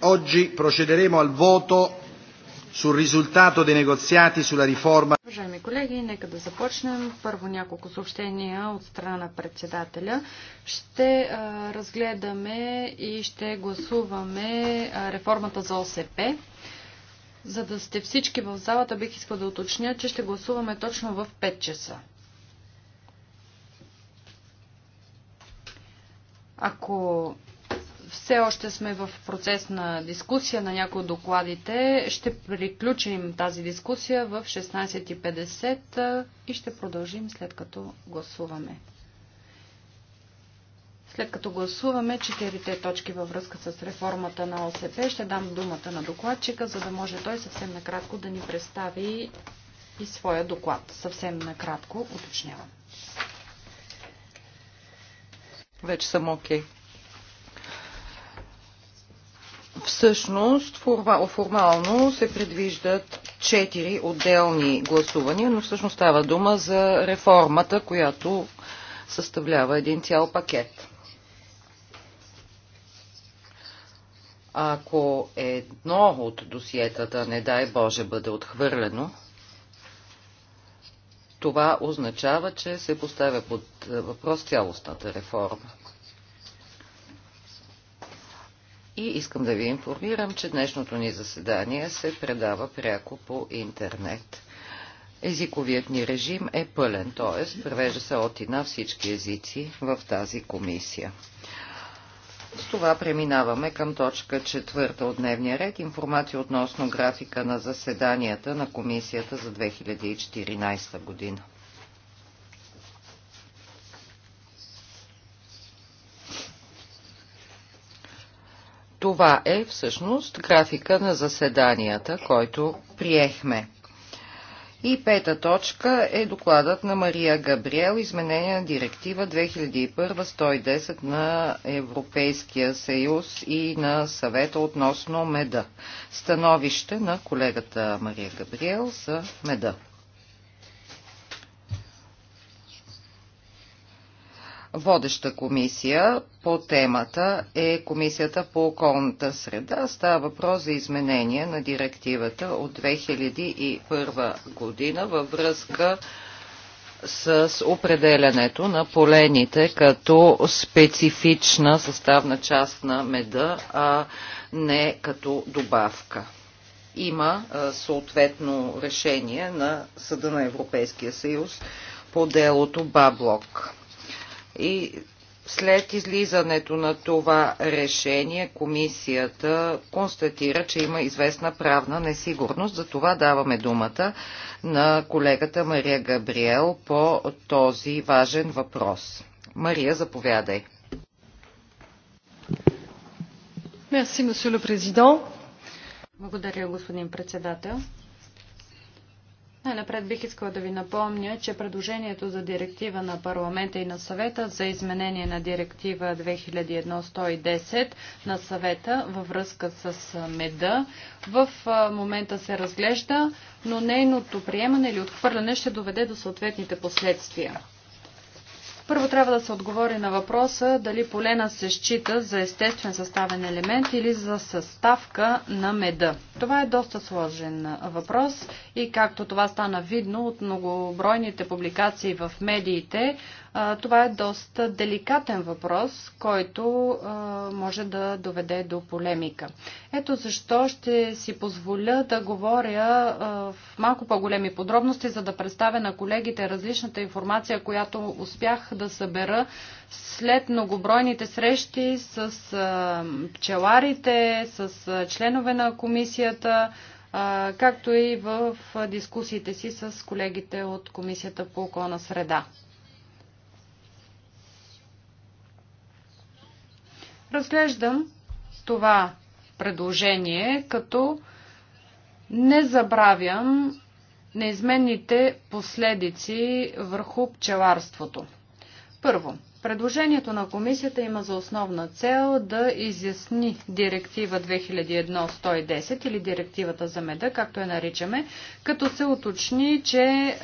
Oggi procederemo al voto sul risultato dei negoziati sulla riforma. Уважаеми колеги, нека да започнем. Първо няколко съобщения от страна на председателя. Ще а, разгледаме и ще гласуваме а, реформата за ОСП. За да сте всички в залата, бих искал да уточня, че ще гласуваме точно в 5 часа. Ако все още сме в процес на дискусия на някои от докладите, ще приключим тази дискусия в 16.50 и ще продължим след като гласуваме. След като гласуваме четирите точки във връзка с реформата на ОСП, ще дам думата на докладчика, за да може той съвсем накратко да ни представи и своя доклад. Съвсем накратко уточнявам. Вече съм окей. Okay. Всъщност, формално се предвиждат четири отделни гласувания, но всъщност става дума за реформата, която съставлява един цял пакет. Ако едно от досиетата, не дай Боже, бъде отхвърлено, това означава, че се поставя под е, въпрос цялостната реформа. И искам да ви информирам, че днешното ни заседание се предава пряко по интернет. Езиковият ни режим е пълен, т.е. превежда се от и на всички езици в тази комисия. С това преминаваме към точка четвърта от дневния ред. Информация относно графика на заседанията на комисията за 2014 година. Това е всъщност графика на заседанията, който приехме. И пета точка е докладът на Мария Габриел, изменение на директива 2001-110 на Европейския съюз и на съвета относно меда. Становище на колегата Мария Габриел за меда. Водеща комисия по темата е Комисията по околната среда. Става въпрос за изменение на директивата от 2001 година във връзка с определянето на полените като специфична съставна част на меда, а не като добавка. Има съответно решение на Съда на Европейския съюз по делото Баблок. И след излизането на това решение комисията констатира, че има известна правна несигурност. За това даваме думата на колегата Мария Габриел по този важен въпрос. Мария, заповядай. Мерси, президент. Благодаря, господин председател. Най-напред бих искала да ви напомня, че предложението за директива на парламента и на съвета за изменение на директива 2110 110 на съвета във връзка с меда в момента се разглежда, но нейното приемане или отхвърляне ще доведе до съответните последствия. Първо трябва да се отговори на въпроса дали полена се счита за естествен съставен елемент или за съставка на меда. Това е доста сложен въпрос и както това стана видно от многобройните публикации в медиите, това е доста деликатен въпрос, който може да доведе до полемика. Ето защо ще си позволя да говоря в малко по-големи подробности, за да представя на колегите различната информация, която успях да събера след многобройните срещи с пчеларите, с членове на комисията, както и в дискусиите си с колегите от Комисията по околна среда. Разглеждам това предложение като не забравям неизменните последици върху пчеларството. Първо, предложението на комисията има за основна цел да изясни директива 2001-110 или директивата за меда, както я наричаме, като се уточни, че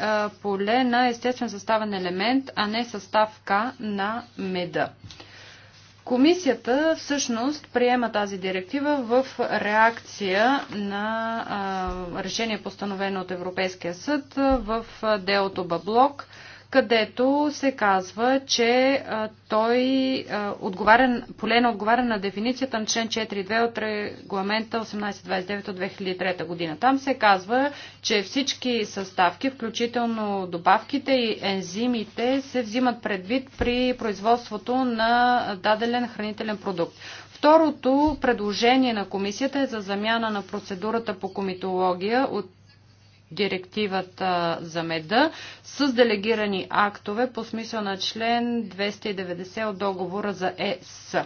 поле на естествен съставен елемент, а не съставка на меда. Комисията всъщност приема тази директива в реакция на решение постановено от Европейския съд в делото Баблок – където се казва, че а, той а, отговаря, полено отговаря на дефиницията на член 4.2 от регламента 1829 от 2003 година. Там се казва, че всички съставки, включително добавките и ензимите, се взимат предвид при производството на даден хранителен продукт. Второто предложение на комисията е за замяна на процедурата по комитология от директивата за меда с делегирани актове по смисъл на член 290 от договора за ЕС.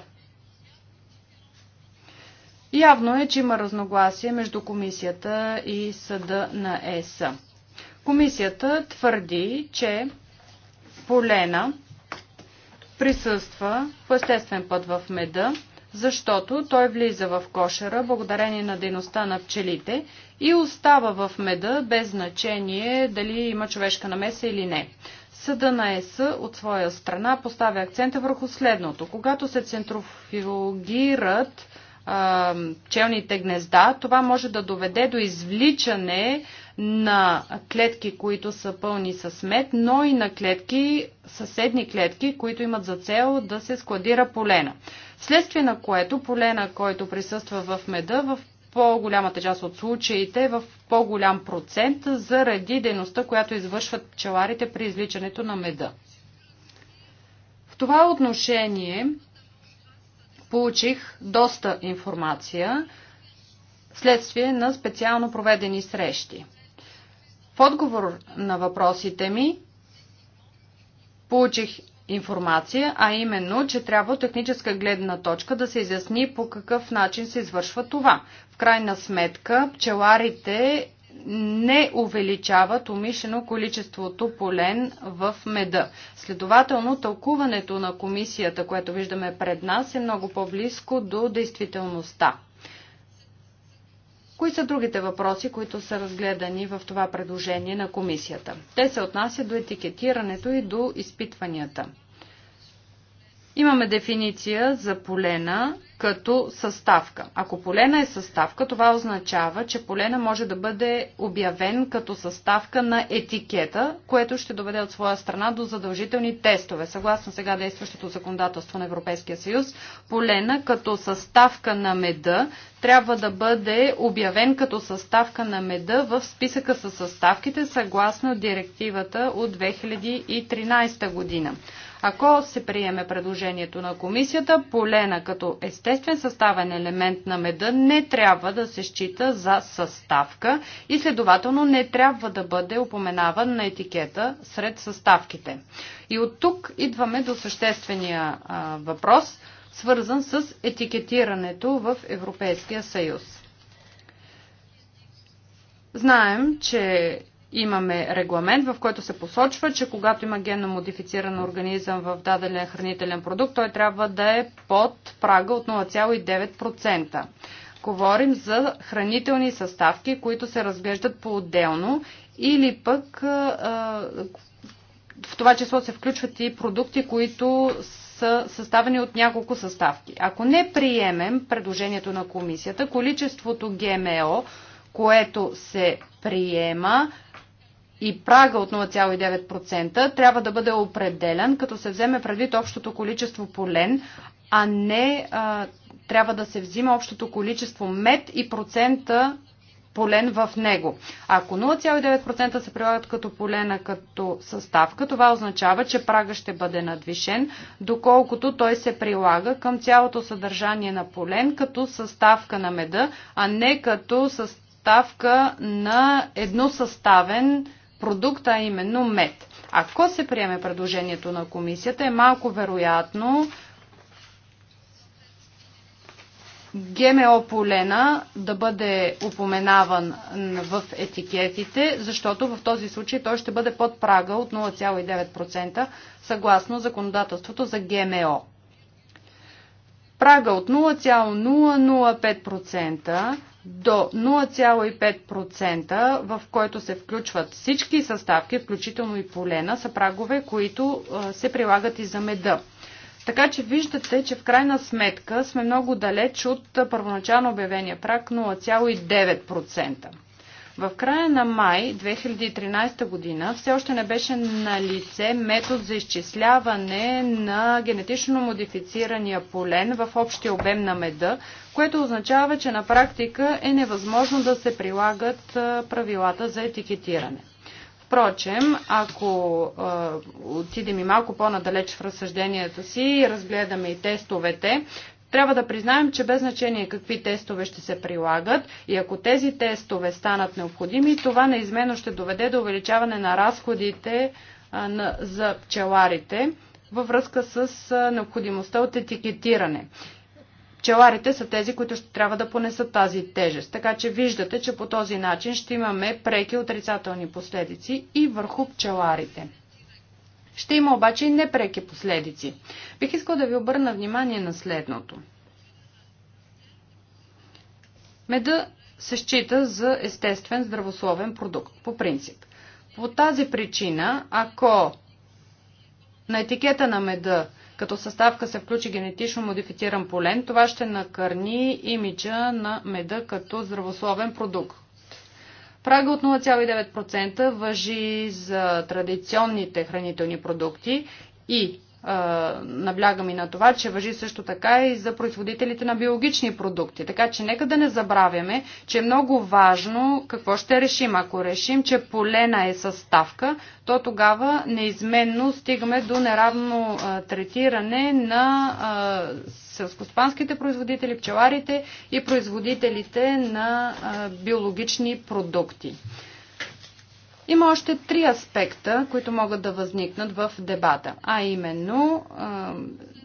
Явно е, че има разногласие между комисията и съда на ЕС. Комисията твърди, че полена присъства по естествен път в меда защото той влиза в кошера благодарение на дейността на пчелите и остава в меда без значение дали има човешка намеса или не. Съда на ЕС от своя страна поставя акцента върху следното. Когато се центрофилогират пчелните гнезда, това може да доведе до извличане на клетки, които са пълни с мед, но и на клетки, съседни клетки, които имат за цел да се складира полена. Вследствие на което полена, който присъства в меда, в по-голямата част от случаите в по-голям процент заради дейността, която извършват пчеларите при изличането на меда. В това отношение получих доста информация следствие на специално проведени срещи. В отговор на въпросите ми получих информация, а именно, че трябва от техническа гледна точка да се изясни по какъв начин се извършва това. В крайна сметка, пчеларите не увеличават умишлено количеството полен в меда. Следователно, тълкуването на комисията, което виждаме пред нас, е много по-близко до действителността. Кои са другите въпроси, които са разгледани в това предложение на комисията? Те се отнасят до етикетирането и до изпитванията. Имаме дефиниция за полена като съставка. Ако полена е съставка, това означава, че полена може да бъде обявен като съставка на етикета, което ще доведе от своя страна до задължителни тестове. Съгласно сега действащото законодателство на Европейския съюз, полена като съставка на меда трябва да бъде обявен като съставка на меда в списъка с съставките, съгласно директивата от 2013 година. Ако се приеме предложението на комисията, полена като естествен съставен елемент на меда не трябва да се счита за съставка и следователно не трябва да бъде упоменаван на етикета сред съставките. И от тук идваме до съществения а, въпрос, свързан с етикетирането в Европейския съюз. Знаем, че Имаме регламент, в който се посочва, че когато има генно модифициран организъм в даден хранителен продукт, той трябва да е под прага от 0,9% говорим за хранителни съставки, които се разглеждат по-отделно или пък в това число се включват и продукти, които са съставени от няколко съставки. Ако не приемем предложението на комисията, количеството ГМО, което се приема, и прага от 0,9% трябва да бъде определен, като се вземе предвид общото количество полен, а не а, трябва да се взима общото количество мед и процента полен в него. Ако 0,9% се прилагат като полена като съставка, това означава, че прага ще бъде надвишен, доколкото той се прилага към цялото съдържание на полен като съставка на меда, а не като съставка на едносъставен Продукта, а именно мед. Ако се приеме предложението на комисията, е малко вероятно ГМО полена да бъде упоменаван в етикетите, защото в този случай той ще бъде под прага от 0,9% съгласно законодателството за ГМО. Прага от 0,005% до 0,5%, в който се включват всички съставки, включително и полена, са прагове, които се прилагат и за меда. Така че виждате, че в крайна сметка сме много далеч от първоначално обявения праг 0,9%. В края на май 2013 година все още не беше на лице метод за изчисляване на генетично модифицирания полен в общия обем на меда, което означава, че на практика е невъзможно да се прилагат правилата за етикетиране. Впрочем, ако е, отидем и малко по-надалеч в разсъжденията си и разгледаме и тестовете, трябва да признаем, че без значение какви тестове ще се прилагат и ако тези тестове станат необходими, това неизменно ще доведе до увеличаване на разходите за пчеларите във връзка с необходимостта от етикетиране. Пчеларите са тези, които ще трябва да понесат тази тежест. Така че виждате, че по този начин ще имаме преки отрицателни последици и върху пчеларите. Ще има обаче и непреки последици. Бих искал да ви обърна внимание на следното. Меда се счита за естествен здравословен продукт, по принцип. По тази причина, ако на етикета на меда като съставка се включи генетично модифициран полен, това ще накърни имиджа на меда като здравословен продукт. Прага от 0,9% въжи за традиционните хранителни продукти и наблягам и на това, че въжи също така и за производителите на биологични продукти. Така че нека да не забравяме, че е много важно какво ще решим. Ако решим, че полена е съставка, то тогава неизменно стигаме до неравно третиране на селскоспанските производители, пчеларите и производителите на биологични продукти. Има още три аспекта, които могат да възникнат в дебата, а именно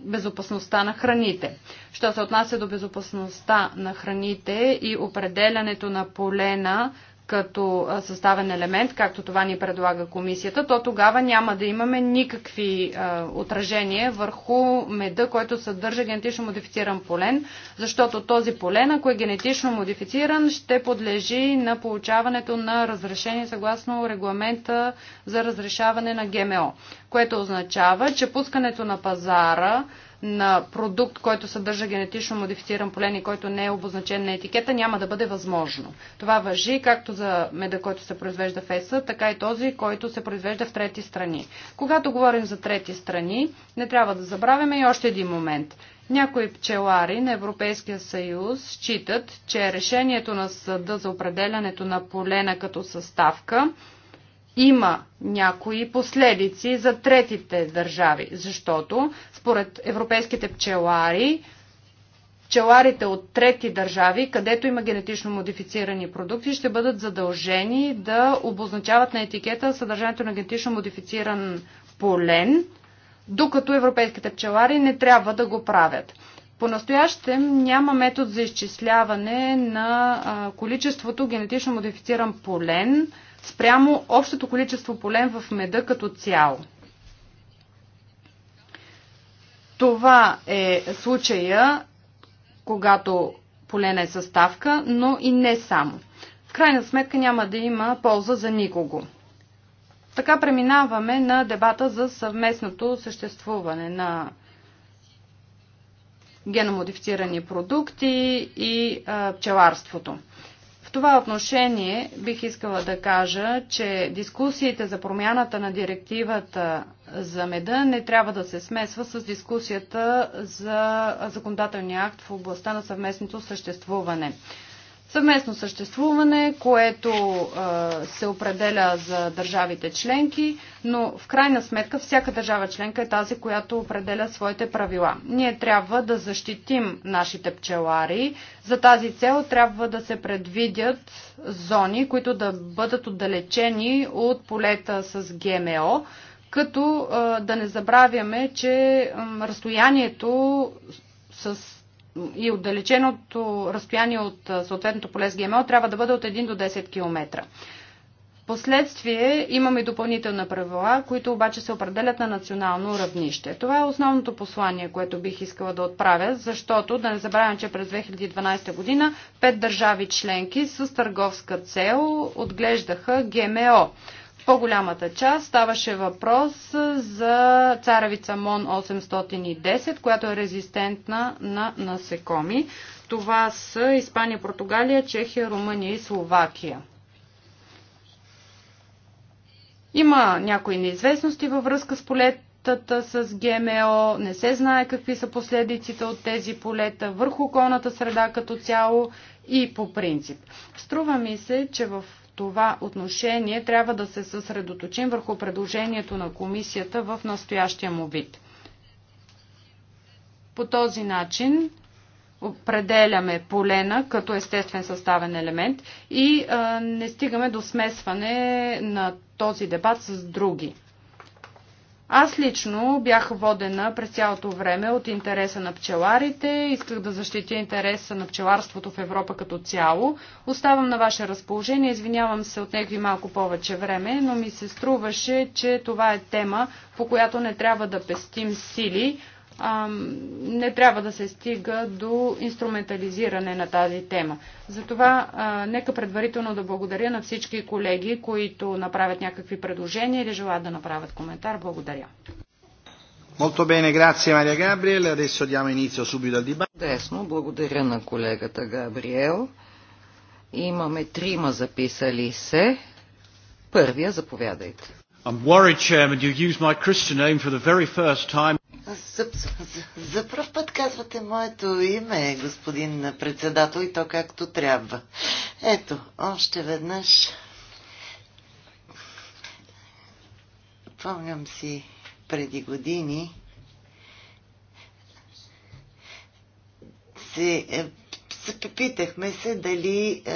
безопасността на храните. Що се отнася до безопасността на храните и определянето на полена като съставен елемент, както това ни предлага комисията, то тогава няма да имаме никакви а, отражения върху меда, който съдържа генетично модифициран полен, защото този полен, ако е генетично модифициран, ще подлежи на получаването на разрешение съгласно регламента за разрешаване на ГМО, което означава, че пускането на пазара на продукт, който съдържа генетично модифициран полен и който не е обозначен на етикета, няма да бъде възможно. Това въжи както за меда, който се произвежда в ЕСА, така и този, който се произвежда в трети страни. Когато говорим за трети страни, не трябва да забравяме и още един момент. Някои пчелари на Европейския съюз считат, че решението на съда за определянето на полена като съставка има някои последици за третите държави, защото според европейските пчелари, пчеларите от трети държави, където има генетично модифицирани продукти, ще бъдат задължени да обозначават на етикета съдържанието на генетично модифициран полен, докато европейските пчелари не трябва да го правят. По-настоящем няма метод за изчисляване на количеството генетично модифициран полен, спрямо общото количество полен в меда като цяло. Това е случая, когато полена е съставка, но и не само. В крайна сметка няма да има полза за никого. Така преминаваме на дебата за съвместното съществуване на геномодифицирани продукти и а, пчеларството това отношение бих искала да кажа, че дискусиите за промяната на директивата за меда не трябва да се смесва с дискусията за законодателния акт в областта на съвместното съществуване. Съвместно съществуване, което се определя за държавите членки, но в крайна сметка всяка държава членка е тази, която определя своите правила. Ние трябва да защитим нашите пчелари. За тази цел трябва да се предвидят зони, които да бъдат отдалечени от полета с ГМО, като да не забравяме, че разстоянието с и отдалеченото разстояние от съответното поле с ГМО трябва да бъде от 1 до 10 км. Последствие имаме допълнителна правила, които обаче се определят на национално равнище. Това е основното послание, което бих искала да отправя, защото да не забравям, че през 2012 година пет държави членки с търговска цел отглеждаха ГМО по-голямата част ставаше въпрос за царевица МОН 810, която е резистентна на насекоми. Това са Испания, Португалия, Чехия, Румъния и Словакия. Има някои неизвестности във връзка с полетата с ГМО, не се знае какви са последиците от тези полета върху околната среда като цяло и по принцип. Струва ми се, че в това отношение трябва да се съсредоточим върху предложението на комисията в настоящия му вид. По този начин определяме полена като естествен съставен елемент и а, не стигаме до смесване на този дебат с други. Аз лично бях водена през цялото време от интереса на пчеларите, исках да защитя интереса на пчеларството в Европа като цяло. Оставам на ваше разположение, извинявам се от някакви малко повече време, но ми се струваше, че това е тема, по която не трябва да пестим сили, не трябва да се стига до инструментализиране на тази тема. Затова нека предварително да благодаря на всички колеги, които направят някакви предложения или желаят да направят коментар. Благодаря. Molto bene, grazie Maria Gabriel. Adesso diamo inizio subito al dibattito. Десно, благодаря на колегата Габриел. Имаме трима записали се. Първия, заповядайте. I'm worried, Chairman, you use my Christian name for the very first time. За, за, за първ път казвате моето име, господин председател, и то както трябва. Ето, още веднъж. Помням си преди години се, е, се попитахме се дали е,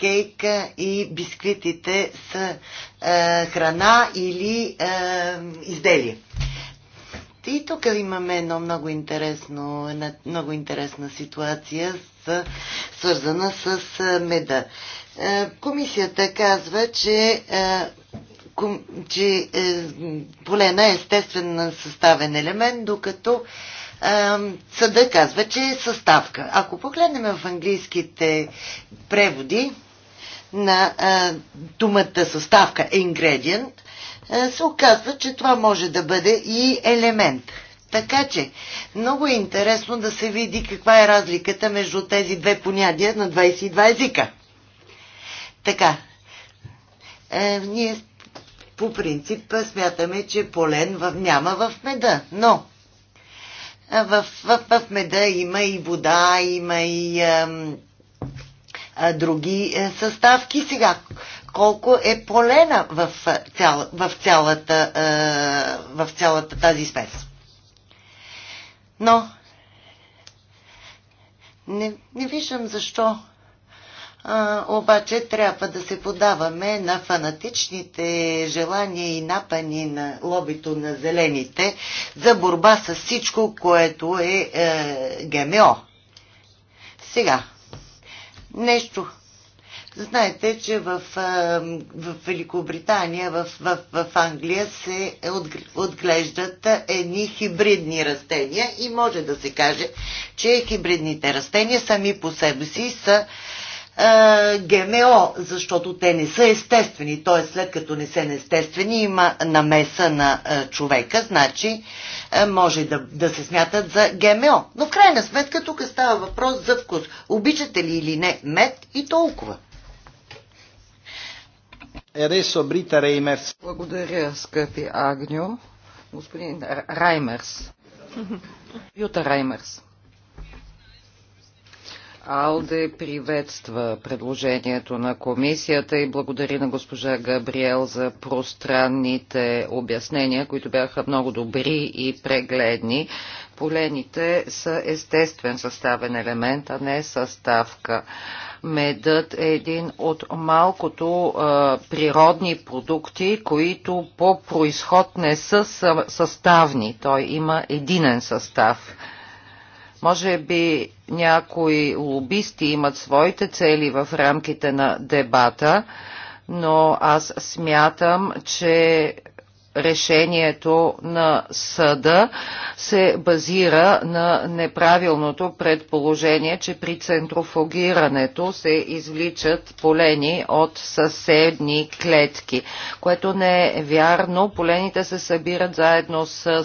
кейка и бисквитите са е, храна или е, изделие. И тук имаме едно много интересно, една много интересна ситуация, с, свързана с меда. Комисията казва, че че е, полена е естествен съставен елемент, докато съда казва, че е съставка. Ако погледнем в английските преводи на думата съставка ingredient, е, се оказва, че това може да бъде и елемент. Така че, много е интересно да се види каква е разликата между тези две понятия на 22 езика. Така, е, ние по принцип смятаме, че полен в, няма в меда, но в, в, в меда има и вода, има и е, е, други съставки. Сега, колко е полена в, цял, в, цялата, е, в цялата тази смес. Но не, не виждам защо а, обаче трябва да се подаваме на фанатичните желания и напани на лобито на зелените за борба с всичко, което е, е ГМО. Сега, нещо, Знаете, че в, в Великобритания, в, в, в Англия се отглеждат едни хибридни растения и може да се каже, че хибридните растения сами по себе си са е, ГМО, защото те не са естествени. Т.е. след като не са естествени, има намеса на е, човека, значи е, може да, да се смятат за ГМО. Но в крайна сметка тук става въпрос за вкус. Обичате ли или не мед и толкова. E Благодаря, скъпи Агню, Господин Раймерс. Юта Раймерс. Алде приветства предложението на комисията и благодари на госпожа Габриел за пространните обяснения, които бяха много добри и прегледни. Полените са естествен съставен елемент, а не съставка. Медът е един от малкото а, природни продукти, които по происход не са съставни. Той има единен състав. Може би някои лобисти имат своите цели в рамките на дебата, но аз смятам, че решението на съда се базира на неправилното предположение, че при центрофугирането се извличат полени от съседни клетки, което не е вярно. Полените се събират заедно с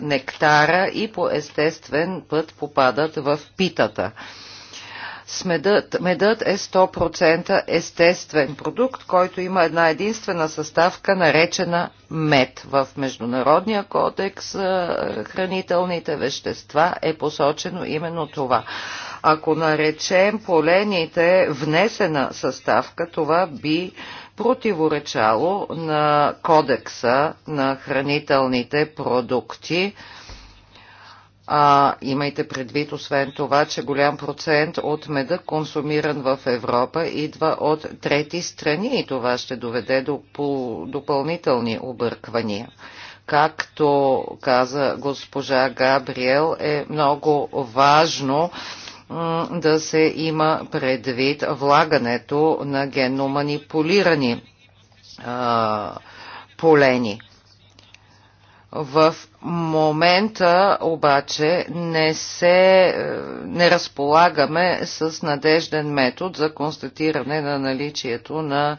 нектара и по естествен път попадат в питата. Смедът, медът е 100% естествен продукт, който има една единствена съставка, наречена мед. В Международния кодекс хранителните вещества е посочено именно това. Ако наречем полените внесена съставка, това би противоречало на кодекса на хранителните продукти, а, имайте предвид, освен това, че голям процент от меда, консумиран в Европа, идва от трети страни и това ще доведе до допълнителни обърквания. Както каза госпожа Габриел, е много важно да се има предвид влагането на генно манипулирани а, полени. В момента обаче не, се, е, не разполагаме с надежден метод за констатиране на наличието на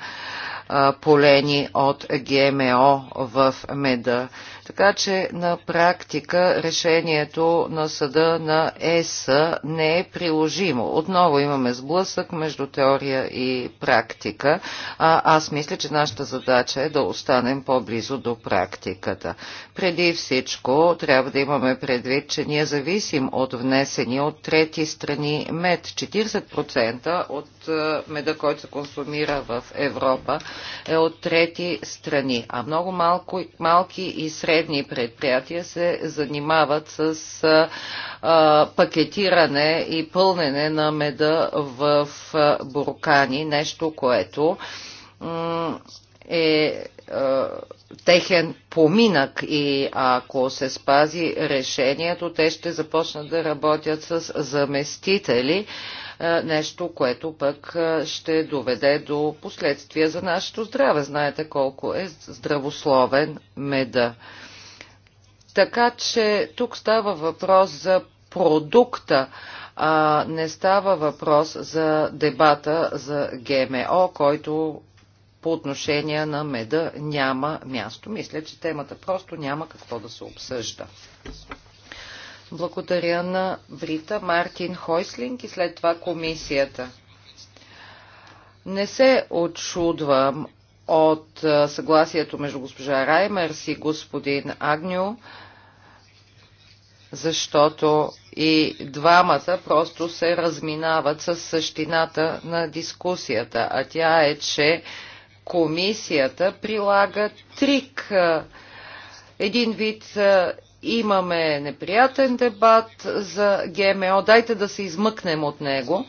полени от ГМО в меда. Така че на практика решението на съда на ЕС не е приложимо. Отново имаме сблъсък между теория и практика. А, аз мисля, че нашата задача е да останем по-близо до практиката. Преди всичко всичко трябва да имаме предвид, че ние зависим от внесени от трети страни мед. 40% от е, меда, който се консумира в Европа, е от трети страни. А много малко, малки и средни предприятия се занимават с а, е, е, пакетиране и пълнене на меда в буркани, нещо, което е техен поминък и ако се спази решението, те ще започнат да работят с заместители, е, нещо, което пък е, ще доведе до последствия за нашето здраве. Знаете колко е здравословен меда. Така че тук става въпрос за продукта, а не става въпрос за дебата за ГМО, който по отношение на меда няма място. Мисля, че темата просто няма какво да се обсъжда. Благодаря на Брита Мартин Хойслинг и след това комисията. Не се очудвам от съгласието между госпожа Раймерс и господин Агню, защото и двамата просто се разминават с същината на дискусията, а тя е, че комисията прилага трик. Един вид имаме неприятен дебат за ГМО, дайте да се измъкнем от него,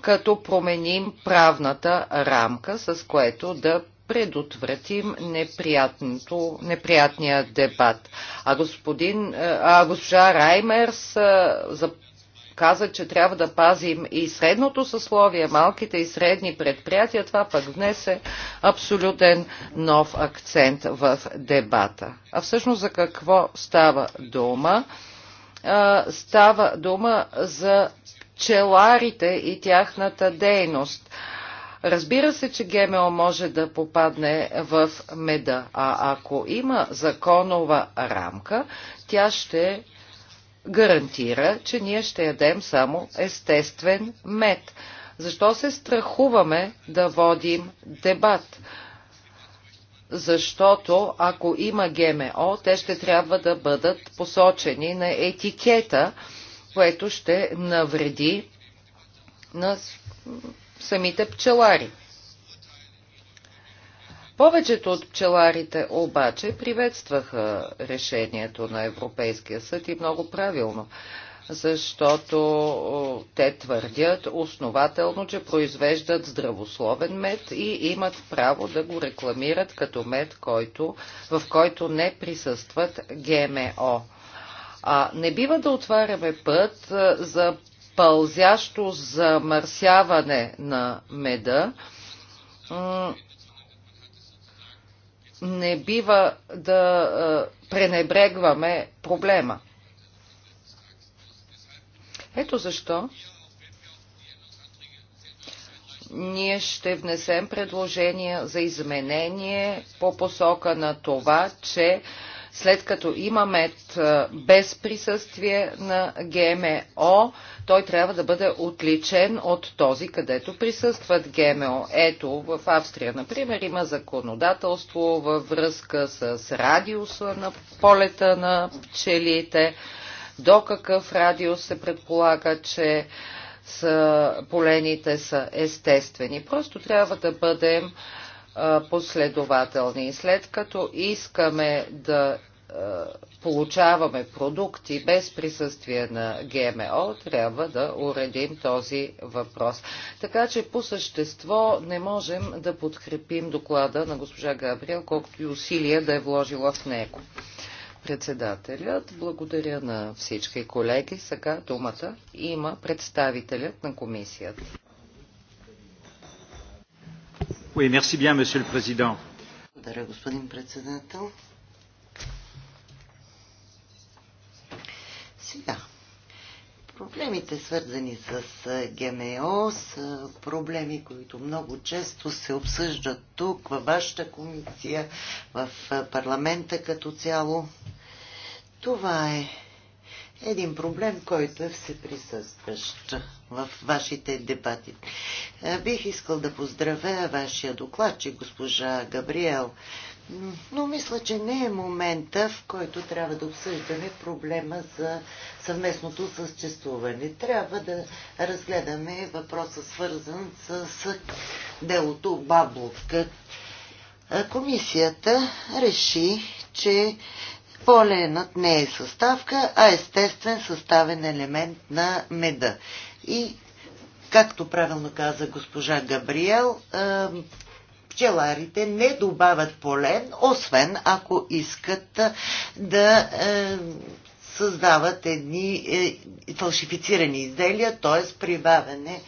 като променим правната рамка, с което да предотвратим неприятния дебат. А, господин, а госпожа Раймерс за каза, че трябва да пазим и средното съсловие, малките и средни предприятия, това пък внесе е абсолютен нов акцент в дебата. А всъщност за какво става дума? Става дума за пчеларите и тяхната дейност. Разбира се, че ГМО може да попадне в меда, а ако има законова рамка, тя ще гарантира, че ние ще ядем само естествен мед. Защо се страхуваме да водим дебат? Защото ако има ГМО, те ще трябва да бъдат посочени на етикета, което ще навреди на самите пчелари. Повечето от пчеларите обаче приветстваха решението на Европейския съд и много правилно защото те твърдят основателно, че произвеждат здравословен мед и имат право да го рекламират като мед, който, в който не присъстват ГМО. А, не бива да отваряме път е, за пълзящо замърсяване на меда не бива да е, пренебрегваме проблема. Ето защо ние ще внесем предложения за изменение по посока на това, че след като има мед е, без присъствие на ГМО, той трябва да бъде отличен от този, където присъстват ГМО. Ето, в Австрия, например, има законодателство във връзка с радиуса на полета на пчелите, до какъв радиус се предполага, че са, полените са естествени. Просто трябва да бъдем последователни. след като искаме да получаваме продукти без присъствие на ГМО, трябва да уредим този въпрос. Така че по същество не можем да подкрепим доклада на госпожа Габриел, колкото и усилия да е вложила в него. Председателят, благодаря на всички колеги. Сега думата има представителят на комисията monsieur le président. Благодаря, господин председател. Сега, проблемите свързани с ГМО са проблеми, които много често се обсъждат тук, във вашата комисия, в парламента като цяло. Това е един проблем, който е всеприсъстващ в вашите дебати. Е, бих искал да поздравя вашия докладчик, госпожа Габриел, но мисля, че не е момента, в който трябва да обсъждаме проблема за съвместното съществуване. Трябва да разгледаме въпроса свързан с делото Бабловка. Е, комисията реши, че Поленът не е съставка, а естествен съставен елемент на меда. И, както правилно каза госпожа Габриел, пчеларите не добавят полен, освен ако искат да създават едни е, фалшифицирани изделия, т.е. прибавяне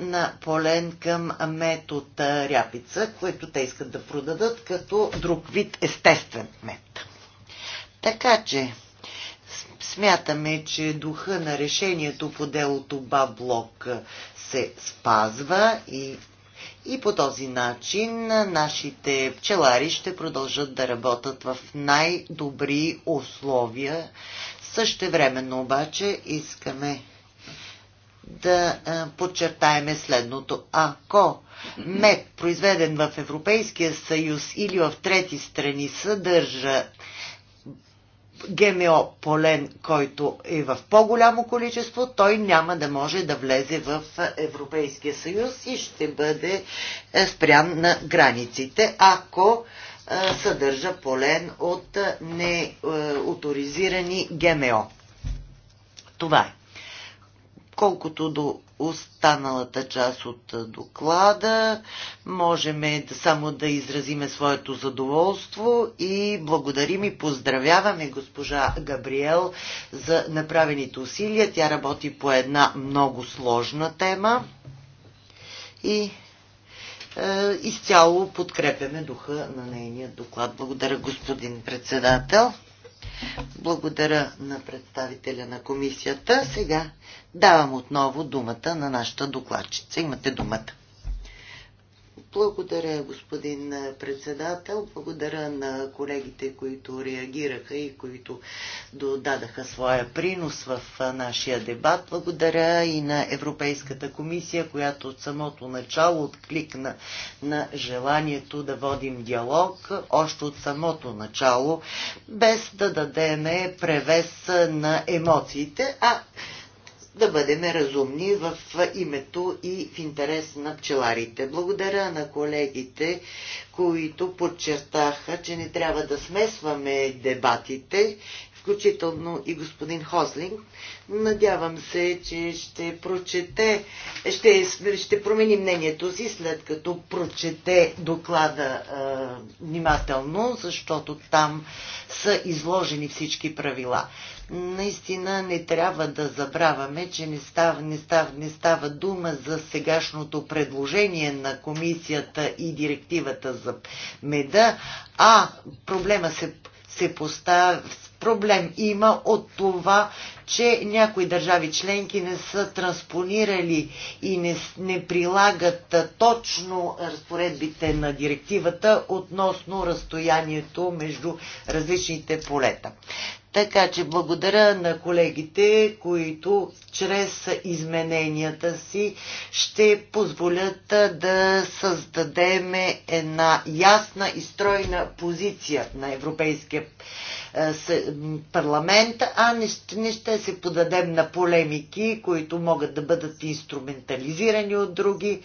на полен към мед от ряпица, което те искат да продадат като друг вид естествен мед. Така че смятаме, че духа на решението по делото Баблок се спазва и, и по този начин нашите пчелари ще продължат да работят в най-добри условия. Същевременно обаче искаме да подчертаеме следното. Ако мед, произведен в Европейския съюз или в трети страни, съдържа ГМО полен, който е в по-голямо количество, той няма да може да влезе в Европейския съюз и ще бъде е, спрян на границите, ако е, съдържа полен от е, неоторизирани ГМО. Това е. Колкото до останалата част от доклада, можем само да изразиме своето задоволство и благодарим и поздравяваме госпожа Габриел за направените усилия. Тя работи по една много сложна тема и изцяло подкрепяме духа на нейния доклад. Благодаря, господин председател. Благодаря на представителя на комисията. Сега давам отново думата на нашата докладчица. Имате думата. Благодаря, господин председател. Благодаря на колегите, които реагираха и които додадаха своя принос в нашия дебат. Благодаря и на Европейската комисия, която от самото начало откликна на желанието да водим диалог още от самото начало, без да дадеме превес на емоциите, а да бъдем разумни в името и в интерес на пчеларите. Благодаря на колегите, които подчертаха, че не трябва да смесваме дебатите, включително и господин Хослинг. Надявам се, че ще прочете, ще, ще промени мнението си след като прочете доклада е, внимателно, защото там са изложени всички правила наистина не трябва да забравяме, че не става, не, става, не става дума за сегашното предложение на комисията и директивата за меда, а проблема се, се поставя. Проблем има от това, че някои държави членки не са транспонирали и не, не прилагат точно разпоредбите на директивата относно разстоянието между различните полета. Така че благодаря на колегите, които чрез измененията си ще позволят да създадем една ясна и стройна позиция на Европейския парламент, а не ще, не ще се подадем на полемики, които могат да бъдат инструментализирани от други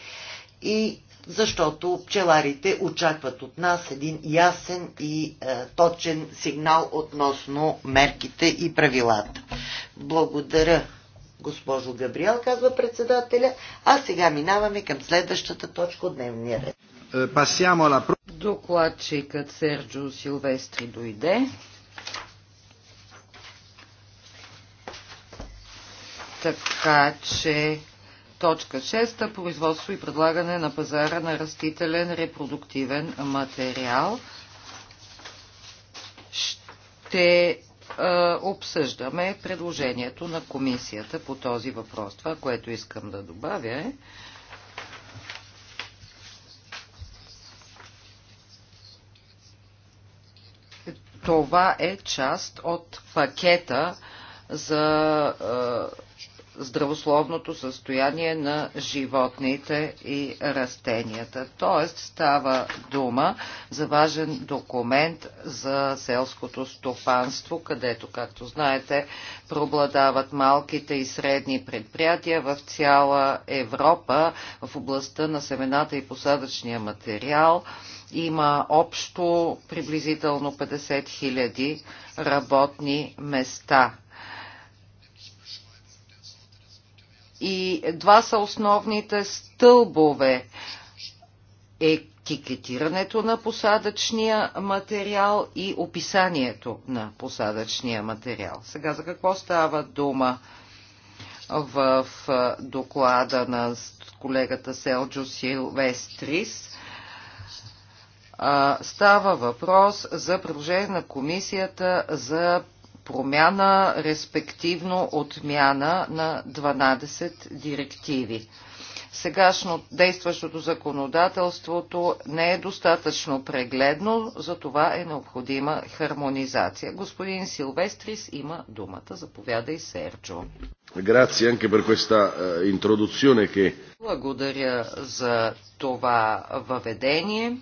и защото пчеларите очакват от нас един ясен и е, точен сигнал относно мерките и правилата. Благодаря, госпожо Габриел, казва председателя, а сега минаваме към следващата точка от дневния ред. Е, Докладчикът Серджо Силвестри дойде. Така че Точка 6. Производство и предлагане на пазара на растителен репродуктивен материал. Ще е, обсъждаме предложението на комисията по този въпрос. Това, което искам да добавя е, това е част от пакета за е, здравословното състояние на животните и растенията. Тоест става дума за важен документ за селското стопанство, където, както знаете, пробладават малките и средни предприятия в цяла Европа в областта на семената и посадъчния материал има общо приблизително 50 000 работни места. И два са основните стълбове. Етикетирането на посадъчния материал и описанието на посадъчния материал. Сега за какво става дума в доклада на колегата Селджо Силвестрис? Става въпрос за предложение на комисията за промяна, респективно отмяна на 12 директиви. Сегашно действащото законодателството не е достатъчно прегледно, за това е необходима хармонизация. Господин Силвестрис има думата. Заповядай, Серджо. Eh, Благодаря за това въведение.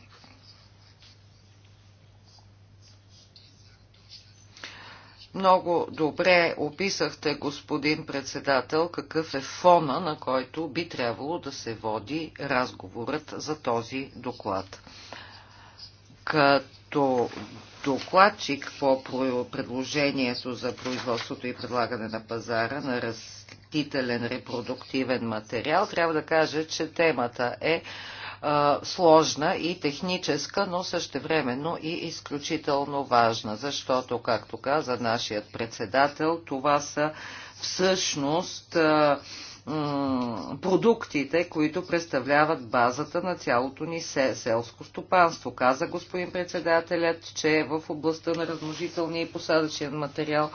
Много добре описахте, господин председател, какъв е фона, на който би трябвало да се води разговорът за този доклад. Като докладчик по предложението за производството и предлагане на пазара на растителен репродуктивен материал, трябва да кажа, че темата е сложна и техническа, но същевременно и изключително важна, защото, както каза нашият председател, това са всъщност продуктите, които представляват базата на цялото ни селско стопанство. Каза господин председателят, че в областта на размножителния и посадъчен материал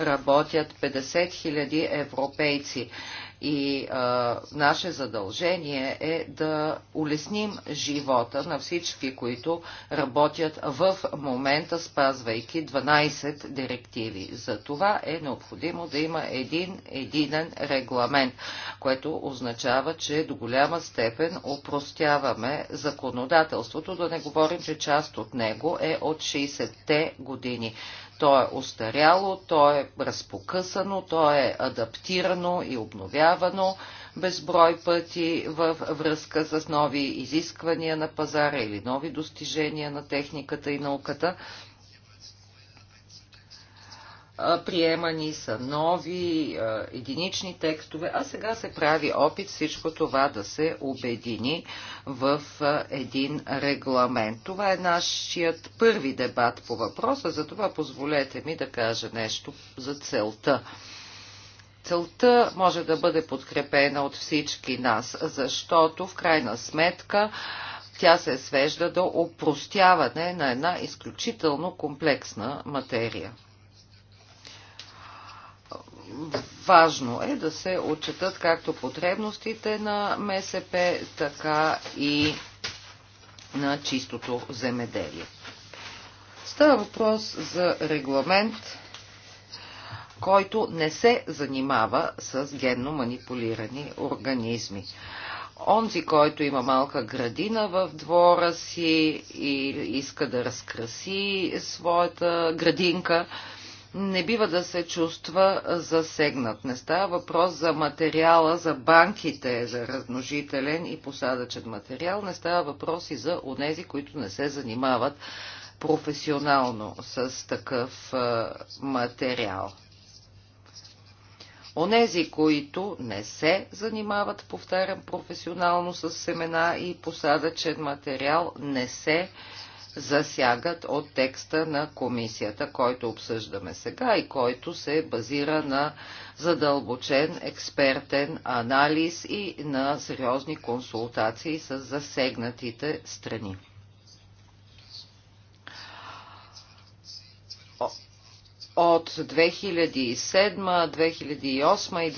работят 50 000 европейци. И а, наше задължение е да улесним живота на всички, които работят в момента, спазвайки 12 директиви. За това е необходимо да има един единен регламент, което означава, че до голяма степен упростяваме законодателството, да не говорим, че част от него е от 60-те години. То е остаряло, то е разпокъсано, то е адаптирано и обновявано безброй пъти във връзка с нови изисквания на пазара или нови достижения на техниката и науката приемани са нови единични текстове, а сега се прави опит всичко това да се обедини в един регламент. Това е нашият първи дебат по въпроса, затова позволете ми да кажа нещо за целта. Целта може да бъде подкрепена от всички нас, защото в крайна сметка тя се свежда до опростяване на една изключително комплексна материя важно е да се отчетат както потребностите на МСП, така и на чистото земеделие. Става въпрос за регламент, който не се занимава с генно манипулирани организми. Онзи, който има малка градина в двора си и иска да разкраси своята градинка, не бива да се чувства засегнат. Не става въпрос за материала за банките, за размножителен и посадъчен материал. Не става въпрос и за онези, които не се занимават професионално с такъв материал. Онези, които не се занимават, повтарям, професионално с семена и посадъчен материал, не се засягат от текста на комисията, който обсъждаме сега и който се базира на задълбочен експертен анализ и на сериозни консултации с засегнатите страни. от 2007, 2008 и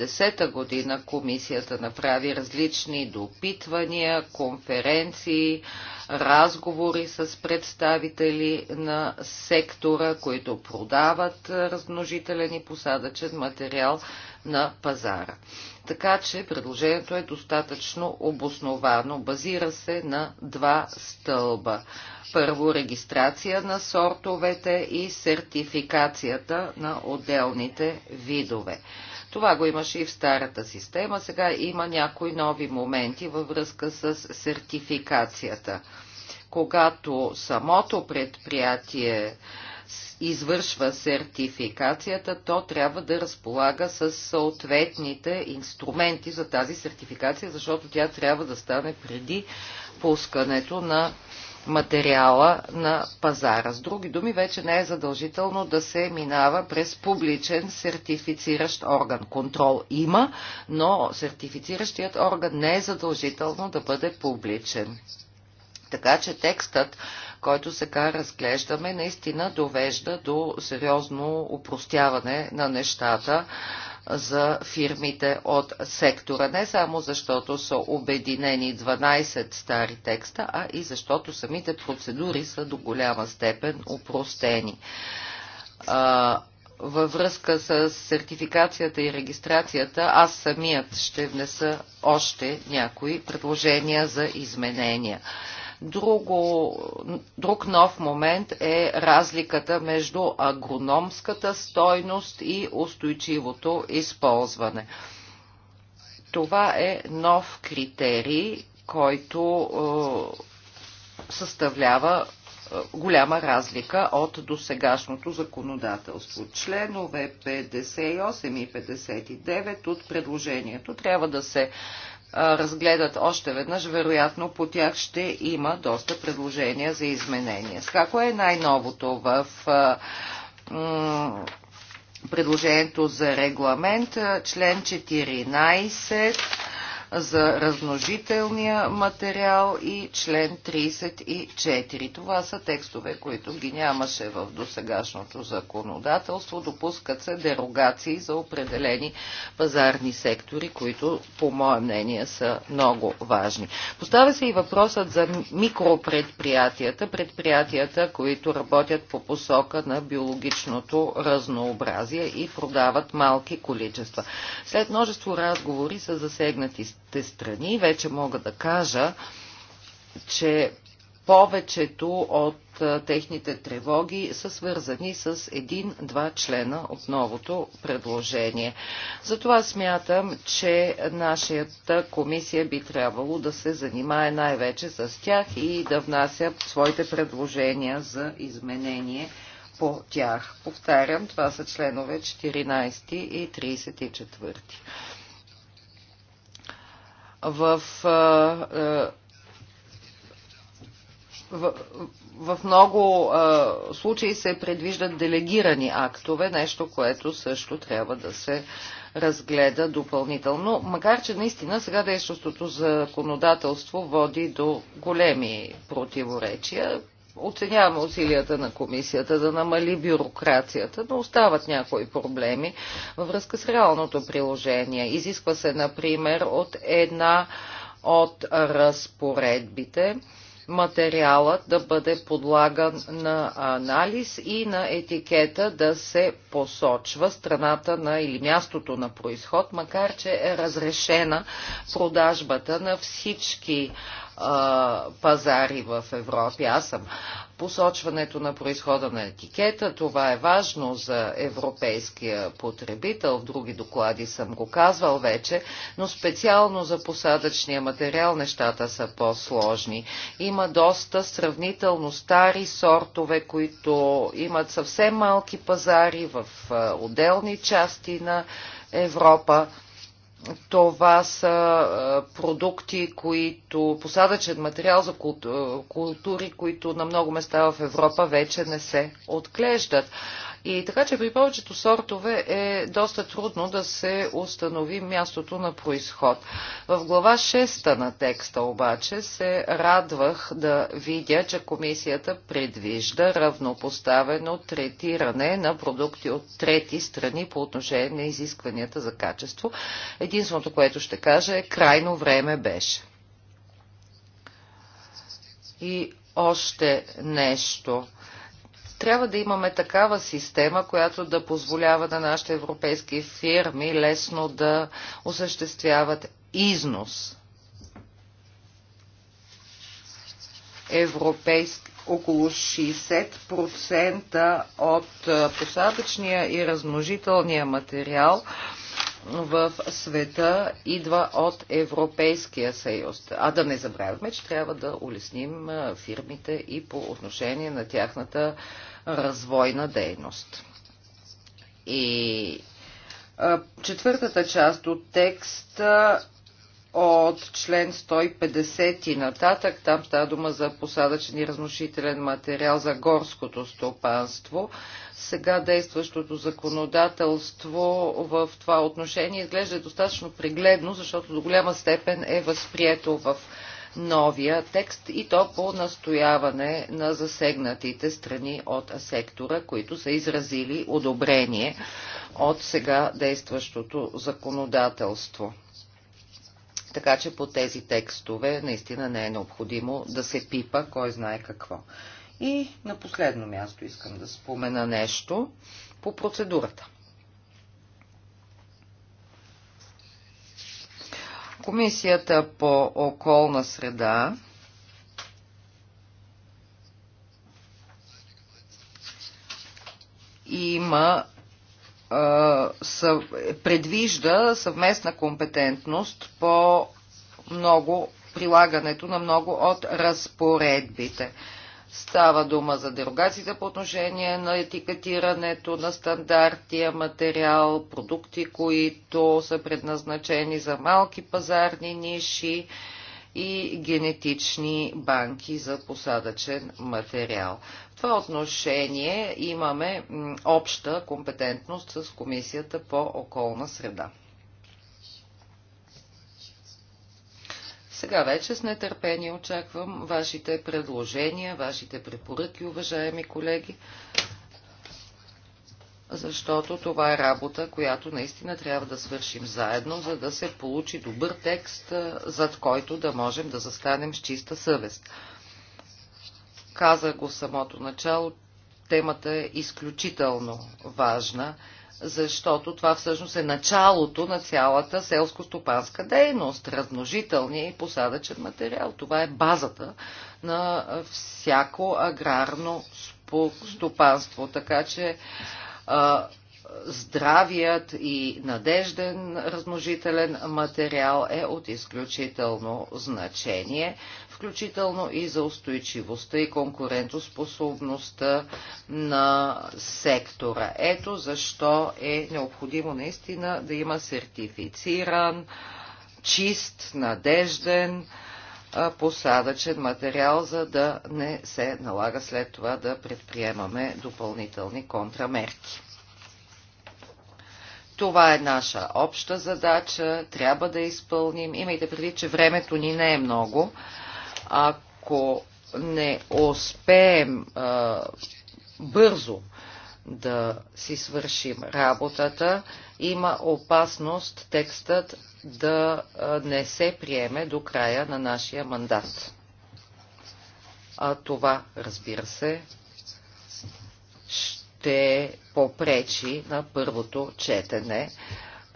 2010 година комисията направи различни допитвания, конференции, разговори с представители на сектора, които продават размножителен и посадъчен материал на пазара. Така че предложението е достатъчно обосновано. Базира се на два стълба. Първо регистрация на сортовете и сертификацията на отделните видове. Това го имаше и в старата система. Сега има някои нови моменти във връзка с сертификацията. Когато самото предприятие извършва сертификацията, то трябва да разполага с съответните инструменти за тази сертификация, защото тя трябва да стане преди пускането на материала на пазара. С други думи, вече не е задължително да се минава през публичен сертифициращ орган. Контрол има, но сертифициращият орган не е задължително да бъде публичен. Така че текстът, който сега разглеждаме, наистина довежда до сериозно упростяване на нещата за фирмите от сектора. Не само защото са обединени 12 стари текста, а и защото самите процедури са до голяма степен упростени във връзка с сертификацията и регистрацията, аз самият ще внеса още някои предложения за изменения. Друго, друг нов момент е разликата между агрономската стойност и устойчивото използване. Това е нов критерий, който е, съставлява е, голяма разлика от досегашното законодателство. Членове 58 и 59 от предложението трябва да се разгледат още веднъж, вероятно по тях ще има доста предложения за изменения. С какво е най-новото в предложението за регламент? Член 14 за размножителния материал и член 34. Това са текстове, които ги нямаше в досегашното законодателство. Допускат се дерогации за определени пазарни сектори, които, по мое мнение, са много важни. Поставя се и въпросът за микропредприятията, предприятията, които работят по посока на биологичното разнообразие и продават малки количества. След множество разговори са засегнати двете страни, вече мога да кажа, че повечето от техните тревоги са свързани с един-два члена от новото предложение. Затова смятам, че нашата комисия би трябвало да се занимае най-вече с тях и да внася своите предложения за изменение по тях. Повтарям, това са членове 14 и 34 в, в, в много случаи се предвиждат делегирани актове, нещо, което също трябва да се разгледа допълнително, макар че наистина сега действащото законодателство води до големи противоречия оценяваме усилията на комисията да намали бюрокрацията, но остават някои проблеми във връзка с реалното приложение. Изисква се, например, от една от разпоредбите материалът да бъде подлаган на анализ и на етикета да се посочва страната на или мястото на происход, макар че е разрешена продажбата на всички пазари в Европи. Аз съм посочването на происхода на етикета. Това е важно за европейския потребител. В други доклади съм го казвал вече, но специално за посадъчния материал нещата са по-сложни. Има доста сравнително стари сортове, които имат съвсем малки пазари в отделни части на Европа. Това са е, продукти, които, посадъчен материал за е, култури, които на много места в Европа вече не се отглеждат. И така, че при повечето сортове е доста трудно да се установи мястото на происход. В глава 6 на текста обаче се радвах да видя, че комисията предвижда равнопоставено третиране на продукти от трети страни по отношение на изискванията за качество. Единственото, което ще кажа е крайно време беше. И още нещо. Трябва да имаме такава система, която да позволява на нашите европейски фирми лесно да осъществяват износ. Европейски около 60% от посадъчния и размножителния материал в света идва от Европейския съюз. А да не забравяме, че трябва да улесним фирмите и по отношение на тяхната развойна дейност. И четвъртата част от текста от член 150 и нататък, там става дума за посадъчен и разрушителен материал за горското стопанство. Сега действащото законодателство в това отношение изглежда достатъчно пригледно, защото до голяма степен е възприето в новия текст и то по настояване на засегнатите страни от сектора, които са изразили одобрение от сега действащото законодателство. Така че по тези текстове наистина не е необходимо да се пипа кой знае какво. И на последно място искам да спомена нещо по процедурата. Комисията по околна среда има предвижда съвместна компетентност по много прилагането на много от разпоредбите. Става дума за дерогациите по отношение на етикетирането на стандартия материал, продукти, които са предназначени за малки пазарни ниши и генетични банки за посадъчен материал. В това отношение имаме обща компетентност с Комисията по околна среда. Сега вече с нетърпение очаквам вашите предложения, вашите препоръки, уважаеми колеги, защото това е работа, която наистина трябва да свършим заедно, за да се получи добър текст, зад който да можем да застанем с чиста съвест. Каза го в самото начало, темата е изключително важна защото това всъщност е началото на цялата селско-стопанска дейност, размножителния и посадъчен материал. Това е базата на всяко аграрно стопанство. Така че здравият и надежден размножителен материал е от изключително значение, включително и за устойчивостта и конкурентоспособността на сектора. Ето защо е необходимо наистина да има сертифициран, чист, надежден, посадъчен материал, за да не се налага след това да предприемаме допълнителни контрамерки. Това е наша обща задача, трябва да изпълним. Имайте преди, че времето ни не е много. Ако не успеем а, бързо да си свършим работата, има опасност текстът да не се приеме до края на нашия мандат. А това, разбира се, ще попречи на първото четене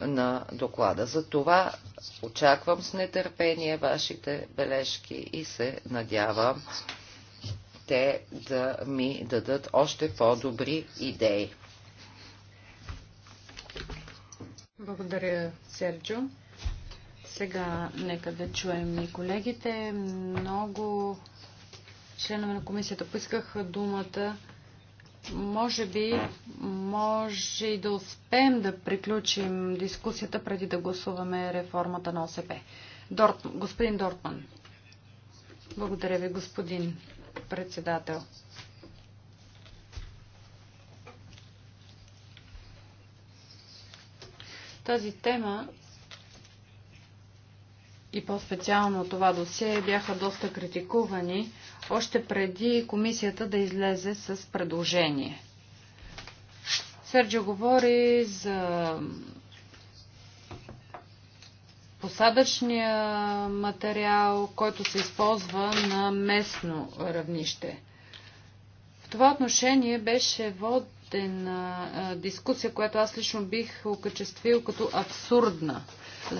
на доклада. За това очаквам с нетърпение вашите бележки и се надявам те да ми дадат още по-добри идеи. Благодаря, Серджо. Сега нека да чуем и колегите. Много членове на комисията поискаха думата. Може би може и да успеем да приключим дискусията преди да гласуваме реформата на ОСП. Дорт, господин Дортман. Благодаря ви, господин председател. Тази тема и по-специално това досие бяха доста критикувани още преди комисията да излезе с предложение. Серджо говори за посадъчния материал, който се използва на местно равнище. В това отношение беше водена дискусия, която аз лично бих окачествил като абсурдна –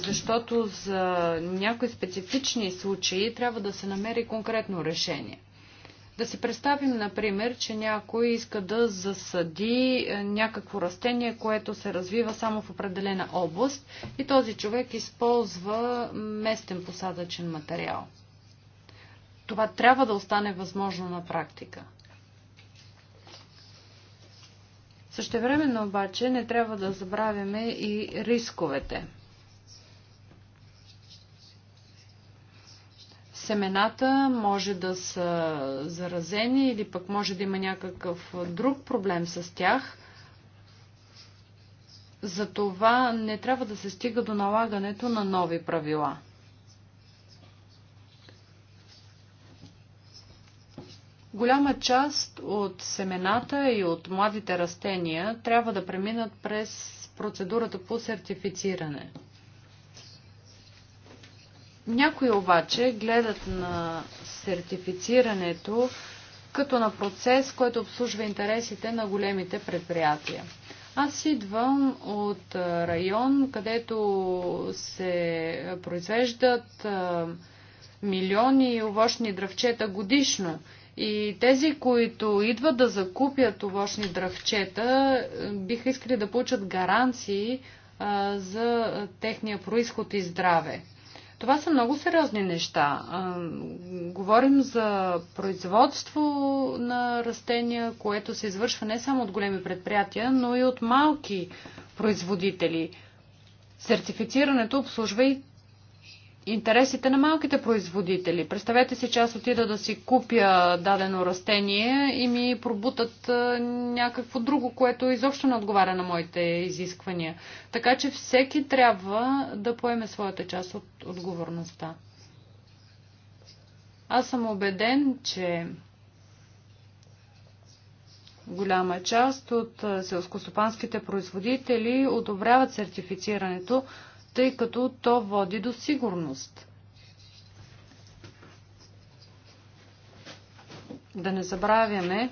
защото за някои специфични случаи трябва да се намери конкретно решение. Да си представим, например, че някой иска да засади е, някакво растение, което се развива само в определена област и този човек използва местен посадъчен материал. Това трябва да остане възможно на практика. Същевременно обаче не трябва да забравяме и рисковете – семената може да са заразени или пък може да има някакъв друг проблем с тях. Затова не трябва да се стига до налагането на нови правила. Голяма част от семената и от младите растения трябва да преминат през процедурата по сертифициране – някои обаче гледат на сертифицирането като на процес, който обслужва интересите на големите предприятия. Аз идвам от район, където се произвеждат милиони овощни дравчета годишно. И тези, които идват да закупят овощни дравчета, биха искали да получат гаранции за техния происход и здраве. Това са много сериозни неща. Говорим за производство на растения, което се извършва не само от големи предприятия, но и от малки производители. Сертифицирането обслужва и интересите на малките производители. Представете си, че аз отида да си купя дадено растение и ми пробутат някакво друго, което изобщо не отговаря на моите изисквания. Така че всеки трябва да поеме своята част от отговорността. Аз съм убеден, че голяма част от селскостопанските производители одобряват сертифицирането, тъй като то води до сигурност. Да не забравяме,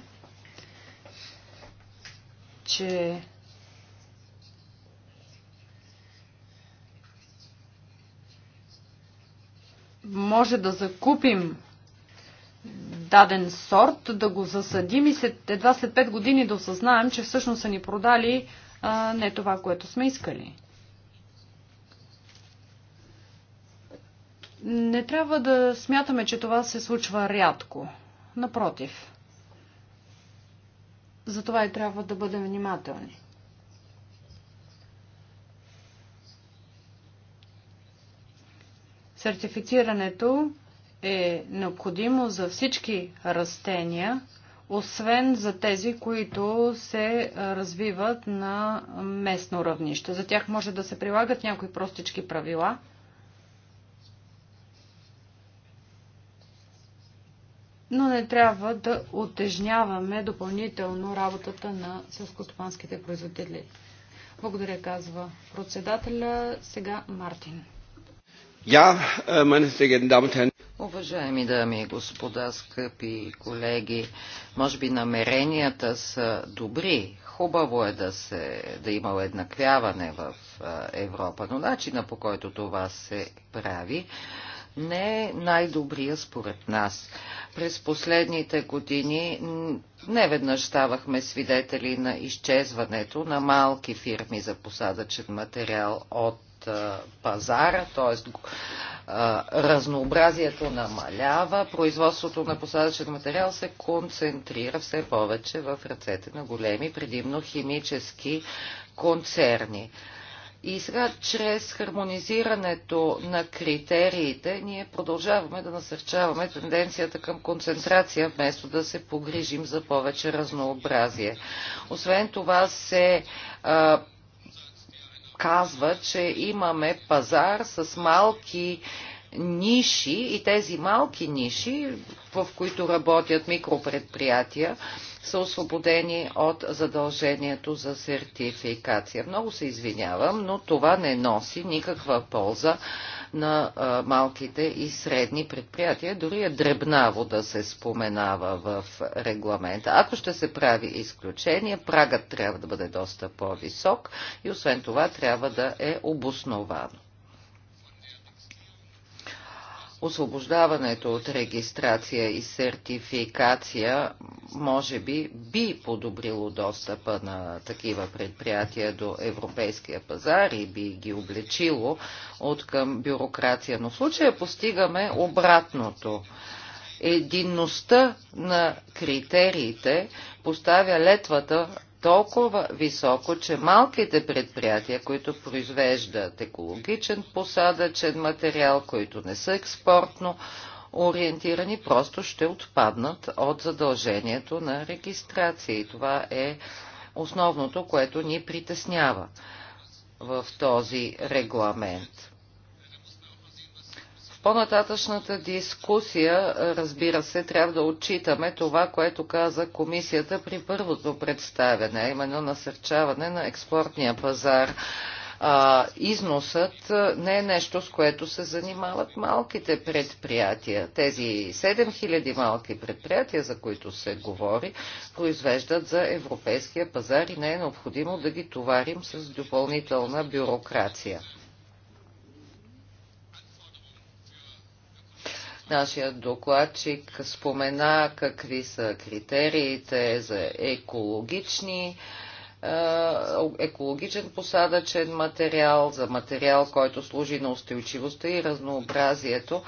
че може да закупим даден сорт, да го засадим и след, едва след 5 години да осъзнаем, че всъщност са ни продали а, не това, което сме искали. Не трябва да смятаме, че това се случва рядко. Напротив. Затова и трябва да бъдем внимателни. Сертифицирането е необходимо за всички растения, освен за тези, които се развиват на местно равнище. За тях може да се прилагат някои простички правила – но не трябва да отежняваме допълнително работата на селскостопанските производители. Благодаря, казва председателя. Сега Мартин. Я, е, Уважаеми дами и господа, скъпи колеги, може би намеренията са добри. Хубаво е да, се, да има уеднаквяване в е, Европа, но начина по който това се прави не е най-добрия според нас. През последните години веднъж ставахме свидетели на изчезването на малки фирми за посадъчен материал от пазара, т.е. разнообразието намалява, производството на посадъчен материал се концентрира все повече в ръцете на големи, предимно химически концерни. И сега, чрез хармонизирането на критериите, ние продължаваме да насърчаваме тенденцията към концентрация, вместо да се погрижим за повече разнообразие. Освен това се а, казва, че имаме пазар с малки ниши и тези малки ниши, в които работят микропредприятия, са освободени от задължението за сертификация. Много се извинявам, но това не носи никаква полза на малките и средни предприятия. Дори е дребнаво да се споменава в регламента. Ако ще се прави изключение, прагът трябва да бъде доста по-висок и освен това трябва да е обосновано освобождаването от регистрация и сертификация може би би подобрило достъпа на такива предприятия до европейския пазар и би ги облечило от към бюрокрация. Но в случая постигаме обратното. Единността на критериите поставя летвата толкова високо, че малките предприятия, които произвеждат екологичен посадъчен материал, които не са експортно ориентирани, просто ще отпаднат от задължението на регистрация. И това е основното, което ни притеснява в този регламент по-нататъчната дискусия, е, разбира се, трябва да отчитаме това, което каза комисията при първото представяне, а именно насърчаване на експортния пазар. А, износът е, не е нещо, с което се занимават малките предприятия. Тези 7000 малки предприятия, за които се говори, произвеждат за европейския пазар и не е необходимо да ги товарим с допълнителна бюрокрация. Нашия докладчик спомена какви са критериите за екологични екологичен посадъчен материал, за материал, който служи на устойчивостта и разнообразието.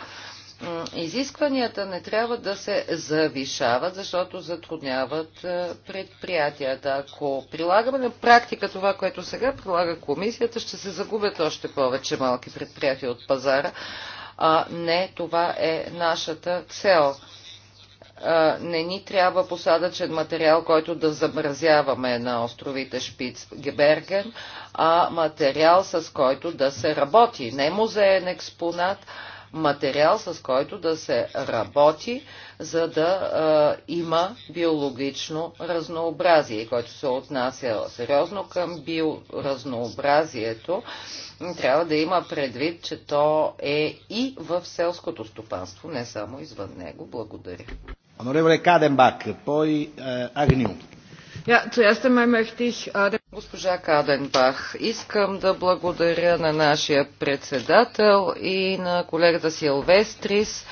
Изискванията не трябва да се завишават, защото затрудняват предприятията. Ако прилагаме на практика това, което сега прилага комисията, ще се загубят още повече малки предприятия от пазара, а не това е нашата цел. Не ни трябва посадъчен материал, който да замразяваме на островите Шпиц Геберген, а материал, с който да се работи. Не музеен експонат, материал, с който да се работи, за да а, има биологично разнообразие, който се отнася сериозно към биоразнообразието. Трябва да има предвид, че то е и в селското стопанство, не само извън него. Благодаря. Onorevole Äh, Госпожа Каденбах, искам да благодаря на нашия председател и на колегата Силвестрис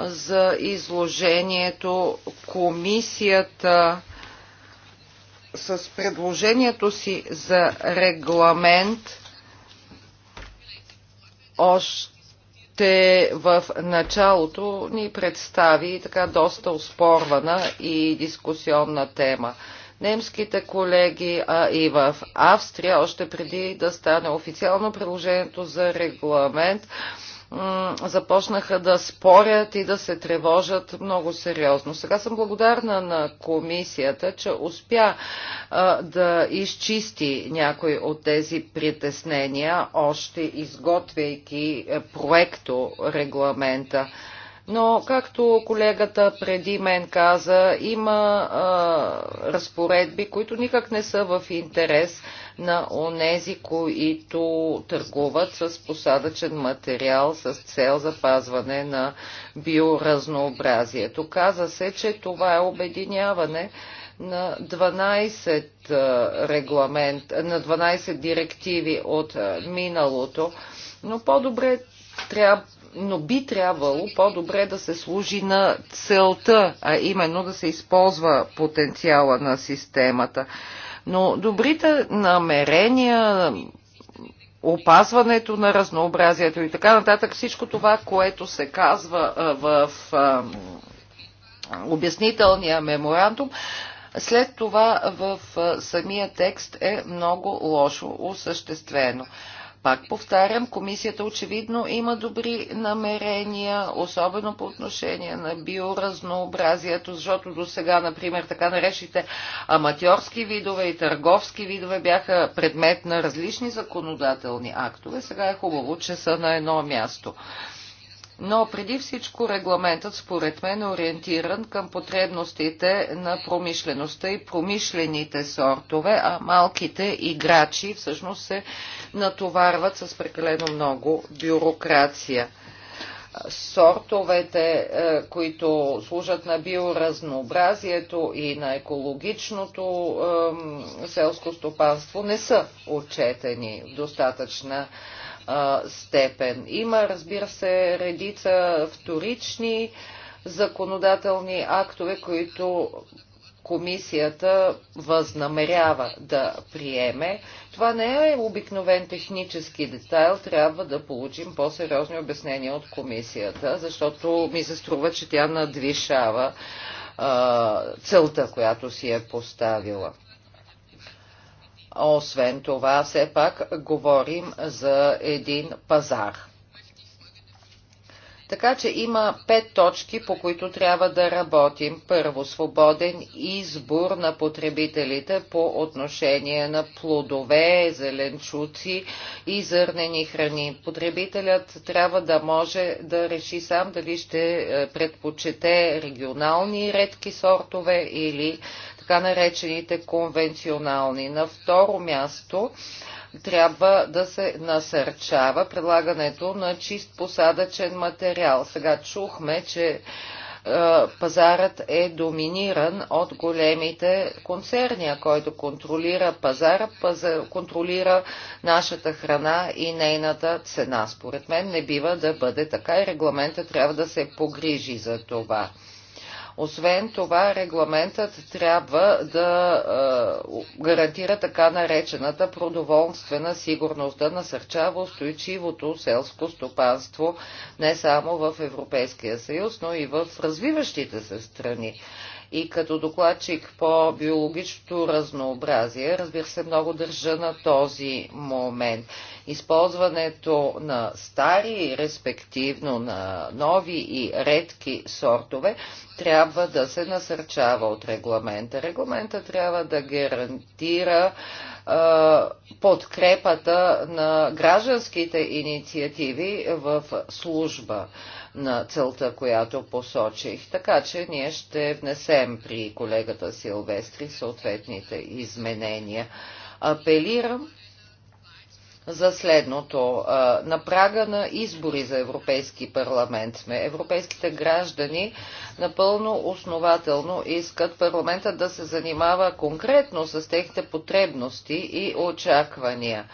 за изложението. Комисията с предложението си за регламент още в началото ни представи така доста оспорвана и дискусионна тема немските колеги, а и в Австрия, още преди да стане официално приложението за регламент, започнаха да спорят и да се тревожат много сериозно. Сега съм благодарна на комисията, че успя а, да изчисти някои от тези притеснения, още изготвяйки е, проекто регламента. Но, както колегата преди мен каза, има а, разпоредби, които никак не са в интерес на онези, които търгуват с посадъчен материал с цел запазване на биоразнообразието. Каза се, че това е обединяване на 12 регламент, на 12 директиви от миналото, но по-добре трябва но би трябвало по-добре да се служи на целта, а именно да се използва потенциала на системата. Но добрите намерения, опазването на разнообразието и така нататък, всичко това, което се казва в обяснителния меморандум, след това в самия текст е много лошо осъществено. Пак повтарям, комисията очевидно има добри намерения, особено по отношение на биоразнообразието, защото до сега, например, така наречите аматьорски видове и търговски видове бяха предмет на различни законодателни актове. Сега е хубаво, че са на едно място. Но преди всичко регламентът според мен е ориентиран към потребностите на промишлеността и промишлените сортове, а малките играчи всъщност се натоварват с прекалено много бюрокрация сортовете, е, които служат на биоразнообразието и на екологичното селско стопанство, не са отчетени в достатъчна степен. Има, разбира се, редица вторични законодателни актове, които комисията възнамерява да приеме. Това не е обикновен технически детайл, трябва да получим по-сериозни обяснения от комисията, защото ми се струва, че тя надвишава а, целта, която си е поставила. Освен това, все пак говорим за един пазар. Така че има пет точки, по които трябва да работим. Първо, свободен избор на потребителите по отношение на плодове, зеленчуци и зърнени храни. Потребителят трябва да може да реши сам дали ще е, предпочете регионални редки сортове или е, така наречените конвенционални. На второ място трябва да се насърчава предлагането на чист посадъчен материал. Сега чухме, че е, пазарът е доминиран от големите концерни, който контролира пазара, пазар, контролира нашата храна и нейната цена. Според мен не бива да бъде така и регламента трябва да се погрижи за това. Освен това, регламентът трябва да е, гарантира така наречената продоволствена сигурност, да насърчава устойчивото селско стопанство не само в Европейския съюз, но и в развиващите се страни. И като докладчик по биологичното разнообразие, разбира се, много държа на този момент. Използването на стари, респективно на нови и редки сортове, трябва да се насърчава от регламента. Регламента трябва да гарантира подкрепата на гражданските инициативи в служба на целта, която посочих. Така че ние ще внесем при колегата Силвестри съответните изменения. Апелирам за следното. На прага на избори за Европейски парламент сме. Европейските граждани напълно основателно искат парламента да се занимава конкретно с техните потребности и очаквания.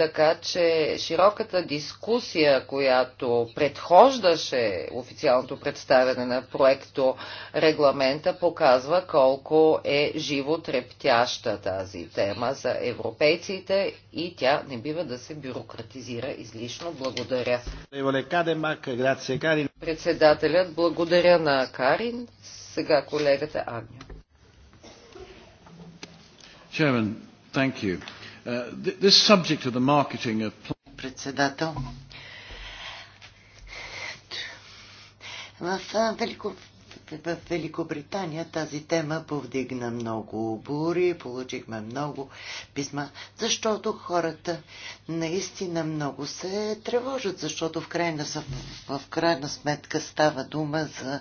Така че широката дискусия, която предхождаше официалното представяне на проекто регламента, показва колко е живо трептяща тази тема за европейците и тя не бива да се бюрократизира излишно. Благодаря. Председателят благодаря на Карин. Сега колегата Агня. Chairman, thank you. Uh, this subject of the marketing of... Председател. В, Велико, в Великобритания тази тема повдигна много бури, получихме много писма, защото хората наистина много се тревожат, защото в крайна, в, крайна сметка става дума за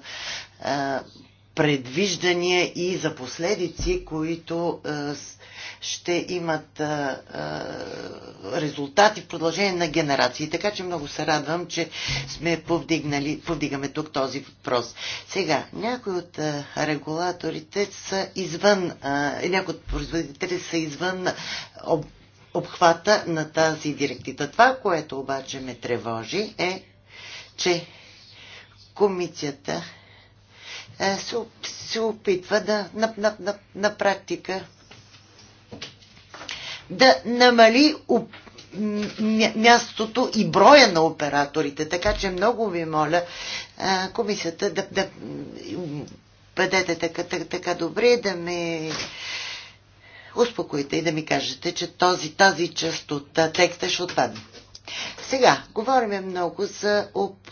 а, предвиждания и за последици, които е, ще имат е, е, резултати в продължение на генерации. Така че много се радвам, че сме повдигнали, повдигаме тук този въпрос. Сега, някои от регулаторите са извън, някои от производителите са извън обхвата на тази директива. Това, което обаче ме тревожи е, че комисията е, се, се опитва да на, на, на, на практика да намали мястото и броя на операторите. Така че много ви моля е, комисията да, да бъдете така, така, така добри да ме успокоите и да ми кажете, че този, тази част от е, текста ще отпадне. Сега, говорим много за,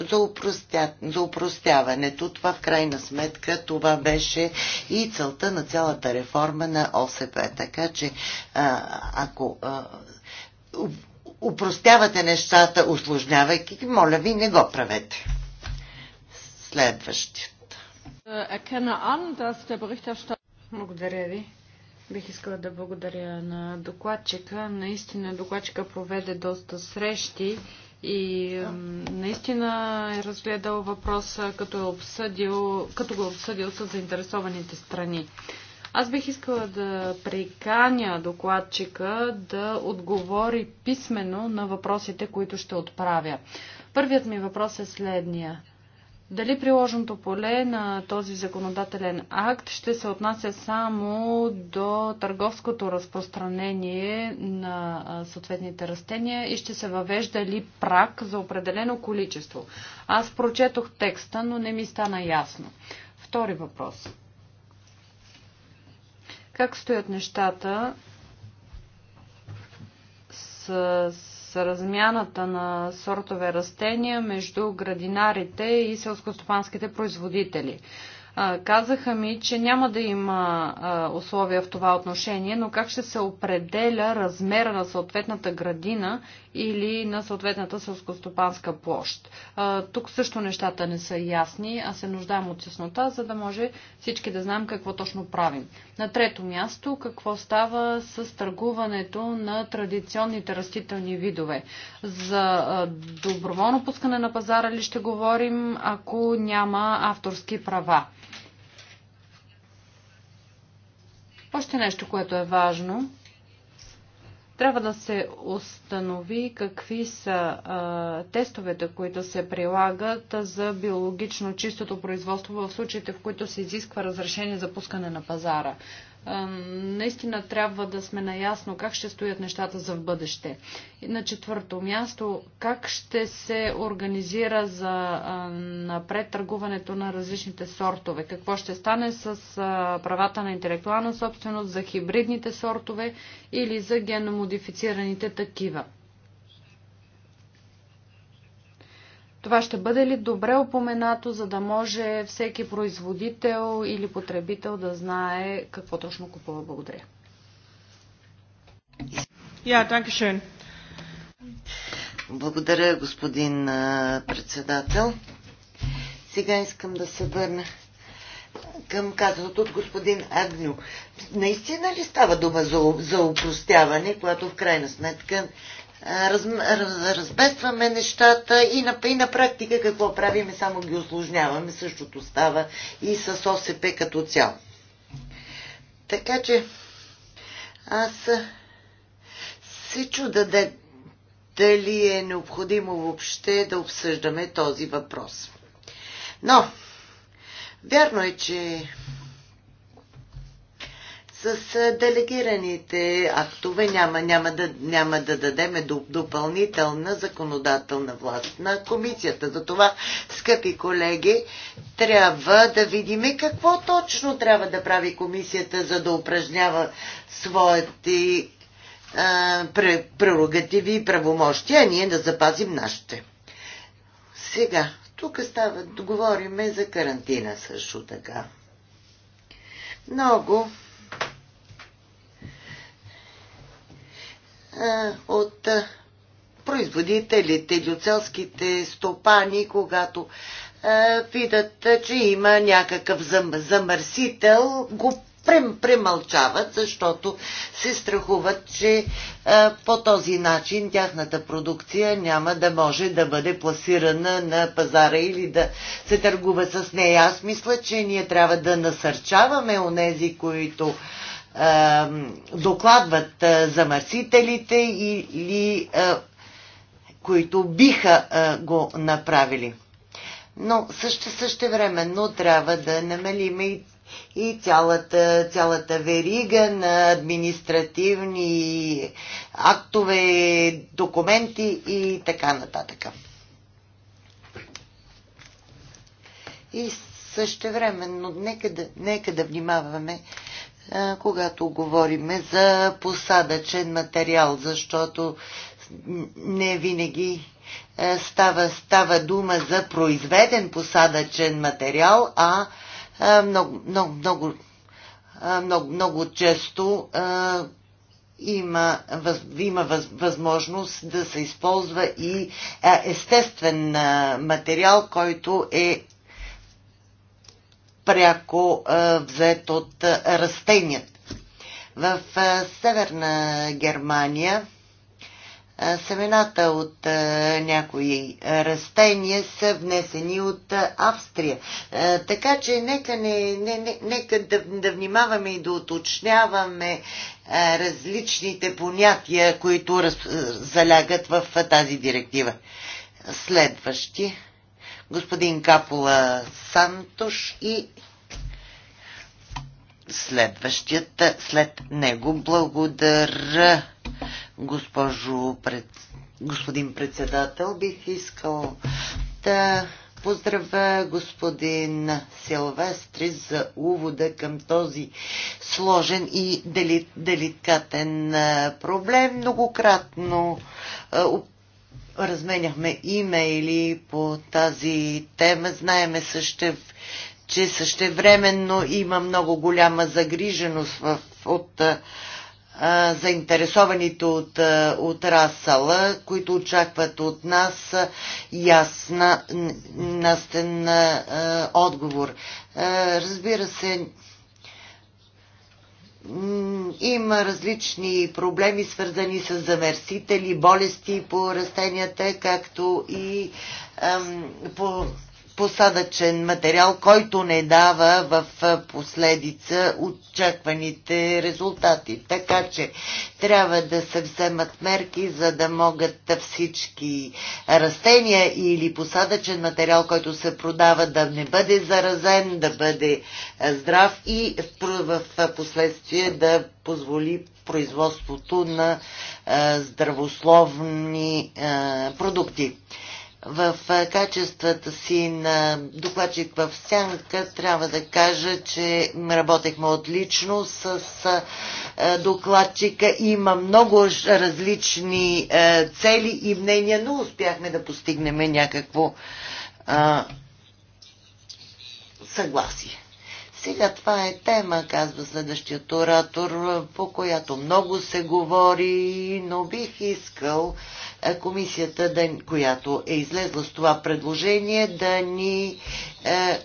за, упростя, за упростяването. Това в крайна сметка, това беше и целта на цялата реформа на ОСП. Така че, а, ако а, упростявате нещата, усложнявайки ги, моля ви, не го правете. Следващият. Благодаря ви. Бих искала да благодаря на докладчика. Наистина докладчика проведе доста срещи и наистина е разгледал въпроса, като, е обсъдил, като го е обсъдил с заинтересованите страни. Аз бих искала да приканя докладчика да отговори писменно на въпросите, които ще отправя. Първият ми въпрос е следния. Дали приложното поле на този законодателен акт ще се отнася само до търговското разпространение на съответните растения и ще се въвежда ли прак за определено количество? Аз прочетох текста, но не ми стана ясно. Втори въпрос. Как стоят нещата с размяната на сортове растения между градинарите и селскостопанските производители. Казаха ми, че няма да има условия в това отношение, но как ще се определя размера на съответната градина или на съответната сълскостопанска площ. Тук също нещата не са ясни, а се нуждаем от яснота, за да може всички да знаем какво точно правим. На трето място, какво става с търгуването на традиционните растителни видове. За доброволно пускане на пазара ли ще говорим, ако няма авторски права? Още нещо, което е важно – трябва да се установи какви са а, тестовете, които се прилагат за биологично чистото производство в случаите, в които се изисква разрешение за пускане на пазара наистина трябва да сме наясно как ще стоят нещата за в бъдеще. И на четвърто място, как ще се организира за напред търгуването на различните сортове? Какво ще стане с правата на интелектуална собственост за хибридните сортове или за генномодифицираните такива? Това ще бъде ли добре опоменато, за да може всеки производител или потребител да знае какво точно купува? Благодаря. Yeah, Благодаря, господин председател. Сега искам да се върна към казаното от господин Агню. Наистина ли става дума за, за упростяване, когато в крайна сметка раз, раз, разбестваме нещата и на, и на практика какво правиме, само ги осложняваме. Същото става и с ОСП като цяло. Така че аз се чуда да, дали е необходимо въобще да обсъждаме този въпрос. Но, вярно е, че с делегираните актове няма, няма, да, няма да дадеме допълнителна законодателна власт на комисията. Затова, скъпи колеги, трябва да видим какво точно трябва да прави комисията, за да упражнява своите прерогативи и правомощия, а ние да запазим нашите. Сега, тук става, говориме за карантина също така. Много Е, от е, производителите или от селските стопани, когато е, видят, че има някакъв замърсител, го премълчават, защото се страхуват, че по този начин тяхната продукция няма да може да бъде пласирана на пазара или да се търгува с нея. Аз мисля, че ние трябва да насърчаваме онези, които докладват замърсителите или които биха го направили. Но също но трябва да намалиме и и цялата, цялата верига на административни актове, документи и така нататък. И но нека да, нека да внимаваме когато говориме за посадъчен материал, защото не винаги става, става дума за произведен посадъчен материал, а много, много, много, много, много често има, въз, има въз, възможност да се използва и естествен материал, който е пряко взет от растенията. В Северна Германия семената от някои растения са внесени от Австрия. Така че нека, не, не, не, нека да, да внимаваме и да уточняваме различните понятия, които раз, залягат в тази директива. Следващи господин Капола Сантош и следващият след него. Благодаря, госпожо пред... господин председател. Бих искал да поздравя господин Силвестри за увода към този сложен и деликатен проблем. Многократно разменяхме имейли по тази тема. Знаеме също, че същевременно има много голяма загриженост в, от заинтересованите от отрасъла, които очакват от нас ясна, настен отговор. разбира се, има различни проблеми, свързани с замерсители, болести по растенията, както и ам, по посадъчен материал, който не дава в последица очакваните резултати. Така че трябва да се вземат мерки, за да могат всички растения или посадъчен материал, който се продава, да не бъде заразен, да бъде здрав и в последствие да позволи производството на здравословни продукти в качествата си на докладчик в Сянка трябва да кажа, че работехме отлично с докладчика. Има много различни цели и мнения, но успяхме да постигнем някакво съгласие. Сега това е тема, казва следващият оратор, по която много се говори, но бих искал е, комисията, да, която е излезла с това предложение, да ни е,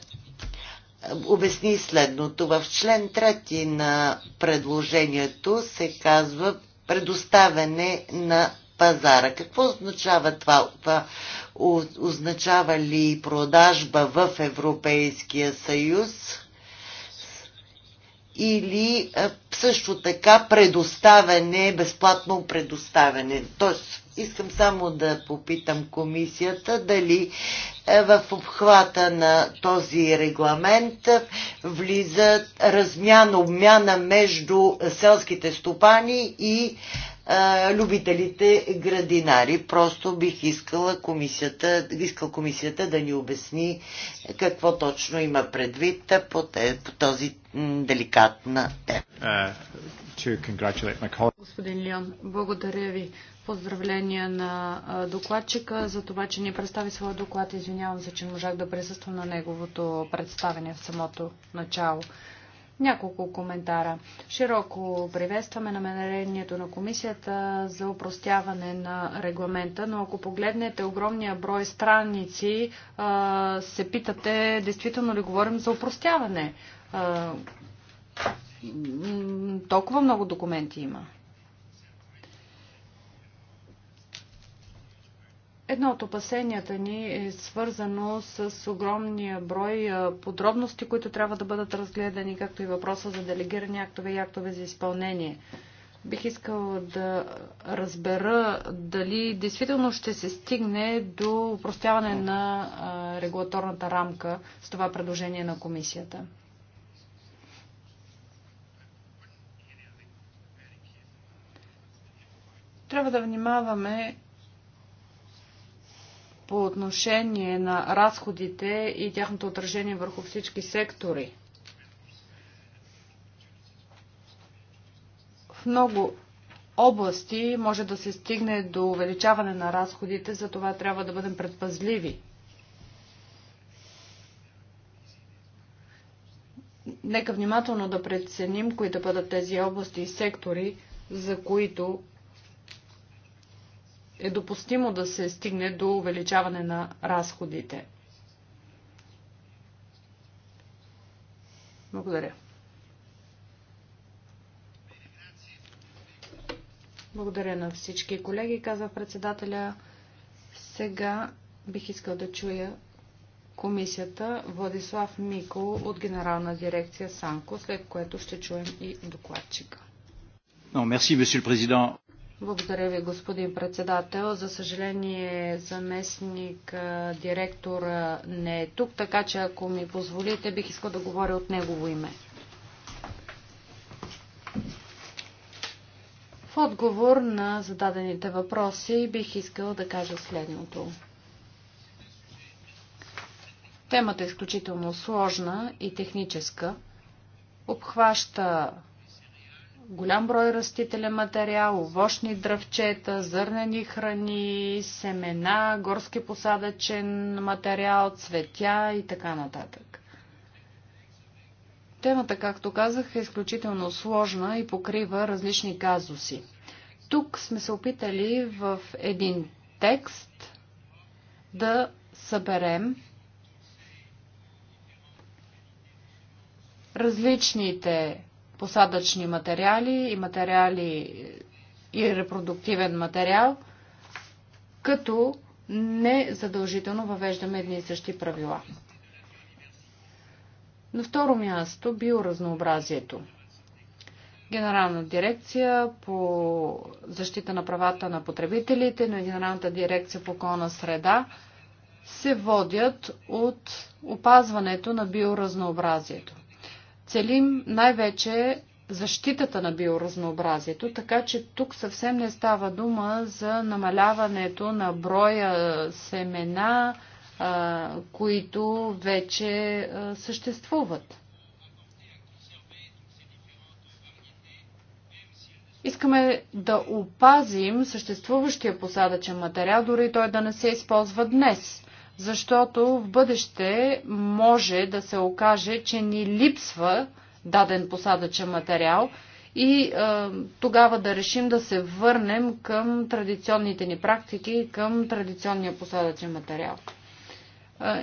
обясни следното. В член 3 на предложението се казва предоставяне на пазара. Какво означава това? това означава ли продажба в Европейския съюз? или също така предоставяне, безплатно предоставяне. Тоест, искам само да попитам комисията дали е, в обхвата на този регламент влиза размяна, обмяна между селските стопани и а, любителите градинари. Просто бих искала комисията, искал комисията да ни обясни какво точно има предвид по, те, по този деликатна тема. Uh, Господин Лион, благодаря ви. Поздравления на докладчика за това, че ни представи своя доклад. Извинявам се, че можах да присъствам на неговото представение в самото начало. Няколко коментара. Широко приветстваме намерението на комисията за упростяване на регламента, но ако погледнете огромния брой страници, се питате, действително ли говорим за упростяване? Толкова много документи има. Едно от опасенията ни е свързано с огромния брой подробности, които трябва да бъдат разгледани, както и въпроса за делегирани актове и актове за изпълнение. Бих искала да разбера дали действително ще се стигне до упростяване на регулаторната рамка с това предложение на комисията. Трябва да внимаваме по отношение на разходите и тяхното отражение върху всички сектори. В много области може да се стигне до увеличаване на разходите, за това трябва да бъдем предпазливи. Нека внимателно да преценим кои да бъдат тези области и сектори, за които е допустимо да се стигне до увеличаване на разходите. Благодаря. Благодаря на всички колеги, казва председателя. Сега бих искал да чуя комисията Владислав Мико от Генерална дирекция Санко, след което ще чуем и докладчика. Non, merci, благодаря ви, господин председател. За съжаление, заместник директор не е тук, така че ако ми позволите, бих искал да говоря от негово име. В отговор на зададените въпроси бих искал да кажа следното. Темата е изключително сложна и техническа. Обхваща голям брой растителен материал, овощни дръвчета, зърнени храни, семена, горски посадъчен материал, цветя и така нататък. Темата, както казах, е изключително сложна и покрива различни казуси. Тук сме се опитали в един текст да съберем различните посадъчни материали и материали и репродуктивен материал, като не задължително въвеждаме едни и същи правила. На второ място биоразнообразието. Генерална дирекция по защита на правата на потребителите, но и Генералната дирекция по околна среда се водят от опазването на биоразнообразието целим най-вече защитата на биоразнообразието, така че тук съвсем не става дума за намаляването на броя семена, които вече съществуват. Искаме да опазим съществуващия посадъчен материал, дори той да не се използва днес защото в бъдеще може да се окаже, че ни липсва даден посадъчен материал и е, тогава да решим да се върнем към традиционните ни практики и към традиционния посадъчен материал.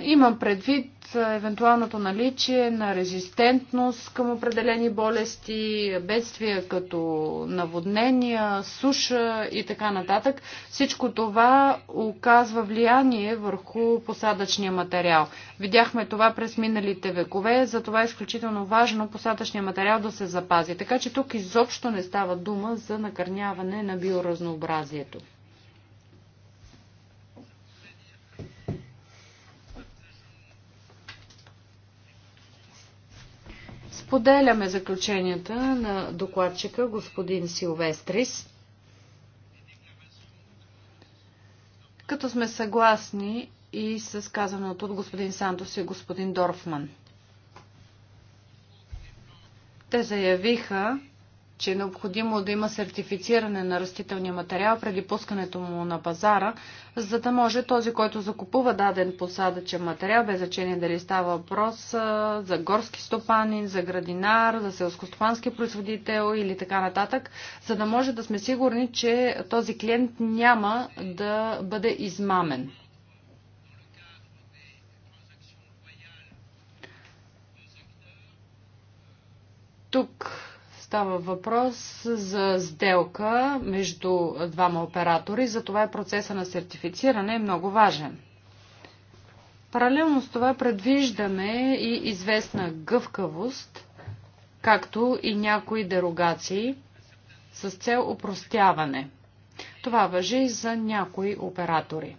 Имам предвид евентуалното наличие на резистентност към определени болести, бедствия като наводнения, суша и така нататък. Всичко това оказва влияние върху посадъчния материал. Видяхме това през миналите векове, затова е изключително важно посадъчния материал да се запази. Така че тук изобщо не става дума за накърняване на биоразнообразието. Споделяме заключенията на докладчика господин Силвестрис. Като сме съгласни и с казаното от господин Сантос и господин Дорфман. Те заявиха, че е необходимо да има сертифициране на растителния материал преди пускането му на пазара, за да може този, който закупува даден посадъчен материал, без значение дали става въпрос за горски стопанин, за градинар, за селскостопански производител или така нататък, за да може да сме сигурни, че този клиент няма да бъде измамен. Тук Става въпрос за сделка между двама оператори, затова е процеса на сертифициране е много важен. Паралелно с това предвиждаме и известна гъвкавост, както и някои дерогации с цел упростяване. Това въжи и за някои оператори.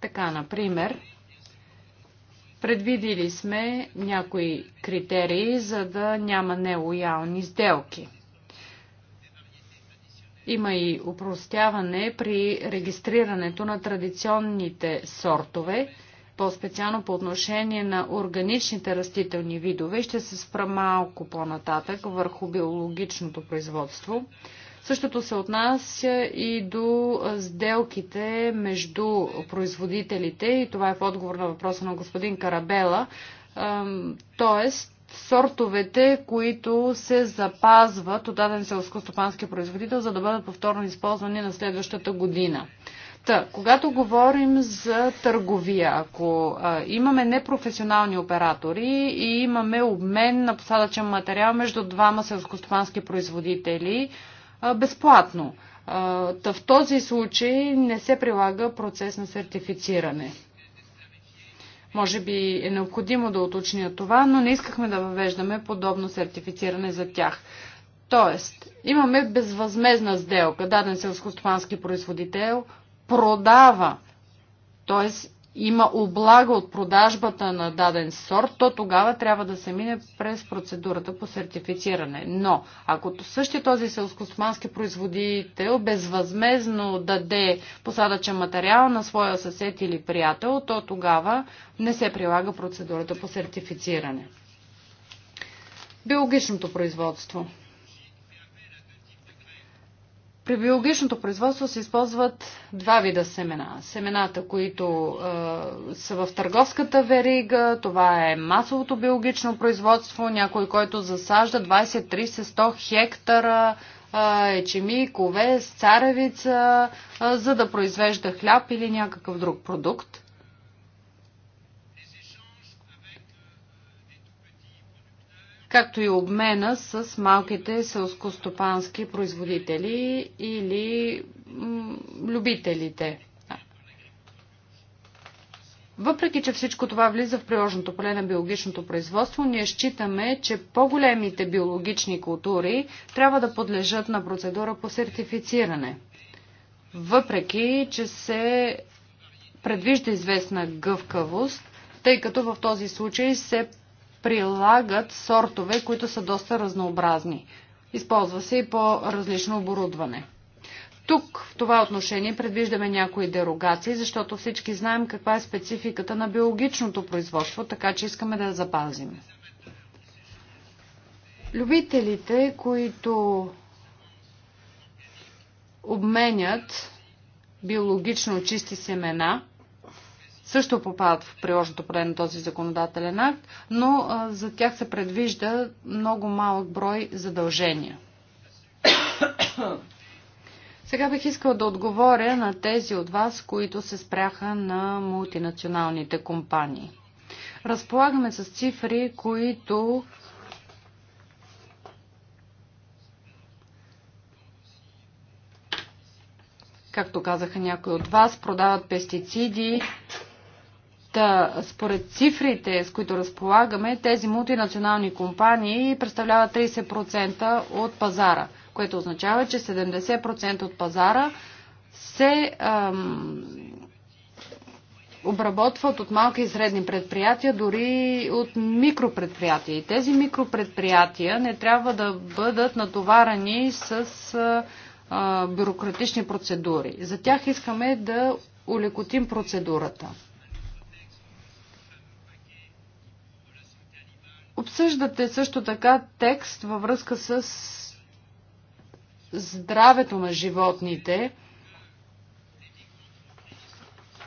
Така, например, Предвидили сме някои критерии, за да няма нелоялни сделки. Има и упростяване при регистрирането на традиционните сортове, по-специално по отношение на органичните растителни видове. Ще се спра малко по-нататък върху биологичното производство. Същото се отнася и до сделките между производителите и това е в отговор на въпроса на господин Карабела. Тоест, сортовете, които се запазват от даден селскостопански производител, за да бъдат повторно използвани на следващата година. Та, когато говорим за търговия, ако а, имаме непрофесионални оператори и имаме обмен на посадъчен материал между двама селскостопански производители, безплатно. Та в този случай не се прилага процес на сертифициране. Може би е необходимо да уточня това, но не искахме да въвеждаме подобно сертифициране за тях. Тоест, имаме безвъзмезна сделка. Даден селскостопански производител продава, т.е има облага от продажбата на даден сорт, то тогава трябва да се мине през процедурата по сертифициране. Но ако същия този селскостомански производител безвъзмезно даде посадъчен материал на своя съсед или приятел, то тогава не се прилага процедурата по сертифициране. Биологичното производство – при биологичното производство се използват два вида семена. Семената, които е, са в търговската верига, това е масовото биологично производство, някой, който засажда 20-30-100 хектара е, ечеми, кове, царевица, е, за да произвежда хляб или някакъв друг продукт. както и обмена с малките селскостопански производители или любителите. Въпреки, че всичко това влиза в приложното поле на биологичното производство, ние считаме, че по-големите биологични култури трябва да подлежат на процедура по сертифициране. Въпреки, че се предвижда известна гъвкавост, тъй като в този случай се прилагат сортове, които са доста разнообразни. Използва се и по-различно оборудване. Тук в това отношение предвиждаме някои дерогации, защото всички знаем каква е спецификата на биологичното производство, така че искаме да я запазим. Любителите, които обменят биологично чисти семена, също попадат в приложното поле на този законодателен акт, но а, за тях се предвижда много малък брой задължения. Сега бих искал да отговоря на тези от вас, които се спряха на мултинационалните компании. Разполагаме с цифри, които както казаха някои от вас, продават пестициди Та, според цифрите, с които разполагаме, тези мултинационални компании представляват 30% от пазара, което означава, че 70% от пазара се ам, обработват от малки и средни предприятия, дори от микропредприятия. И тези микропредприятия не трябва да бъдат натоварени с а, бюрократични процедури. За тях искаме да улекотим процедурата. Обсъждате също така текст във връзка с здравето на животните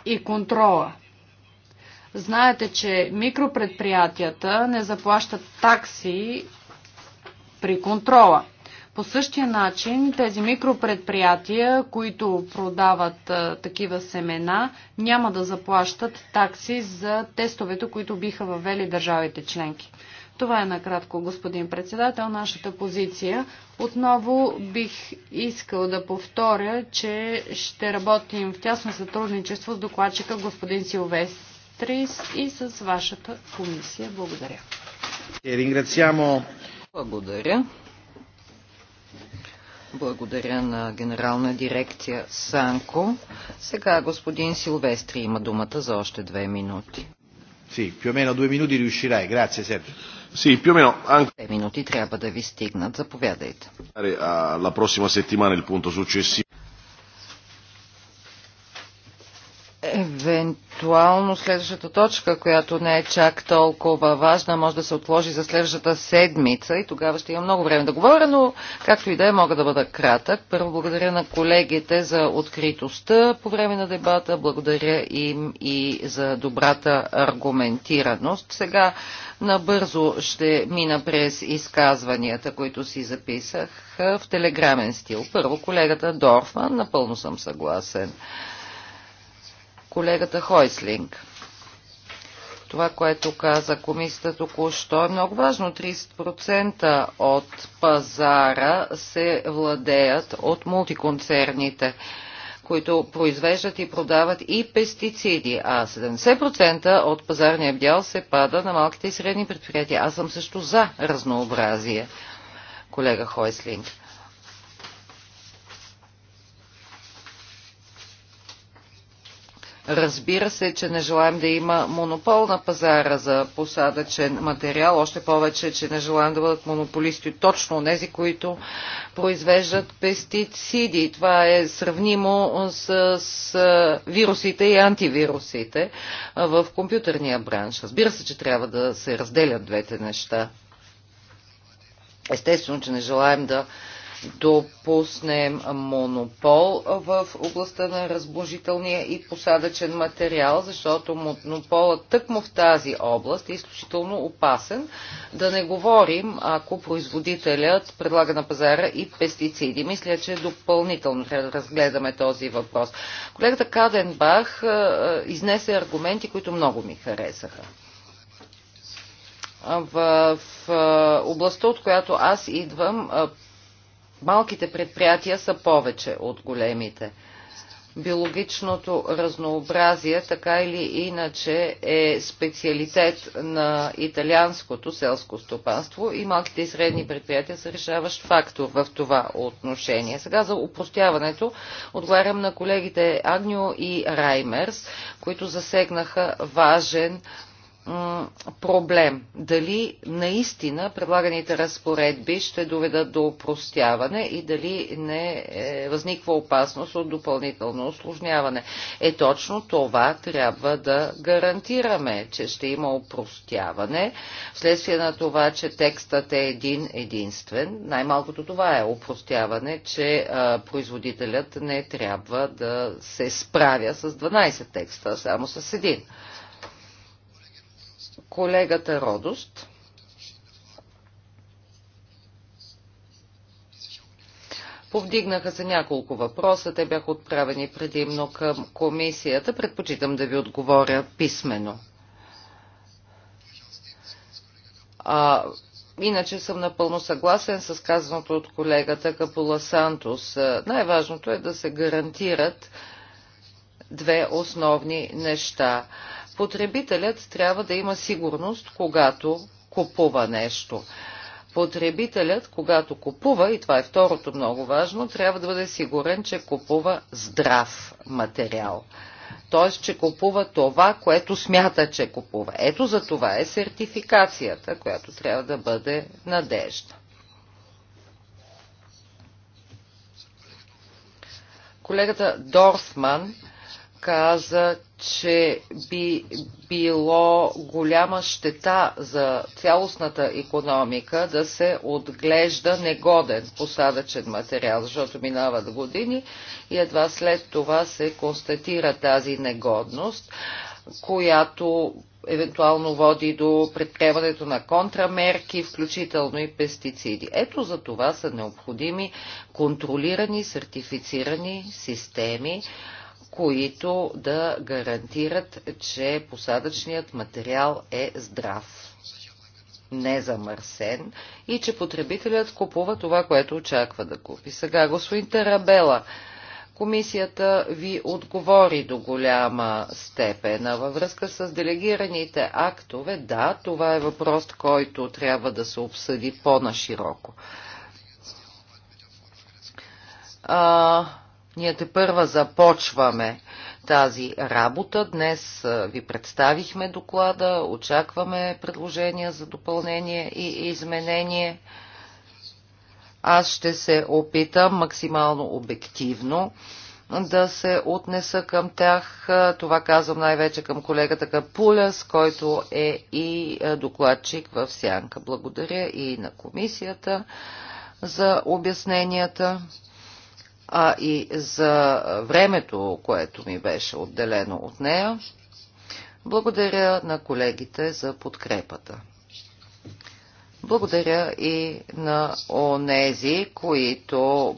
и контрола. Знаете, че микропредприятията не заплащат такси при контрола. По същия начин тези микропредприятия, които продават а, такива семена, няма да заплащат такси за тестовете, които биха въвели държавите членки. Това е накратко, господин председател, нашата позиция. Отново бих искал да повторя, че ще работим в тясно сътрудничество с докладчика господин Силвестрис и с вашата комисия. Благодаря. Е, Благодаря. Благодаря на генерална дирекция Санко. Сега господин Силвестри има думата за още две минути. Си, più o meno due minuti riuscirai. Grazie Sergio. Sì, più o meno anche... Tre минути трябва да ви стигнат. Заповядайте. La prossima settimana il punto successivo. Евентуално следващата точка, която не е чак толкова важна, може да се отложи за следващата седмица и тогава ще има много време да говоря, но както и да е, мога да бъда кратък. Първо благодаря на колегите за откритостта по време на дебата, благодаря им и за добрата аргументираност. Сега набързо ще мина през изказванията, които си записах в телеграмен стил. Първо колегата Дорфман, напълно съм съгласен колегата Хойслинг. Това, което каза комисията току-що е много важно. 30% от пазара се владеят от мултиконцерните които произвеждат и продават и пестициди, а 70% от пазарния бял се пада на малките и средни предприятия. Аз съм също за разнообразие, колега Хойслинг. Разбира се, че не желаем да има монопол на пазара за посадъчен материал, още повече, че не желаем да бъдат монополисти точно тези, които произвеждат пестициди. Това е сравнимо с, с вирусите и антивирусите в компютърния бранш. Разбира се, че трябва да се разделят двете неща. Естествено, че не желаем да допуснем монопол в областта на разблужителния и посадъчен материал, защото монополът тъкмо в тази област е изключително опасен. Да не говорим, ако производителят предлага на пазара и пестициди. Мисля, че допълнително трябва да разгледаме този въпрос. Колегата Каденбах е, е, изнесе аргументи, които много ми харесаха в е, областта, от която аз идвам, малките предприятия са повече от големите. Биологичното разнообразие, така или иначе, е специалитет на италианското селско стопанство и малките и средни предприятия са решаващ фактор в това отношение. Сега за упростяването отговарям на колегите Агнио и Раймерс, които засегнаха важен проблем. Дали наистина предлаганите разпоредби ще доведат до упростяване и дали не е, възниква опасност от допълнително осложняване. Е точно това трябва да гарантираме, че ще има упростяване, вследствие на това, че текстът е един единствен. Най-малкото това е упростяване, че а, е, производителят не трябва да се справя с 12 текста, само с един колегата Родост. Повдигнаха се няколко въпроса, те бяха отправени предимно към комисията. Предпочитам да ви отговоря писменно. А, иначе съм напълно съгласен с казаното от колегата Капула Сантос. Най-важното е да се гарантират две основни неща. Потребителят трябва да има сигурност, когато купува нещо. Потребителят, когато купува, и това е второто много важно, трябва да бъде сигурен, че купува здрав материал т.е. че купува това, което смята, че купува. Ето за това е сертификацията, която трябва да бъде надежда. Колегата Дорфман каза, че би било голяма щета за цялостната економика да се отглежда негоден посадъчен материал, защото минават години и едва след това се констатира тази негодност, която евентуално води до предприемането на контрамерки, включително и пестициди. Ето за това са необходими контролирани, сертифицирани системи, които да гарантират, че посадъчният материал е здрав, незамърсен и че потребителят купува това, което очаква да купи. Сега, господин Тарабела, комисията ви отговори до голяма степен. А във връзка с делегираните актове, да, това е въпрос, който трябва да се обсъди по-нашироко. А, ние те първа започваме тази работа. Днес ви представихме доклада, очакваме предложения за допълнение и изменение. Аз ще се опитам максимално обективно да се отнеса към тях. Това казвам най-вече към колегата Капуляс, който е и докладчик в Сянка. Благодаря и на комисията за обясненията а и за времето, което ми беше отделено от нея. Благодаря на колегите за подкрепата. Благодаря и на онези, които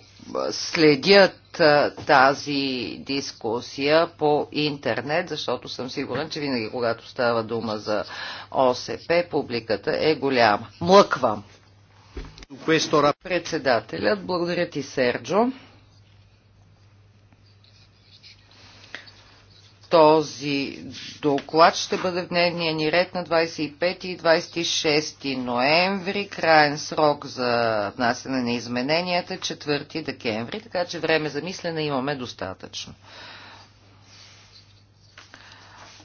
следят тази дискусия по интернет, защото съм сигурен, че винаги, когато става дума за ОСП, публиката е голяма. Млъквам. Председателят, благодаря ти, Серджо. този доклад ще бъде в дневния ни ред на 25 и 26 ноември, крайен срок за внасяне на измененията 4 е декември, така че време за мислене имаме достатъчно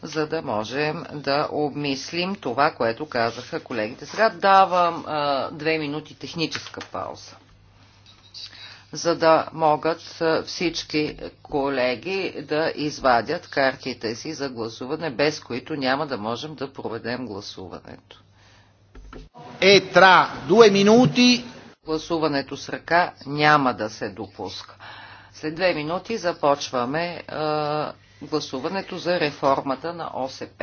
за да можем да обмислим това, което казаха колегите. Сега давам а, две минути техническа пауза за да могат всички колеги да извадят картите си за гласуване, без които няма да можем да проведем гласуването. Е, тра, две минути. Гласуването с ръка няма да се допуска. След две минути започваме е, гласуването за реформата на ОСП.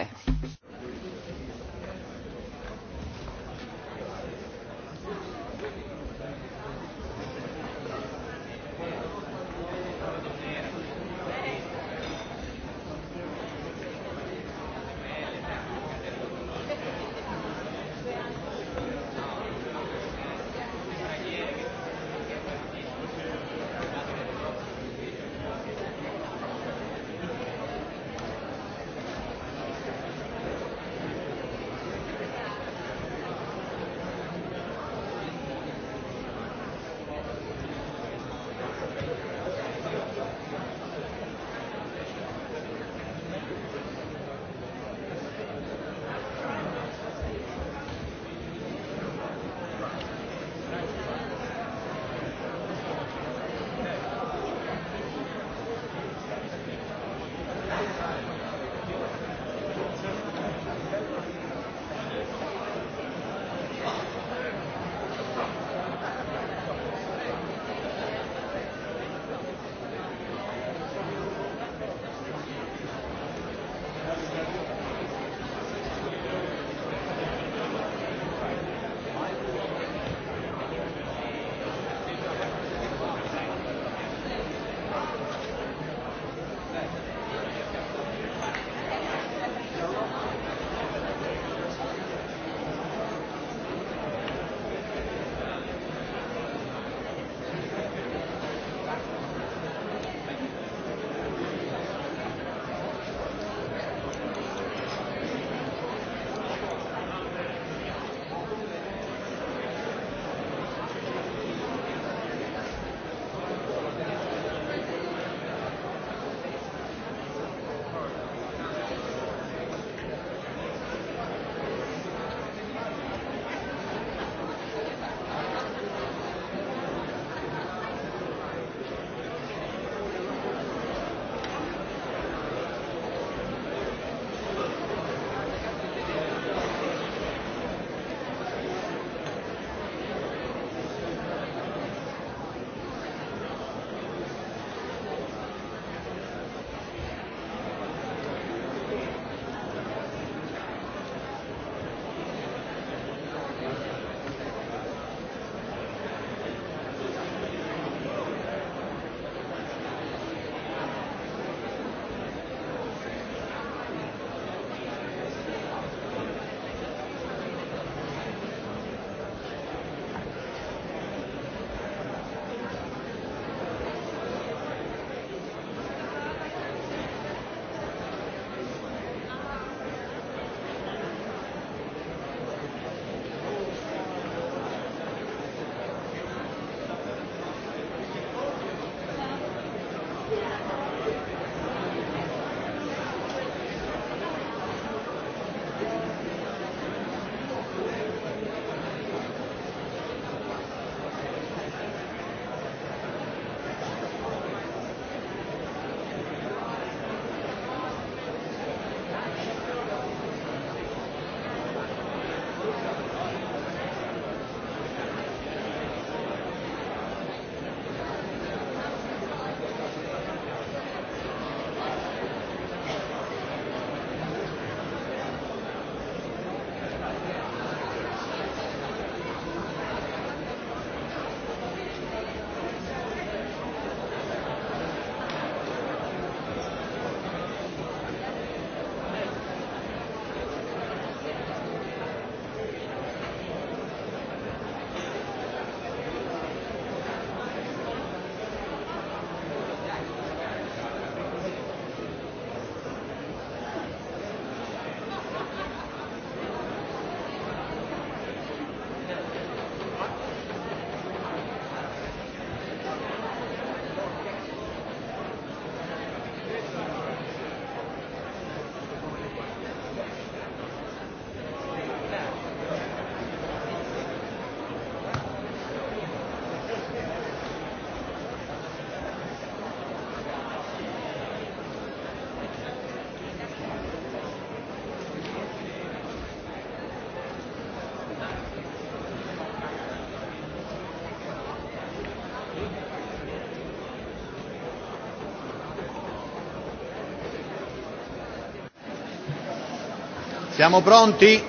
Siamo pronti?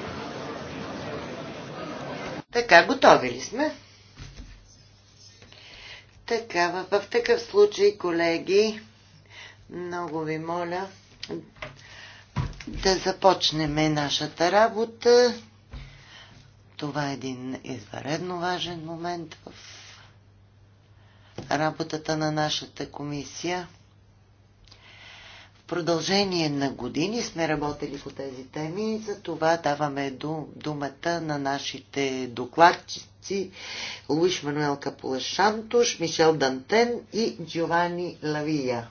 Така, готови ли сме? Така, в, в такъв случай, колеги, много ви моля да започнем нашата работа. Това е един изваредно важен момент в работата на нашата комисия продължение на години сме работили по тези теми и за това даваме думата на нашите докладчици Луиш Мануел Капулешантуш, Мишел Дантен и Джовани Лавия.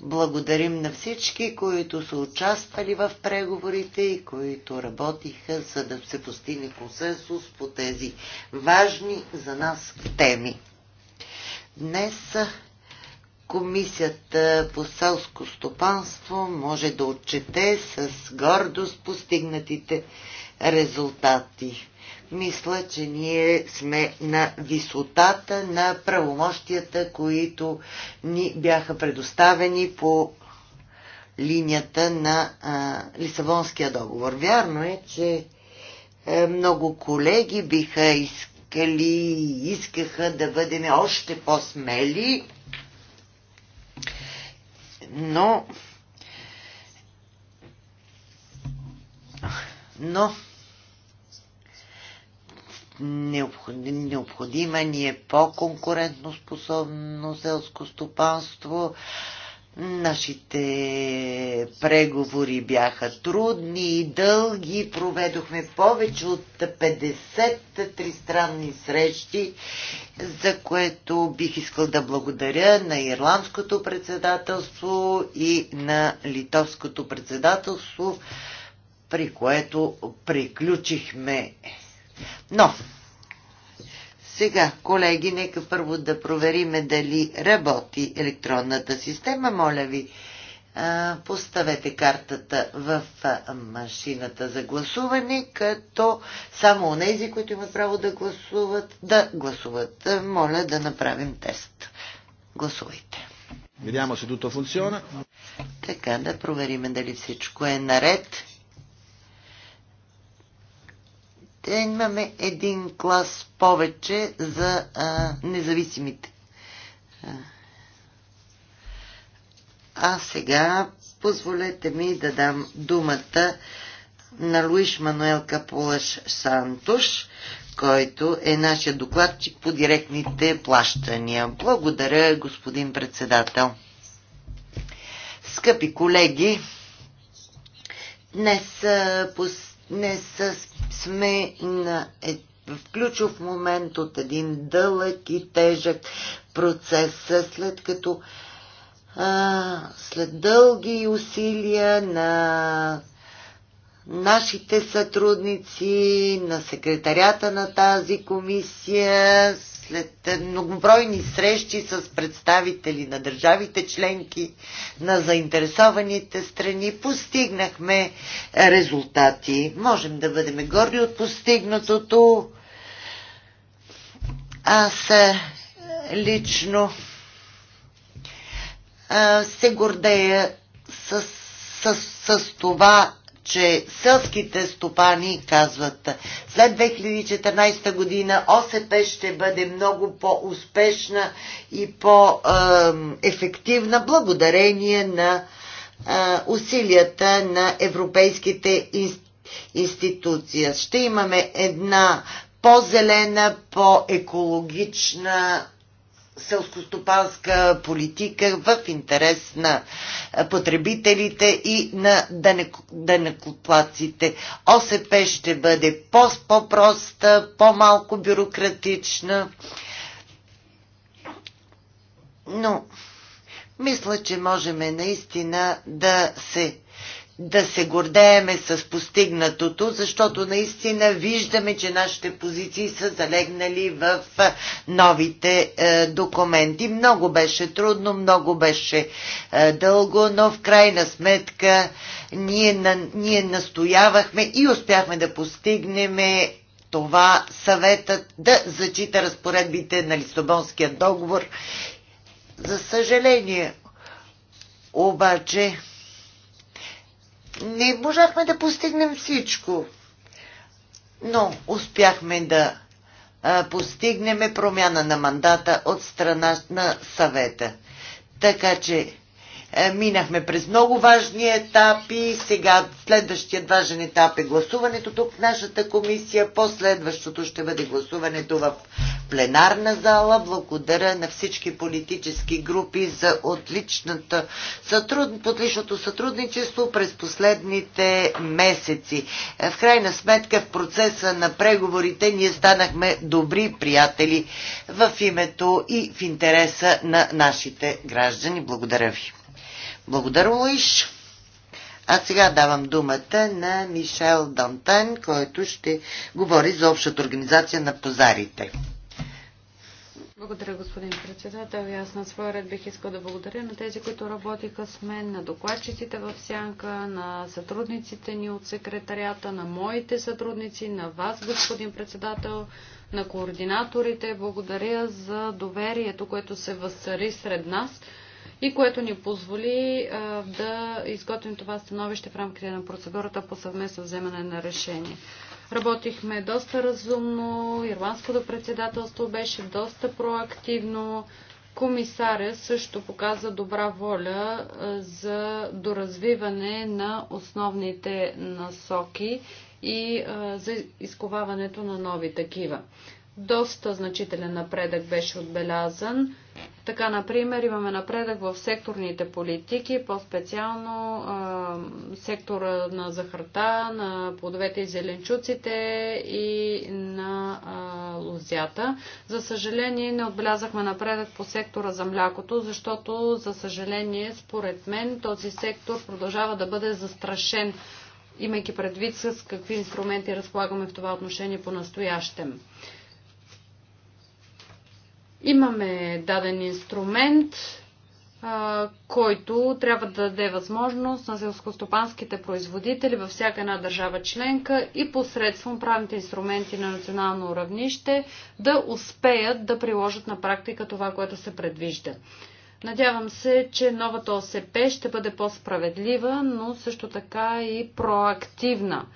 Благодарим на всички, които са участвали в преговорите и които работиха, за да се постигне консенсус по тези важни за нас теми. Днес Комисията по селско стопанство може да отчете с гордост постигнатите резултати. Мисля, че ние сме на висотата на правомощията, които ни бяха предоставени по линията на а, Лисабонския договор. Вярно е, че а, е, много колеги биха искали, искаха да бъдем още по-смели но. Но. Необходима ни е по-конкурентно способно селско стопанство, Нашите преговори бяха трудни и дълги. Проведохме повече от 50 тристранни срещи, за което бих искал да благодаря на Ирландското председателство и на Литовското председателство, при което приключихме. Но сега, колеги, нека първо да провериме дали работи електронната система. Моля ви, поставете картата в машината за гласуване, като само у нези, които имат право да гласуват, да гласуват. Моля да направим тест. Гласувайте. Видямо се, туто функциона. Така, да провериме дали всичко е наред. имаме един клас повече за а, независимите. А сега позволете ми да дам думата на Луиш Мануел Капулаш Сантуш, който е нашия докладчик по директните плащания. Благодаря, господин председател. Скъпи колеги, днес са, сме на е, в ключов момент от един дълъг и тежък процес, след като а, след дълги усилия на нашите сътрудници, на секретарята на тази комисия, след многобройни срещи с представители на държавите членки, на заинтересованите страни, постигнахме резултати. Можем да бъдем горди от постигнатото. Аз е, лично е, се гордея с, с, с това, че селските стопани казват след 2014 година ОСП ще бъде много по-успешна и по-ефективна благодарение на усилията на европейските институции. Ще имаме една по-зелена, по-екологична селскостопанска политика в интерес на потребителите и на данекоплаците. ОСП ще бъде по-проста, по-малко бюрократична, но мисля, че можем наистина да се да се гордееме с постигнатото, защото наистина виждаме, че нашите позиции са залегнали в новите е, документи. Много беше трудно, много беше е, дълго, но в крайна сметка ние, на, ние настоявахме и успяхме да постигнем това съветът да зачита разпоредбите на Лисабонския договор. За съжаление, обаче не можахме да постигнем всичко, но успяхме да постигнем промяна на мандата от страна на съвета. Така че е, минахме през много важни етапи. Сега следващият важен етап е гласуването тук в нашата комисия. Последващото ще бъде гласуването в пленарна зала. Благодаря на всички политически групи за отличната сътруд... отличното сътрудничество през последните месеци. Е, в крайна сметка в процеса на преговорите ние станахме добри приятели в името и в интереса на нашите граждани. Благодаря ви. Благодаря, Луиш. А сега давам думата на Мишел Дантен, който ще говори за общата организация на пазарите. Благодаря, господин председател. аз на своя ред бих искал да благодаря на тези, които работиха с мен, на докладчиците в Сянка, на сътрудниците ни от секретарията, на моите сътрудници, на вас, господин председател, на координаторите. Благодаря за доверието, което се възцари сред нас и което ни позволи да изготвим това становище в рамките на процедурата по съвместно вземане на решение. Работихме доста разумно, ирландското председателство беше доста проактивно, комисаря също показа добра воля за доразвиване на основните насоки и за изковаването на нови такива. Доста значителен напредък беше отбелязан така, например, имаме напредък в секторните политики, по-специално сектора на захарта, на плодовете и зеленчуците и на а, За съжаление, не отбелязахме напредък по сектора за млякото, защото, за съжаление, според мен, този сектор продължава да бъде застрашен, имайки предвид с какви инструменти разполагаме в това отношение по настоящем. Имаме даден инструмент, който трябва да даде възможност на селскостопанските производители във всяка една държава членка и посредством правните инструменти на национално равнище да успеят да приложат на практика това, което се предвижда. Надявам се, че новата ОСП ще бъде по-справедлива, но също така и проактивна.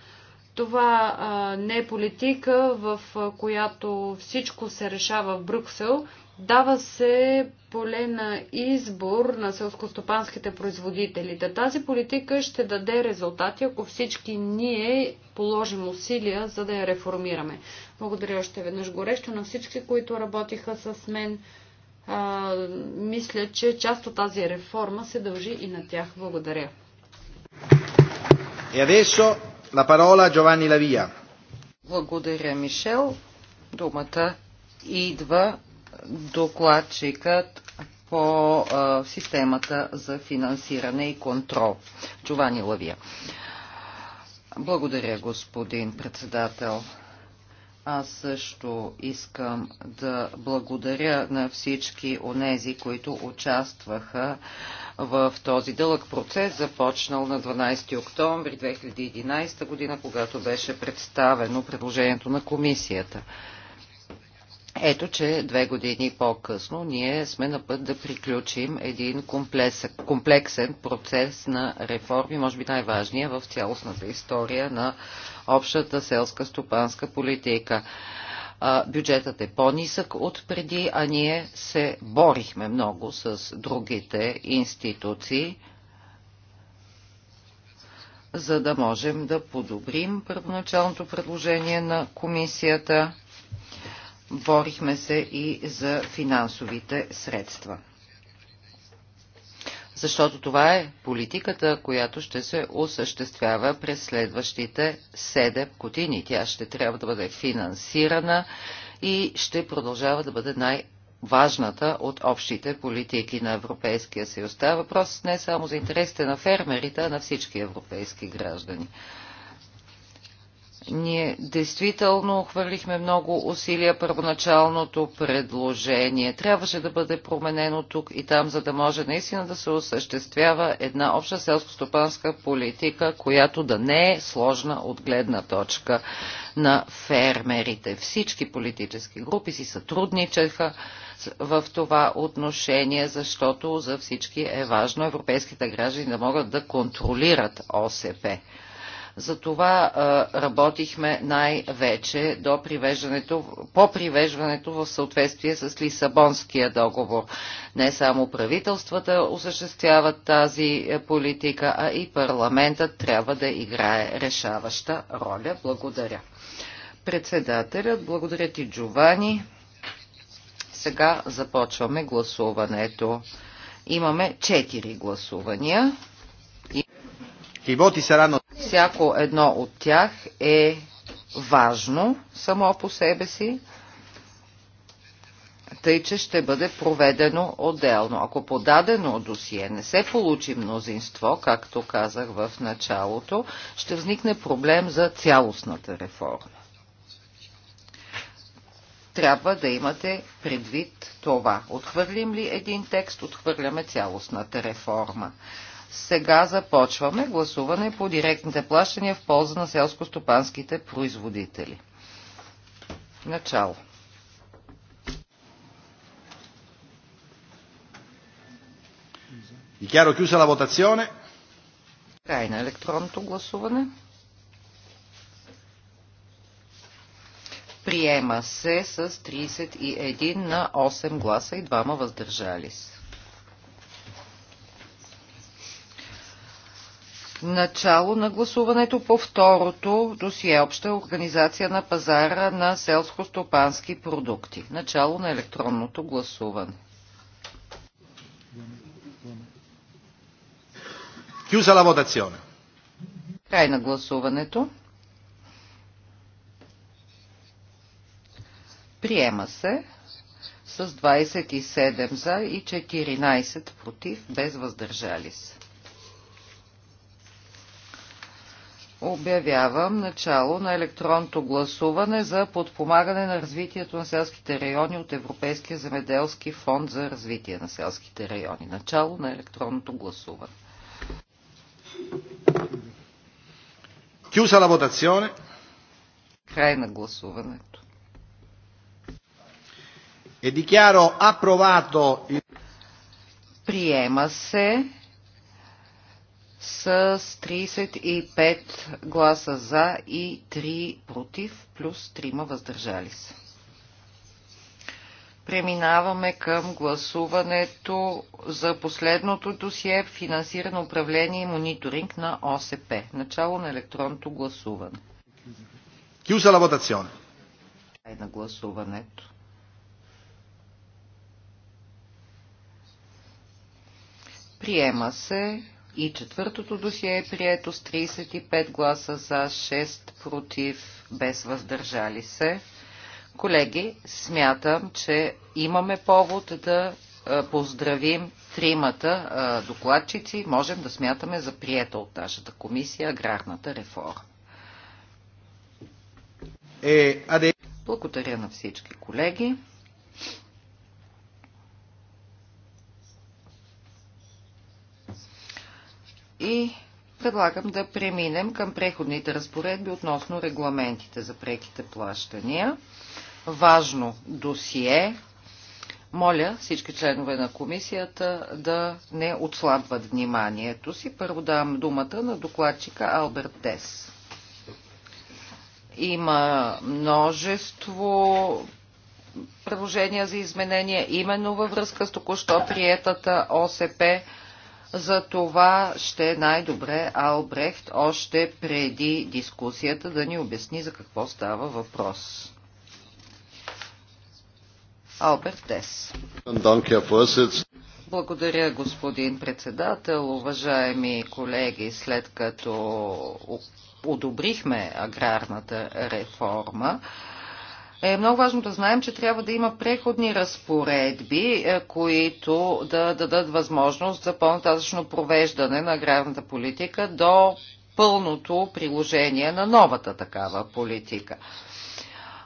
Това а, не е политика, в а, която всичко се решава в Брюксел, Дава се поле на избор на селскостопанските производителите. Тази политика ще даде резултати, ако всички ние положим усилия, за да я реформираме. Благодаря още веднъж горещо на всички, които работиха с мен. А, мисля, че част от тази реформа се дължи и на тях. Благодаря. И adesso la parola Giovanni Lavia. Благодаря, Мишел. Думата идва докладчикът по а, системата за финансиране и контрол. Джовани Лавия. Благодаря, господин председател. Аз също искам да благодаря на всички онези, които участваха в този дълъг процес, започнал на 12 октомври 2011 година, когато беше представено предложението на комисията. Ето, че две години по-късно ние сме на път да приключим един комплексен процес на реформи, може би най-важния в цялостната история на общата селска стопанска политика. Бюджетът е по-нисък от преди, а ние се борихме много с другите институции за да можем да подобрим първоначалното предложение на комисията борихме се и за финансовите средства. Защото това е политиката, която ще се осъществява през следващите 7 години. Тя ще трябва да бъде финансирана и ще продължава да бъде най- важната от общите политики на Европейския съюз. Това е въпрос не само за интересите на фермерите, а на всички европейски граждани. Ние действително хвърлихме много усилия първоначалното предложение. Трябваше да бъде променено тук и там, за да може наистина да се осъществява една обща селско-стопанска политика, която да не е сложна от гледна точка на фермерите. Всички политически групи си сътрудничаха в това отношение, защото за всички е важно европейските граждани да могат да контролират ОСП. За това работихме най-вече до привеждането, по привеждането в съответствие с Лисабонския договор. Не само правителствата осъществяват тази е, политика, а и парламентът трябва да играе решаваща роля. Благодаря. Председателят, благодаря ти, Джовани. Сега започваме гласуването. Имаме четири гласувания. И... И се рано. Всяко едно от тях е важно само по себе си, тъй че ще бъде проведено отделно. Ако подадено досие не се получи мнозинство, както казах в началото, ще възникне проблем за цялостната реформа. Трябва да имате предвид това. Отхвърлим ли един текст, отхвърляме цялостната реформа. Сега започваме гласуване по директните плащания в полза на селско-стопанските производители. Начало. Дикяро кюса на вотационе. Край на електронното гласуване. Приема се с 31 на 8 гласа и 2 въздържали се. Начало на гласуването по второто досие Обща организация на пазара на селско-стопански продукти. Начало на електронното гласуване. Chiusa la votazione. Край на гласуването. Приема се с 27 за и 14 против, без въздържали се. обявявам начало на електронното гласуване за подпомагане на развитието на селските райони от Европейския земеделски фонд за развитие на селските райони. Начало на електронното гласуване. Край на гласуването. E Приема се с 35 гласа за и 3 против, плюс 3 въздържали се. Преминаваме към гласуването за последното досие финансиране, управление и мониторинг на ОСП. Начало на електронното гласуване. Кюза лаботационе. Ай на гласуването. Приема се и четвъртото досие е прието с 35 гласа за 6 против без въздържали се. Колеги, смятам, че имаме повод да поздравим тримата докладчици. Можем да смятаме за приятел от нашата комисия аграрната реформа. Е, Благодаря на всички колеги. и предлагам да преминем към преходните разпоредби относно регламентите за преките плащания. Важно досие. Моля всички членове на комисията да не отслабват вниманието си. Първо давам думата на докладчика Алберт Тес. Има множество предложения за изменения именно във връзка с току-що приетата ОСП за това ще е най-добре Албрехт още преди дискусията да ни обясни за какво става въпрос. Алберт Тес. Благодаря, господин председател. Уважаеми колеги, след като одобрихме аграрната реформа, е много важно да знаем, че трябва да има преходни разпоредби, е, които да дадат възможност за по-нататъчно провеждане на аграрната политика до пълното приложение на новата такава политика.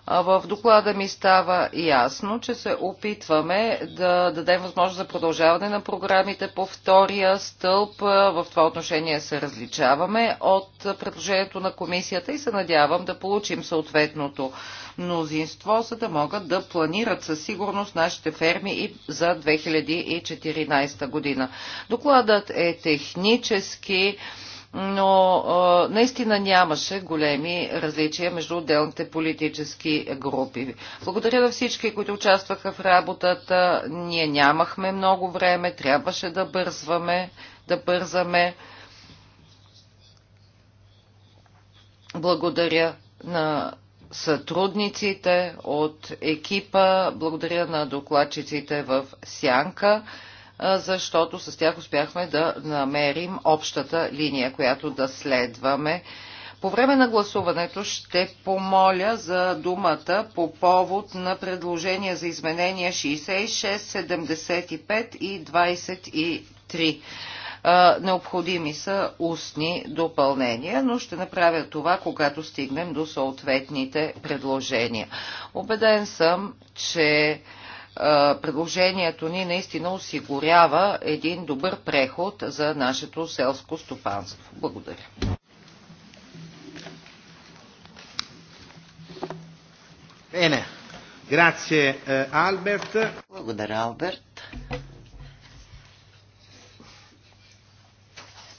В доклада ми става ясно, че се опитваме да дадем възможност за продължаване на програмите по втория стълб. В това отношение се различаваме от предложението на комисията и се надявам да получим съответното мнозинство, за да могат да планират със сигурност нашите ферми и за 2014 година. Докладът е технически но а, наистина нямаше големи различия между отделните политически групи. Благодаря на всички, които участваха в работата. Ние нямахме много време, трябваше да бързваме, да бързаме. Благодаря на сътрудниците от екипа, благодаря на докладчиците в Сянка защото с тях успяхме да намерим общата линия, която да следваме. По време на гласуването ще помоля за думата по повод на предложения за изменения 66, 75 и 23 необходими са устни допълнения, но ще направя това, когато стигнем до съответните предложения. Обеден съм, че предложението ни наистина осигурява един добър преход за нашето селско стопанство. Благодаря. Bene. Grazie eh, Albert. Благодаря, Алберт.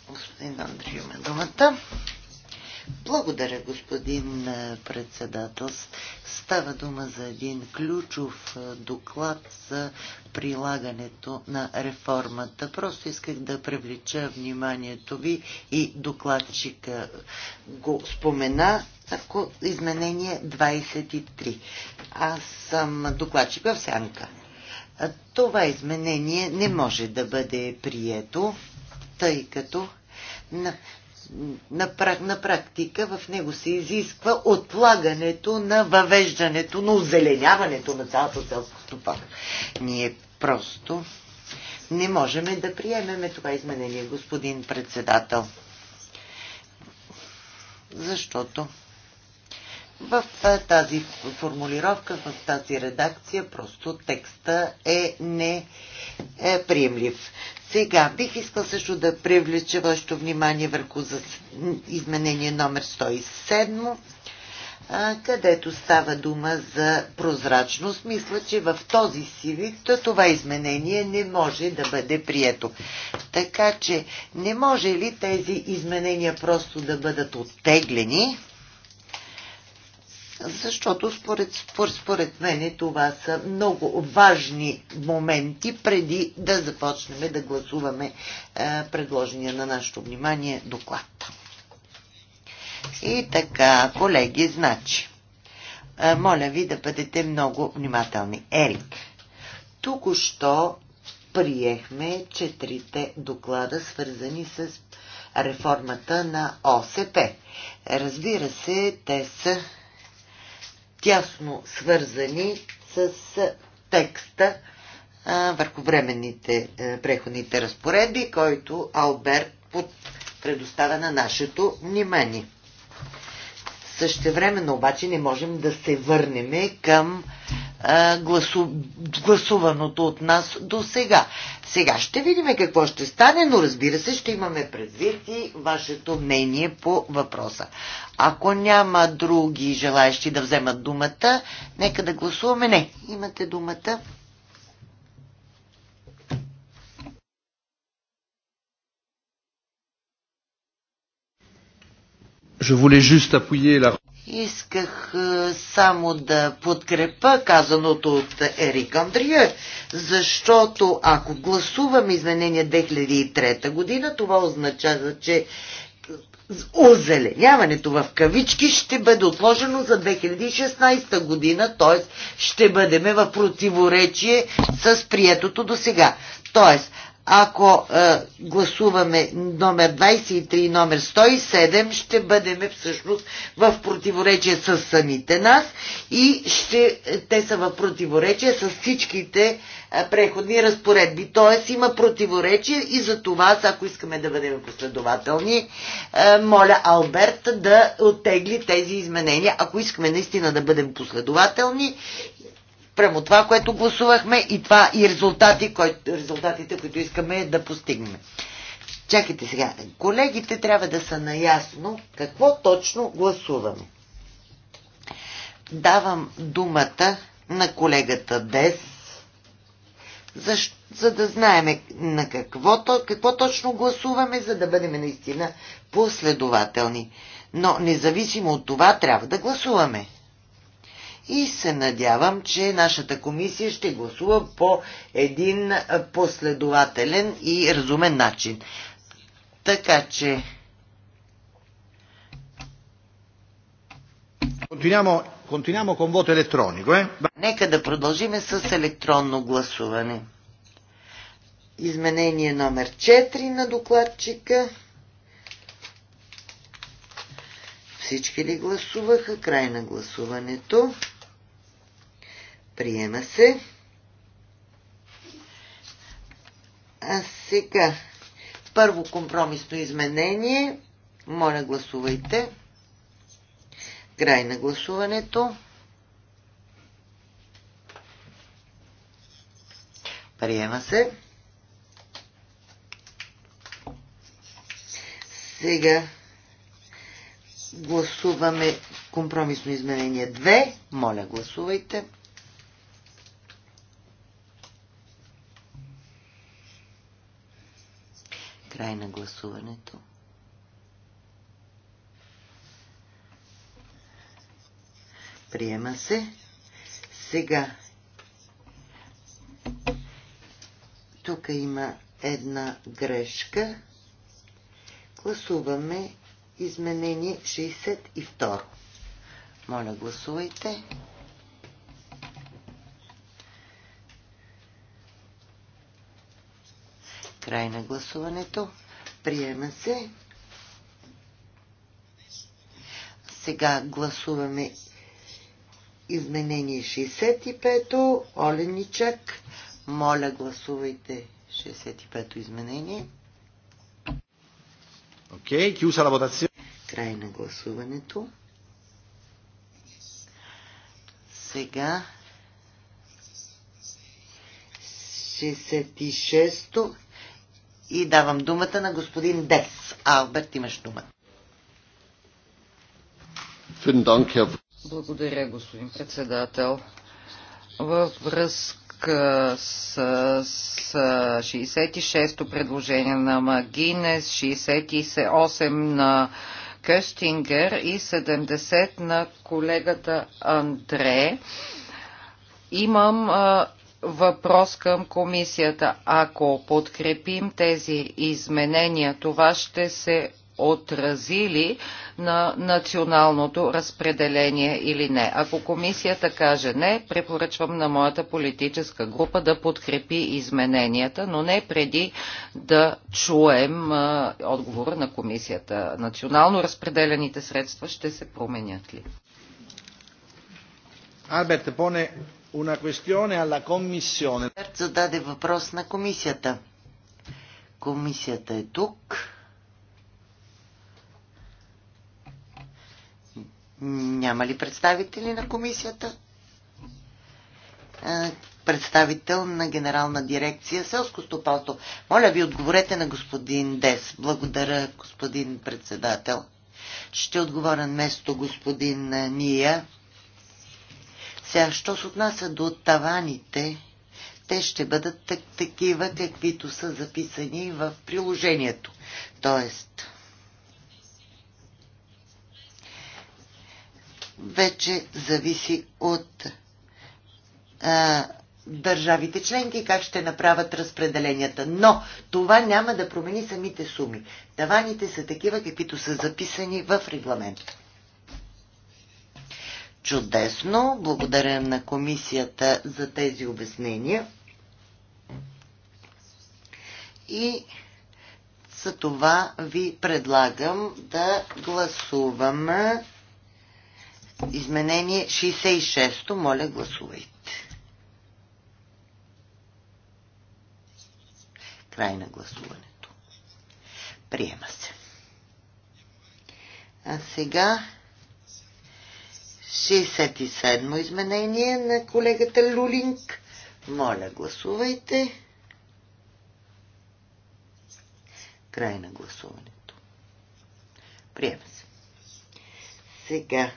Господин Андрио, думата. Благодаря, господин председател. Става дума за един ключов доклад за прилагането на реформата. Просто исках да привлеча вниманието ви и докладчика го спомена ако изменение 23. Аз съм докладчик в сянка. Това изменение не може да бъде прието, тъй като на, на практика в него се изисква отлагането на въвеждането, на озеленяването на цялото селско стопанство. Ние просто не можем да приемеме това изменение, господин председател. Защото в тази формулировка, в тази редакция, просто текста е неприемлив. Е сега бих искал също да привлеча вашето внимание върху изменение номер 107 където става дума за прозрачност. Мисля, че в този си вид това изменение не може да бъде прието. Така че не може ли тези изменения просто да бъдат оттеглени? защото според, според, според мен това са много важни моменти преди да започнем да гласуваме е, предложения на нашето внимание доклад. И така, колеги, значи, е, моля ви да бъдете много внимателни. Ерик, току-що приехме четирите доклада, свързани с реформата на ОСП. Разбира се, те са тясно свързани с текста върху временните преходните разпореди, който Алберт предоставя на нашето внимание. Същевременно обаче не можем да се върнем към а, гласу, гласуваното от нас до сега. Сега ще видим какво ще стане, но разбира се ще имаме предвид и вашето мнение по въпроса. Ако няма други желаящи да вземат думата, нека да гласуваме. Не, имате думата. Je voulais juste appuyer la... Исках е, само да подкрепа казаното от Ерик Андрие, защото ако гласуваме изменение 2003 година, това означава, че озеленяването в кавички ще бъде отложено за 2016 година, т.е. ще бъдеме в противоречие с приетото до сега. Т.е ако е, гласуваме номер 23 и номер 107, ще бъдем всъщност в противоречие с самите нас и ще, те са в противоречие с всичките е, преходни разпоредби. Т.е. има противоречие и за това, ако искаме да бъдем последователни, е, моля Алберт да оттегли тези изменения, ако искаме наистина да бъдем последователни прямо това, което гласувахме и това и резултати, кой, резултатите, които искаме да постигнем. Чакайте сега. Колегите трябва да са наясно какво точно гласуваме. Давам думата на колегата Дес, за, за да знаеме на какво, какво точно гласуваме, за да бъдем наистина последователни. Но независимо от това трябва да гласуваме и се надявам, че нашата комисия ще гласува по един последователен и разумен начин. Така че. Continuiamo, continuiamo con voto elettronico. Eh? Нека да продължиме с електронно гласуване. Изменение номер 4 на докладчика. Всички ли гласуваха? Край на гласуването. Приема се. А сега, първо компромисно изменение. Моля, гласувайте. Край на гласуването. Приема се. Сега гласуваме компромисно изменение 2. Моля, гласувайте. Край на гласуването. Приема се. Сега. Тук има една грешка. Гласуваме изменение 62. Моля, гласувайте. Край на гласуването. Приема се. Сега гласуваме изменение 65-то. Оленичък, Моля, гласувайте 65-то изменение. Окей, okay, кюса работация. Край на гласуването. Сега 66-то и давам думата на господин Дес. Алберт, имаш дума. Благодаря, господин председател. Във връзка с, с 66-то предложение на Магинес, 68 на Къстингер и 70 на колегата Андре, имам въпрос към комисията. Ако подкрепим тези изменения, това ще се отразили на националното разпределение или не. Ако комисията каже не, препоръчвам на моята политическа група да подкрепи измененията, но не преди да чуем а, отговора на комисията. Национално разпределените средства ще се променят ли? Алберт Поне, una questione alla Commissione. Зададе въпрос на комисията. Комисията е тук. Няма ли представители на комисията? Е, представител на Генерална дирекция Селско стопалство. Моля ви, отговорете на господин Дес. Благодаря, господин председател. Ще отговоря место господин Ния сега, що се отнася до таваните, те ще бъдат так- такива, каквито са записани в приложението. Тоест, вече зависи от а, държавите членки как ще направят разпределенията. Но това няма да промени самите суми. Таваните са такива, каквито са записани в регламента. Чудесно. Благодаря на комисията за тези обяснения. И за това ви предлагам да гласуваме изменение 66-то. Моля, гласувайте. Край на гласуването. Приема се. А сега 67 изменение на колегата Лулинг. Моля, гласувайте. Край на гласуването. Приема се. Сега.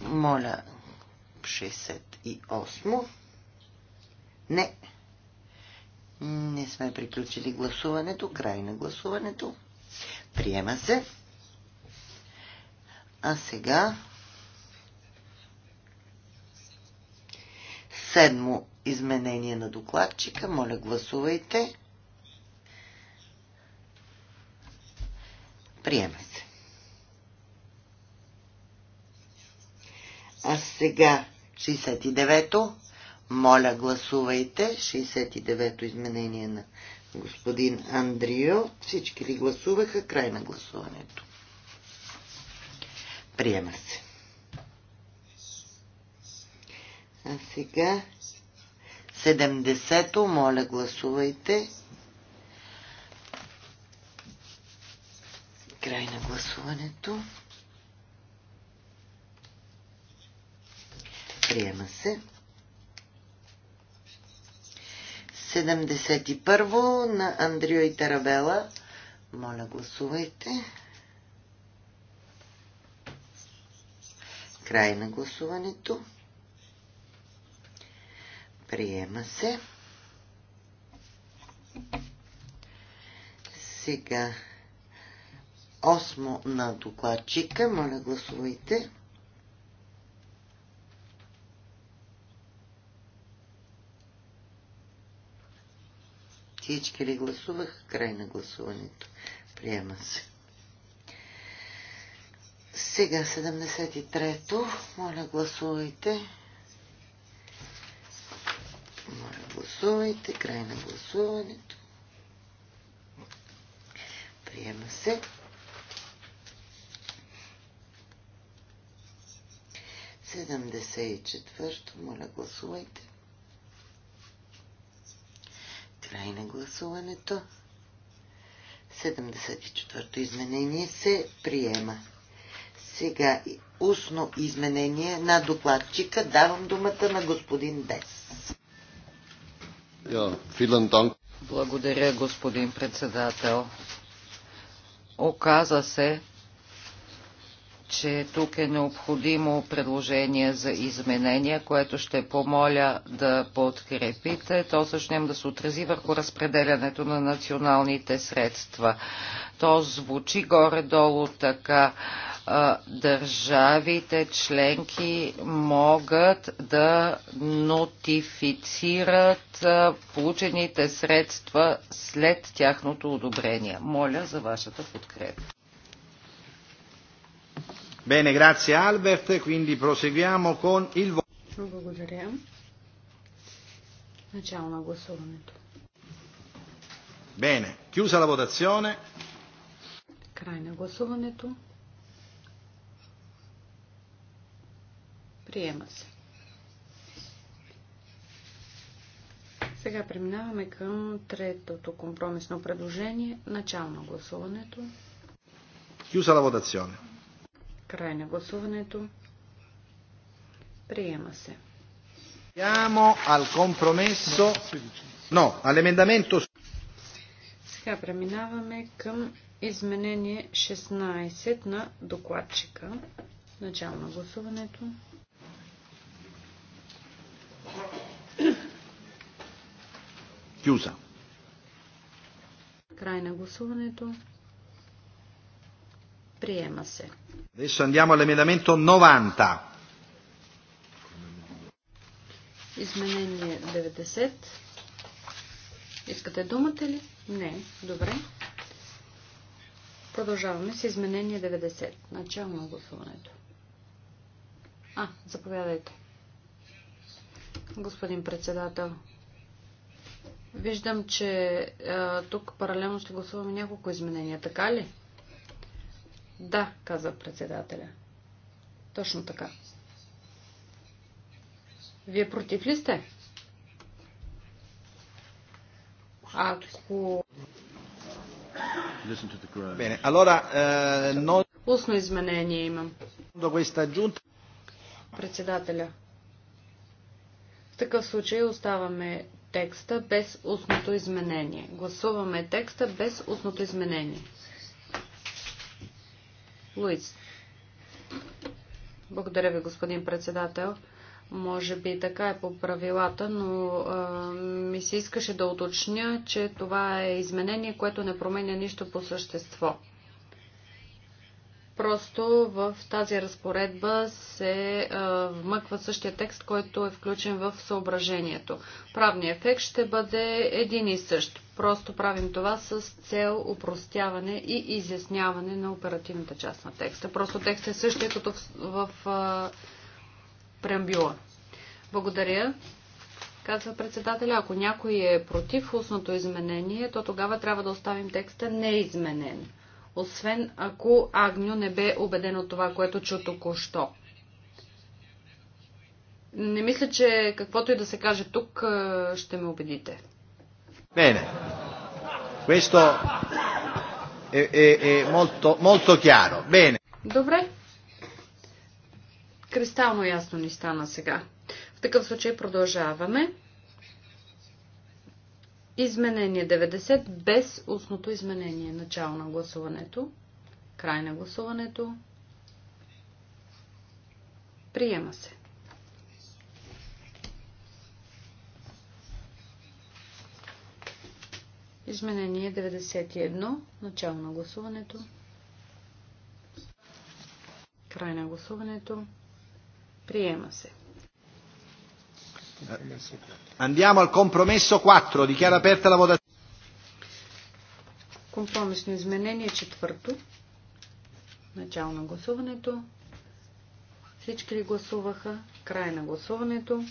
Моля, 68. Не. Не сме приключили гласуването. Край на гласуването. Приема се. А сега седмо изменение на докладчика. Моля, гласувайте. Приема се. А сега 69-то. Моля, гласувайте. 69-то изменение на господин Андрио. Всички ли гласуваха? Край на гласуването. Приема се. А сега 70-то, моля гласувайте. Край на гласуването. Приема се. 71 на Андрио и Тарабела. Моля, гласувайте. Край на гласуването. Приема се. Сега осмо на докладчика. Моля, гласувайте. Всички ли гласуваха? Край на гласуването. Приема се. Сега 73-то. Моля, гласувайте. Моля, гласувайте. Край на гласуването. Приема се. Седемдесет и четвърто. Моля, гласувайте. Край на гласуването. 74-то изменение се приема. Сега устно изменение на докладчика. Давам думата на господин Дес. Благодаря, господин председател. Оказа се, че тук е необходимо предложение за изменение, което ще помоля да подкрепите. То също да се отрази върху разпределянето на националните средства. То звучи горе-долу така държавите членки могат да нотифицират получените средства след тяхното одобрение. Моля за вашата подкрепа. Bene, grazie Albert, quindi proseguiamo con il voto. Благодаря. Начало на гласуването. Bene, chiusa la votazione. Край на гласуването. Приема се. Сега преминаваме към третото компромисно предложение. Начало на гласуването. Chiusa la votazione. Край на гласуването. Приема се. Siamo al compromesso. No, all'emendamento. Сега преминаваме към изменение 16 на докладчика. Начало на гласуването. Кюза. Край на гласуването. Приема се. Adesso andiamo all'emendamento 90. Изменение 90. Искате думата ли? Не. Добре. Продължаваме с изменение 90. Начало на гласуването. А, заповядайте. Господин председател, Виждам, че а, тук паралелно ще гласуваме няколко изменения, така ли? Да, каза председателя. Точно така. Вие против ли сте? Ако... Bene, allora, eh, Устно изменение имам. Председателя. В такъв случай оставаме текста без устното изменение. Гласуваме текста без устното изменение. Луис. Благодаря ви, господин председател. Може би така е по правилата, но а, ми се искаше да уточня, че това е изменение, което не променя нищо по същество. Просто в тази разпоредба се вмъква същия текст, който е включен в съображението. Правният ефект ще бъде един и същ. Просто правим това с цел упростяване и изясняване на оперативната част на текста. Просто текст е същия като в, в а, преамбюла. Благодаря. Казва председателя, ако някой е против устното изменение, то тогава трябва да оставим текста неизменен освен ако Агню не бе убеден от това, което чу току-що. Не мисля, че каквото и да се каже тук, ще ме убедите. Не, не. Questo е, е, е molto, molto chiaro. Bene. Добре. Кристално ясно ни стана сега. В такъв случай продължаваме. Изменение 90 без устното изменение. Начало на гласуването. Край на гласуването. Приема се. Изменение 91. Начало на гласуването. Край на гласуването. Приема се. Andiamo al compromesso 4. Dichiara aperta la votazione. Компромисно изменение четвърто. Начало на гласуването. Всички ли гласуваха? Край на гласуването.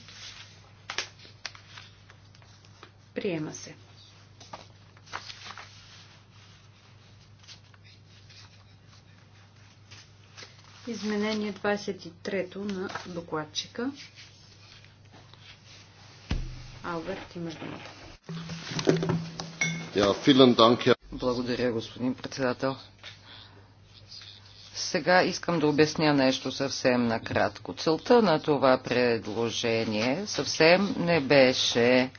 Приема се. Изменение 23 на докладчика. Алберт, имаш думата. Благодаря, господин председател. Сега искам да обясня нещо съвсем накратко. Целта на това предложение съвсем не беше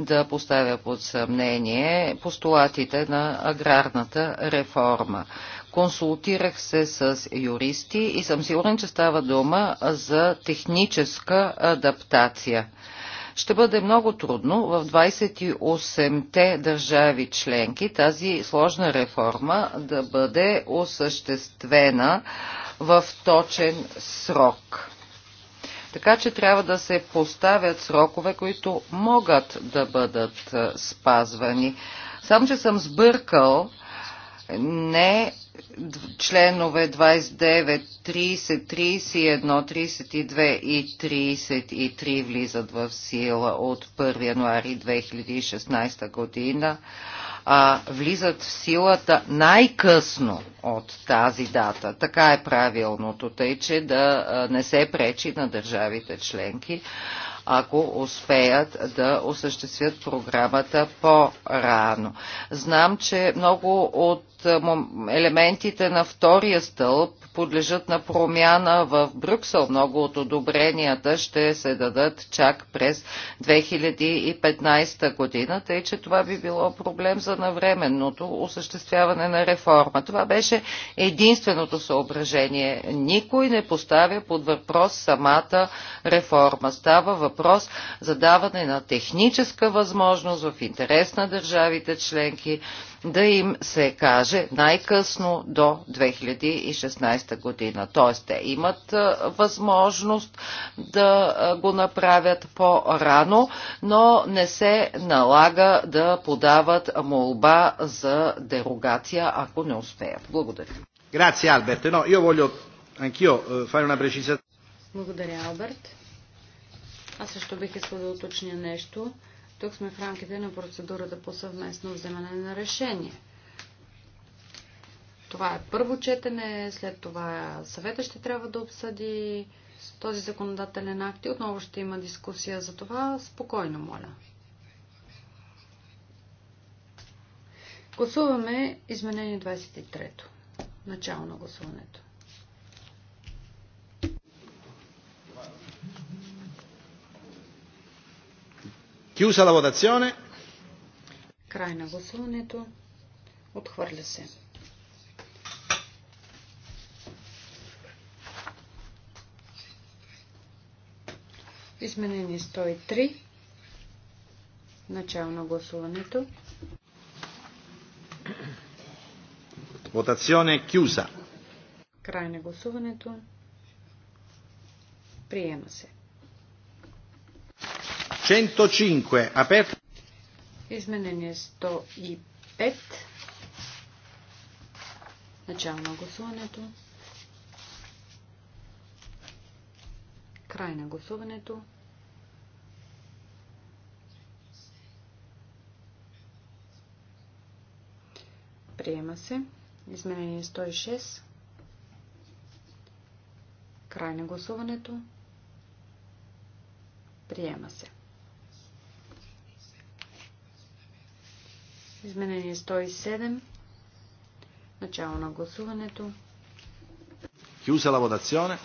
да поставя под съмнение постулатите на аграрната реформа. Консултирах се с юристи и съм сигурен, че става дума за техническа адаптация ще бъде много трудно в 28-те държави членки тази сложна реформа да бъде осъществена в точен срок. Така че трябва да се поставят срокове, които могат да бъдат спазвани. Само, че съм сбъркал не членове 29, 30, 31, 32 и 33 влизат в сила от 1 януари 2016 година, а влизат в силата най-късно от тази дата. Така е правилното, тъй че да не се пречи на държавите членки ако успеят да осъществят програмата по-рано. Знам, че много от е, елементите на втория стълб подлежат на промяна в Брюксел. Много от одобренията ще се дадат чак през 2015 година, тъй че това би било проблем за навременното осъществяване на реформа. Това беше единственото съображение. Никой не поставя под въпрос самата реформа. Става въпрос въпрос за даване на техническа възможност в интерес на държавите членки да им се каже най-късно до 2016 година. Т.е. те имат възможност да го направят по-рано, но не се налага да подават молба за дерогация, ако не успеят. Благодаря. Grazie Albert. No, io voglio anch'io э, fare una precisazione. Благодаря, Алберт. Аз също бих искал да уточня нещо. Тук сме в рамките на процедурата по съвместно вземане на решение. Това е първо четене, след това съвета ще трябва да обсъди този законодателен акт и отново ще има дискусия за това. Спокойно, моля. Гласуваме изменение 23-то. Начало на гласуването. Chiusa la votazione. Край на гласуването. Отхвърля се. Изменение 103. Начало на гласуването. Votazione chiusa. Край на гласуването. Приема се. 105. Aperto. Изменение 105. Начало на гласуването. Край на гласуването. Приема се. Изменение 106. Край на гласуването. Приема се. Изменение 107. Начало на гласуването. Chiusa la votazione.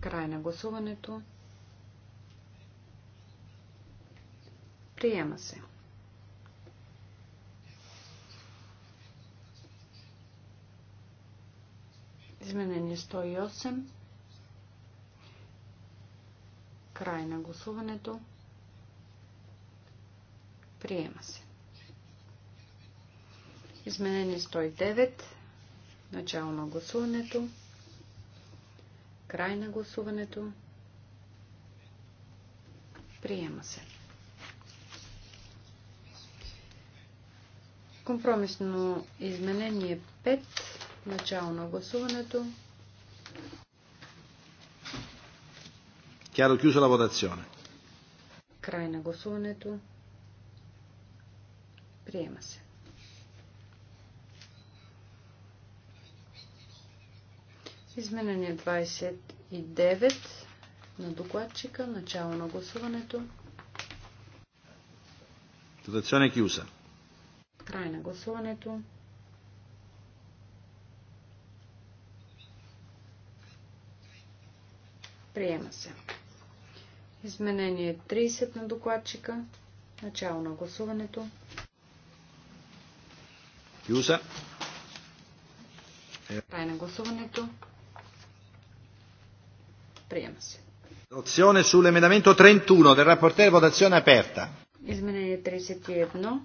Край на гласуването. Приема се. Изменение 108. Край на гласуването. Приема се. Изменение 109. Начало на гласуването. Край на гласуването. Приема се. Компромисно изменение 5. Начало на гласуването. Chiaro chiusa la votazione. Край на гласуването. Приема се. Изменение 29 на докладчика. Начало на гласуването. Votazione Киуса. Край на гласуването. Приема се. Изменение 30 на докладчика. Начало на гласуването. Юса. Край на гласуването. Приема се. Votazione sull'emendamento 31 del rapporteur, votazione aperta. Изменение 31.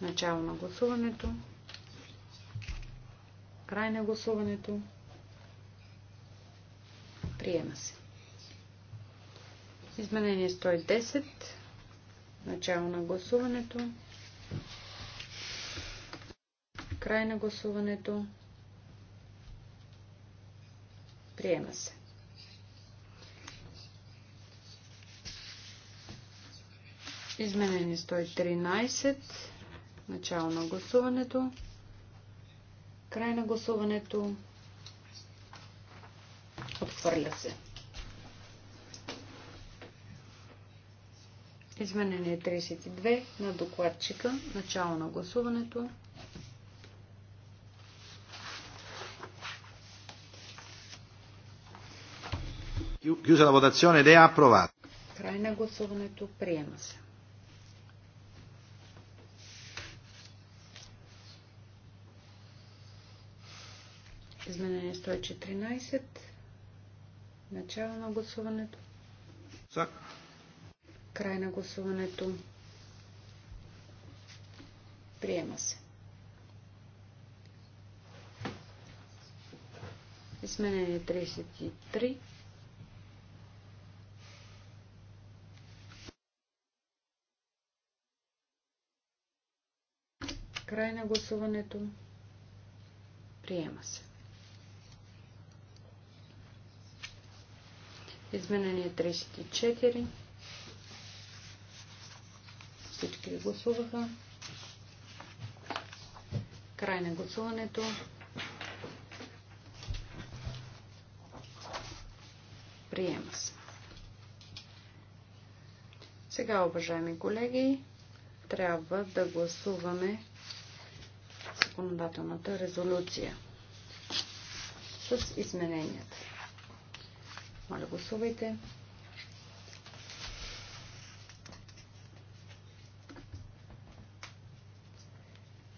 Начало на гласуването. Край на гласуването. Приема се. Изменение 110. Начало на гласуването. Край на гласуването. Приема се. Изменени 113. Начало на гласуването. Край на гласуването. Отхвърля се. Изменение 32 на докладчика. Начало на гласуването. Chiusa la votazione ed è Край на гласуването. Приема се. Изменение 114. Начало на гласуването. За. Край на гласуването. Приема се. Изменение 33. Край на гласуването. Приема се. Изменение 34. Всички ли гласуваха? Край на гласуването. Приема се. Сега, уважаеми колеги, трябва да гласуваме законодателната резолюция с измененията. Моля, гласувайте.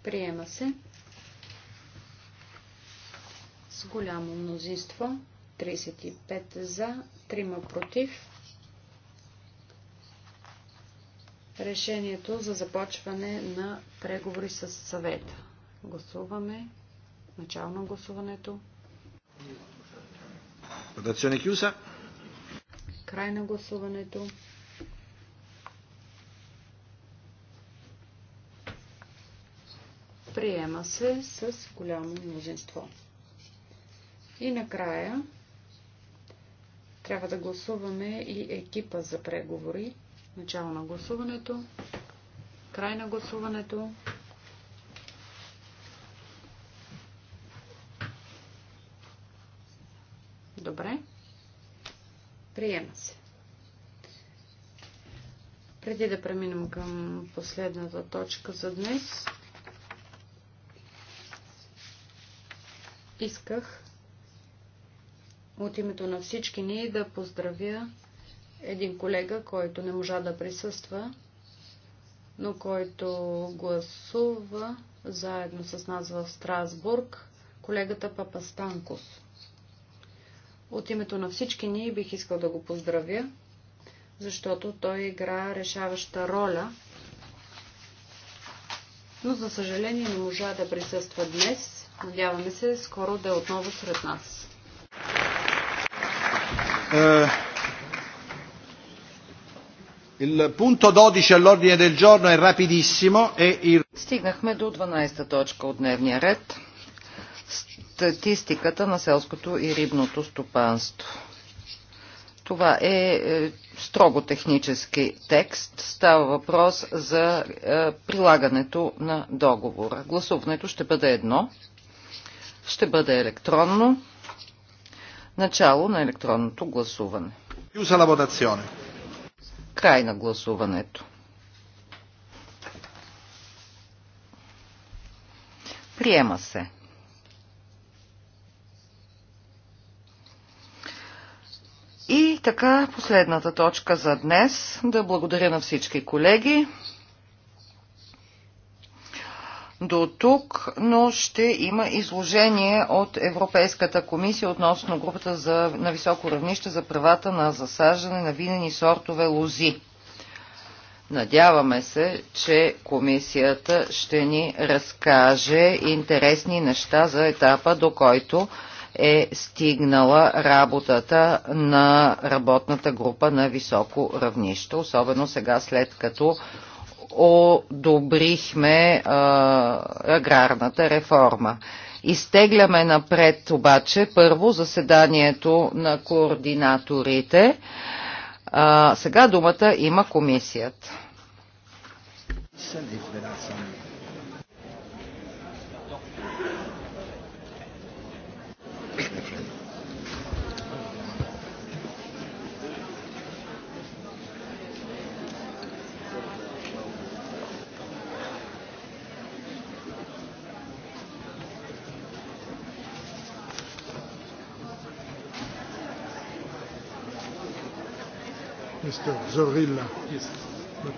Приема се с голямо мнозинство. 35 за, 3 против. Решението за започване на преговори с съвета. Гласуваме. Начало на гласуването. Votazione chiusa. Край на гласуването. Приема се с голямо мнозинство. И накрая трябва да гласуваме и екипа за преговори. Начало на гласуването, край на гласуването. Приема се. Преди да преминем към последната точка за днес, исках от името на всички ние да поздравя един колега, който не можа да присъства, но който гласува заедно с нас в Страсбург, колегата Папа Папастанков. От името на всички ние бих искал да го поздравя, защото той игра решаваща роля, но за съжаление не можа да присъства днес. Надяваме се скоро да е отново сред нас. Е, e Стигнахме до 12 точка от дневния ред статистиката на селското и рибното стопанство. Това е, е строго технически текст. Става въпрос за е, прилагането на договора. Гласуването ще бъде едно. Ще бъде електронно. Начало на електронното гласуване. Край на гласуването. Приема се. така, последната точка за днес. Да благодаря на всички колеги. До тук, но ще има изложение от Европейската комисия относно групата за, на високо равнище за правата на засаждане на винени сортове лози. Надяваме се, че комисията ще ни разкаже интересни неща за етапа, до който е стигнала работата на работната група на високо равнище, особено сега след като одобрихме а, аграрната реформа. Изтегляме напред обаче първо заседанието на координаторите. А, сега думата има комисията. Mr. Zorrilla. Yes. But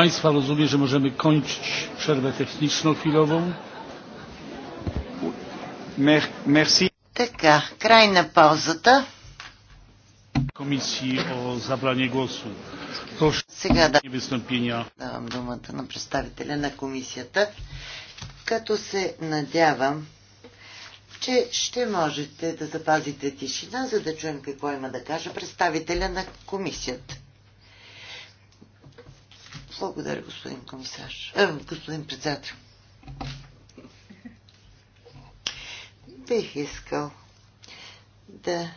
państwa rozumiem że możemy kończyć przerwę techniczną chwilową. Мер, мерси. Така, край на паузата. Комисии о забрание гласу. Сега да давам думата на представителя на комисията, като се надявам, че ще можете да запазите тишина, за да чуем какво има да каже представителя на комисията. Благодаря, господин комисар. Е, господин председател бих искал да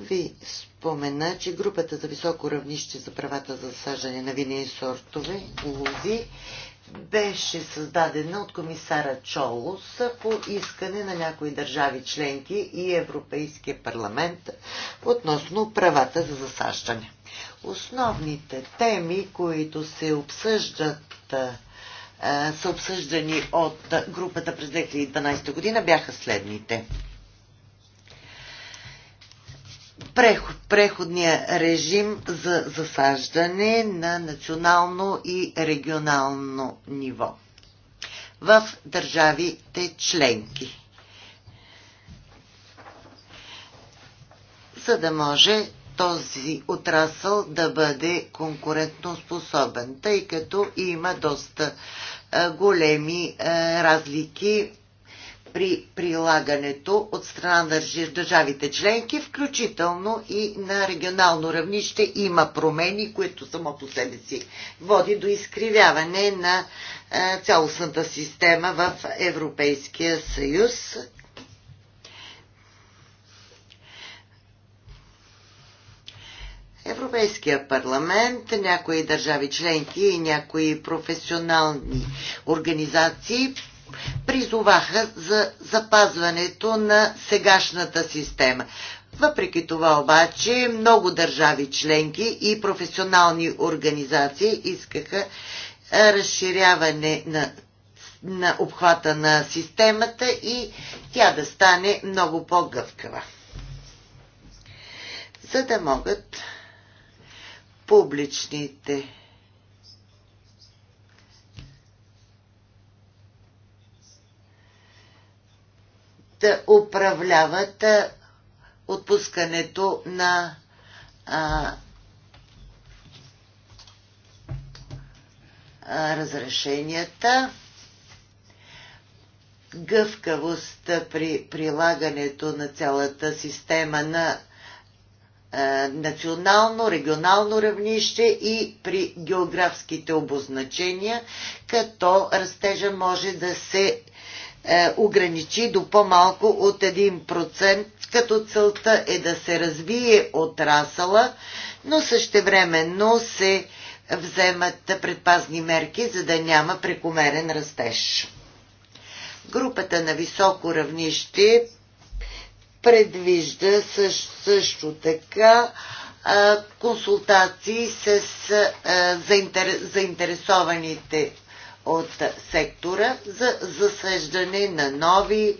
ви спомена, че групата за високо равнище за правата за засаждане на вини и сортове, лози, беше създадена от комисара Чолос по искане на някои държави членки и Европейския парламент относно правата за засаждане. Основните теми, които се обсъждат е, са обсъждани от групата през 2012 година, бяха следните. Преходния режим за засаждане на национално и регионално ниво в държавите членки. За да може този отрасъл да бъде способен, тъй като има доста големи разлики при прилагането от страна на държавите членки, включително и на регионално равнище има промени, които само по себе си води до изкривяване на цялостната система в Европейския съюз, Европейския парламент, някои държави членки и някои професионални организации призоваха за запазването на сегашната система. Въпреки това обаче много държави членки и професионални организации искаха е, разширяване на, на обхвата на системата и тя да стане много по-гъвкава. За да могат публичните да управляват отпускането на а, а, разрешенията, гъвкавост при прилагането на цялата система на е, национално, регионално равнище и при географските обозначения, като растежа може да се е, ограничи до по-малко от 1%, като целта е да се развие отрасъла, но същевременно се вземат предпазни мерки, за да няма прекомерен растеж. Групата на високо равнище предвижда също, също така а, консултации с а, заинтер, заинтересованите от сектора за засеждане на нови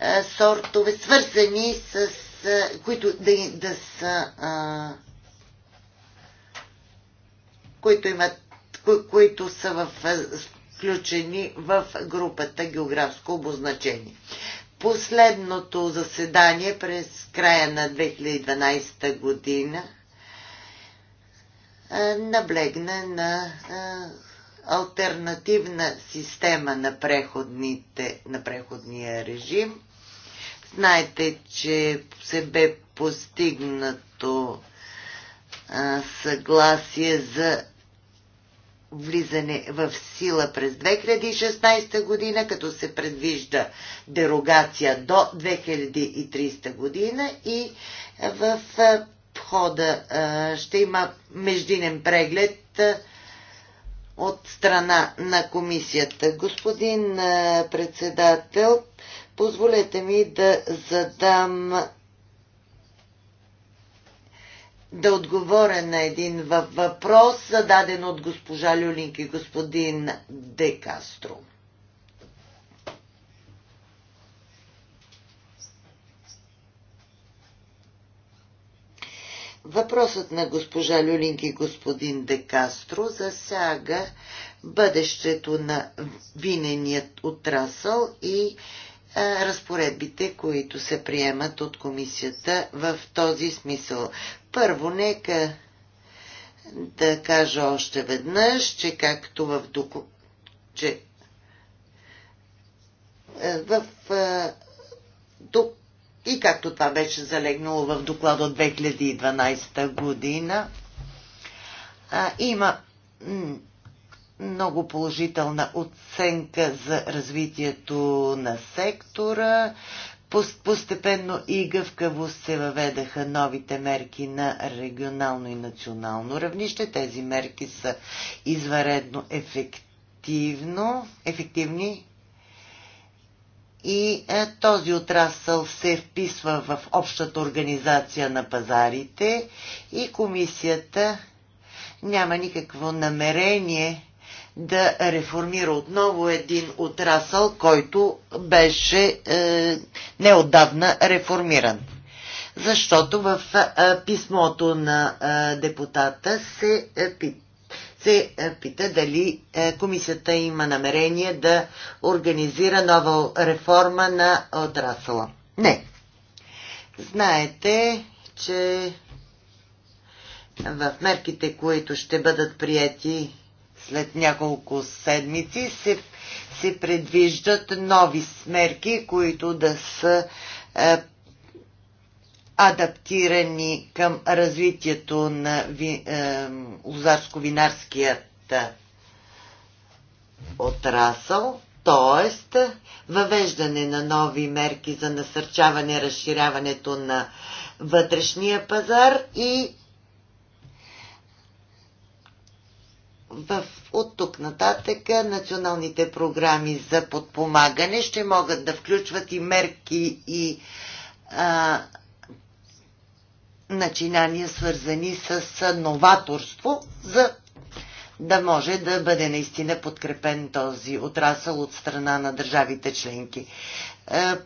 а, сортове, свързани с а, които да, да са а, които имат кои, които са в, включени в групата географско обозначение последното заседание през края на 2012 година наблегна на альтернативна система на, преходните, на преходния режим. Знаете, че се бе постигнато съгласие за влизане в сила през 2016 година, като се предвижда дерогация до 2030 година и в хода ще има междинен преглед от страна на комисията. Господин председател, позволете ми да задам да отговоря на един въпрос, зададен от госпожа Люлинг и господин Де Кастро. Въпросът на госпожа Люлинг и господин Де Кастро засяга бъдещето на виненият отрасъл и е, разпоредбите, които се приемат от комисията в този смисъл. Първо, нека да кажа още веднъж, че както в доку... че е, в е, Док... и както това беше залегнало в доклада от 2012 година, има много положителна оценка за развитието на сектора. Постепенно и гъвкаво се въведаха новите мерки на регионално и национално равнище. Тези мерки са изваредно ефективно, ефективни и е, този отрасъл се вписва в общата организация на пазарите и комисията няма никакво намерение да реформира отново един отрасъл, който беше е, неодавна реформиран. Защото в е, писмото на е, депутата се, е, пи, се е, пита дали е, комисията има намерение да организира нова реформа на отрасъла. Не. Знаете, че в мерките, които ще бъдат прияти след няколко седмици се, се предвиждат нови смерки, които да са е, адаптирани към развитието на ви, е, лозарско-винарският е, отрасъл, т.е. въвеждане на нови мерки за насърчаване разширяването на вътрешния пазар и в, от тук нататък националните програми за подпомагане ще могат да включват и мерки и а, начинания, свързани с новаторство, за да може да бъде наистина подкрепен този отрасъл от страна на държавите членки.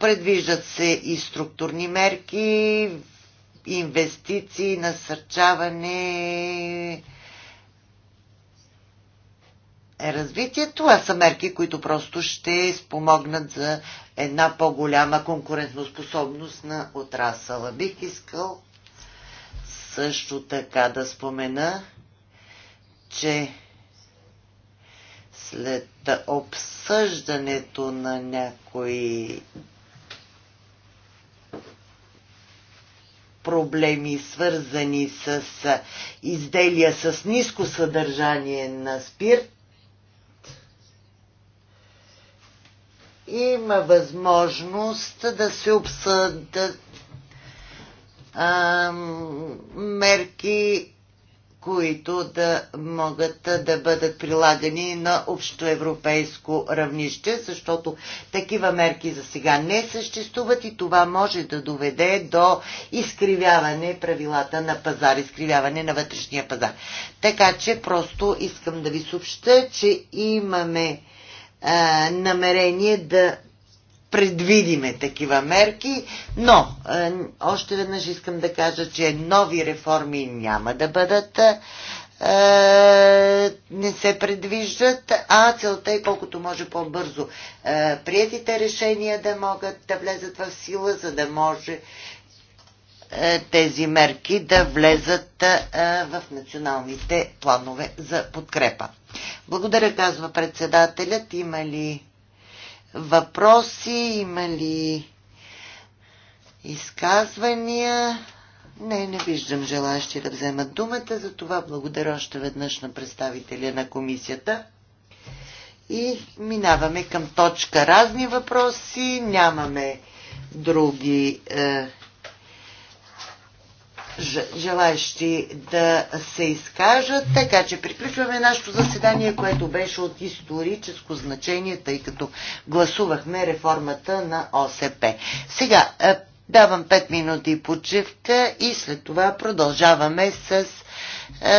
Предвиждат се и структурни мерки, инвестиции, насърчаване, е развитие. Това са мерки, които просто ще спомогнат за една по-голяма конкурентоспособност на отрасъла. Бих искал също така да спомена, че след обсъждането на някои проблеми, свързани с изделия с ниско съдържание на спирт, има възможност да се обсъдят а, мерки, които да могат да бъдат прилагани на общоевропейско равнище, защото такива мерки за сега не съществуват и това може да доведе до изкривяване правилата на пазар, изкривяване на вътрешния пазар. Така че просто искам да ви съобща, че имаме а, намерение да предвидиме такива мерки, но а, още веднъж искам да кажа, че нови реформи няма да бъдат а, не се предвиждат, а целта е колкото може по-бързо приятите решения да могат да влезат в сила, за да може е, тези мерки да влезат е, в националните планове за подкрепа. Благодаря, казва председателят. Има ли въпроси? Има ли изказвания? Не, не виждам желащи да вземат думата, за това благодаря още веднъж на представителя на комисията. И минаваме към точка разни въпроси. Нямаме други е, желаещи да се изкажат. Така че приключваме нашето заседание, което беше от историческо значение, тъй като гласувахме реформата на ОСП. Сега е, давам 5 минути почивка и след това продължаваме с е,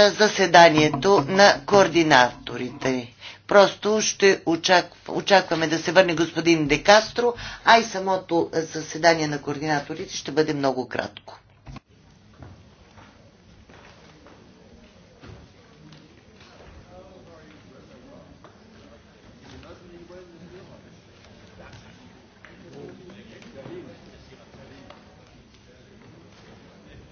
заседанието на координаторите. Просто ще очакв... очакваме да се върне господин Декастро, а и самото заседание на координаторите ще бъде много кратко.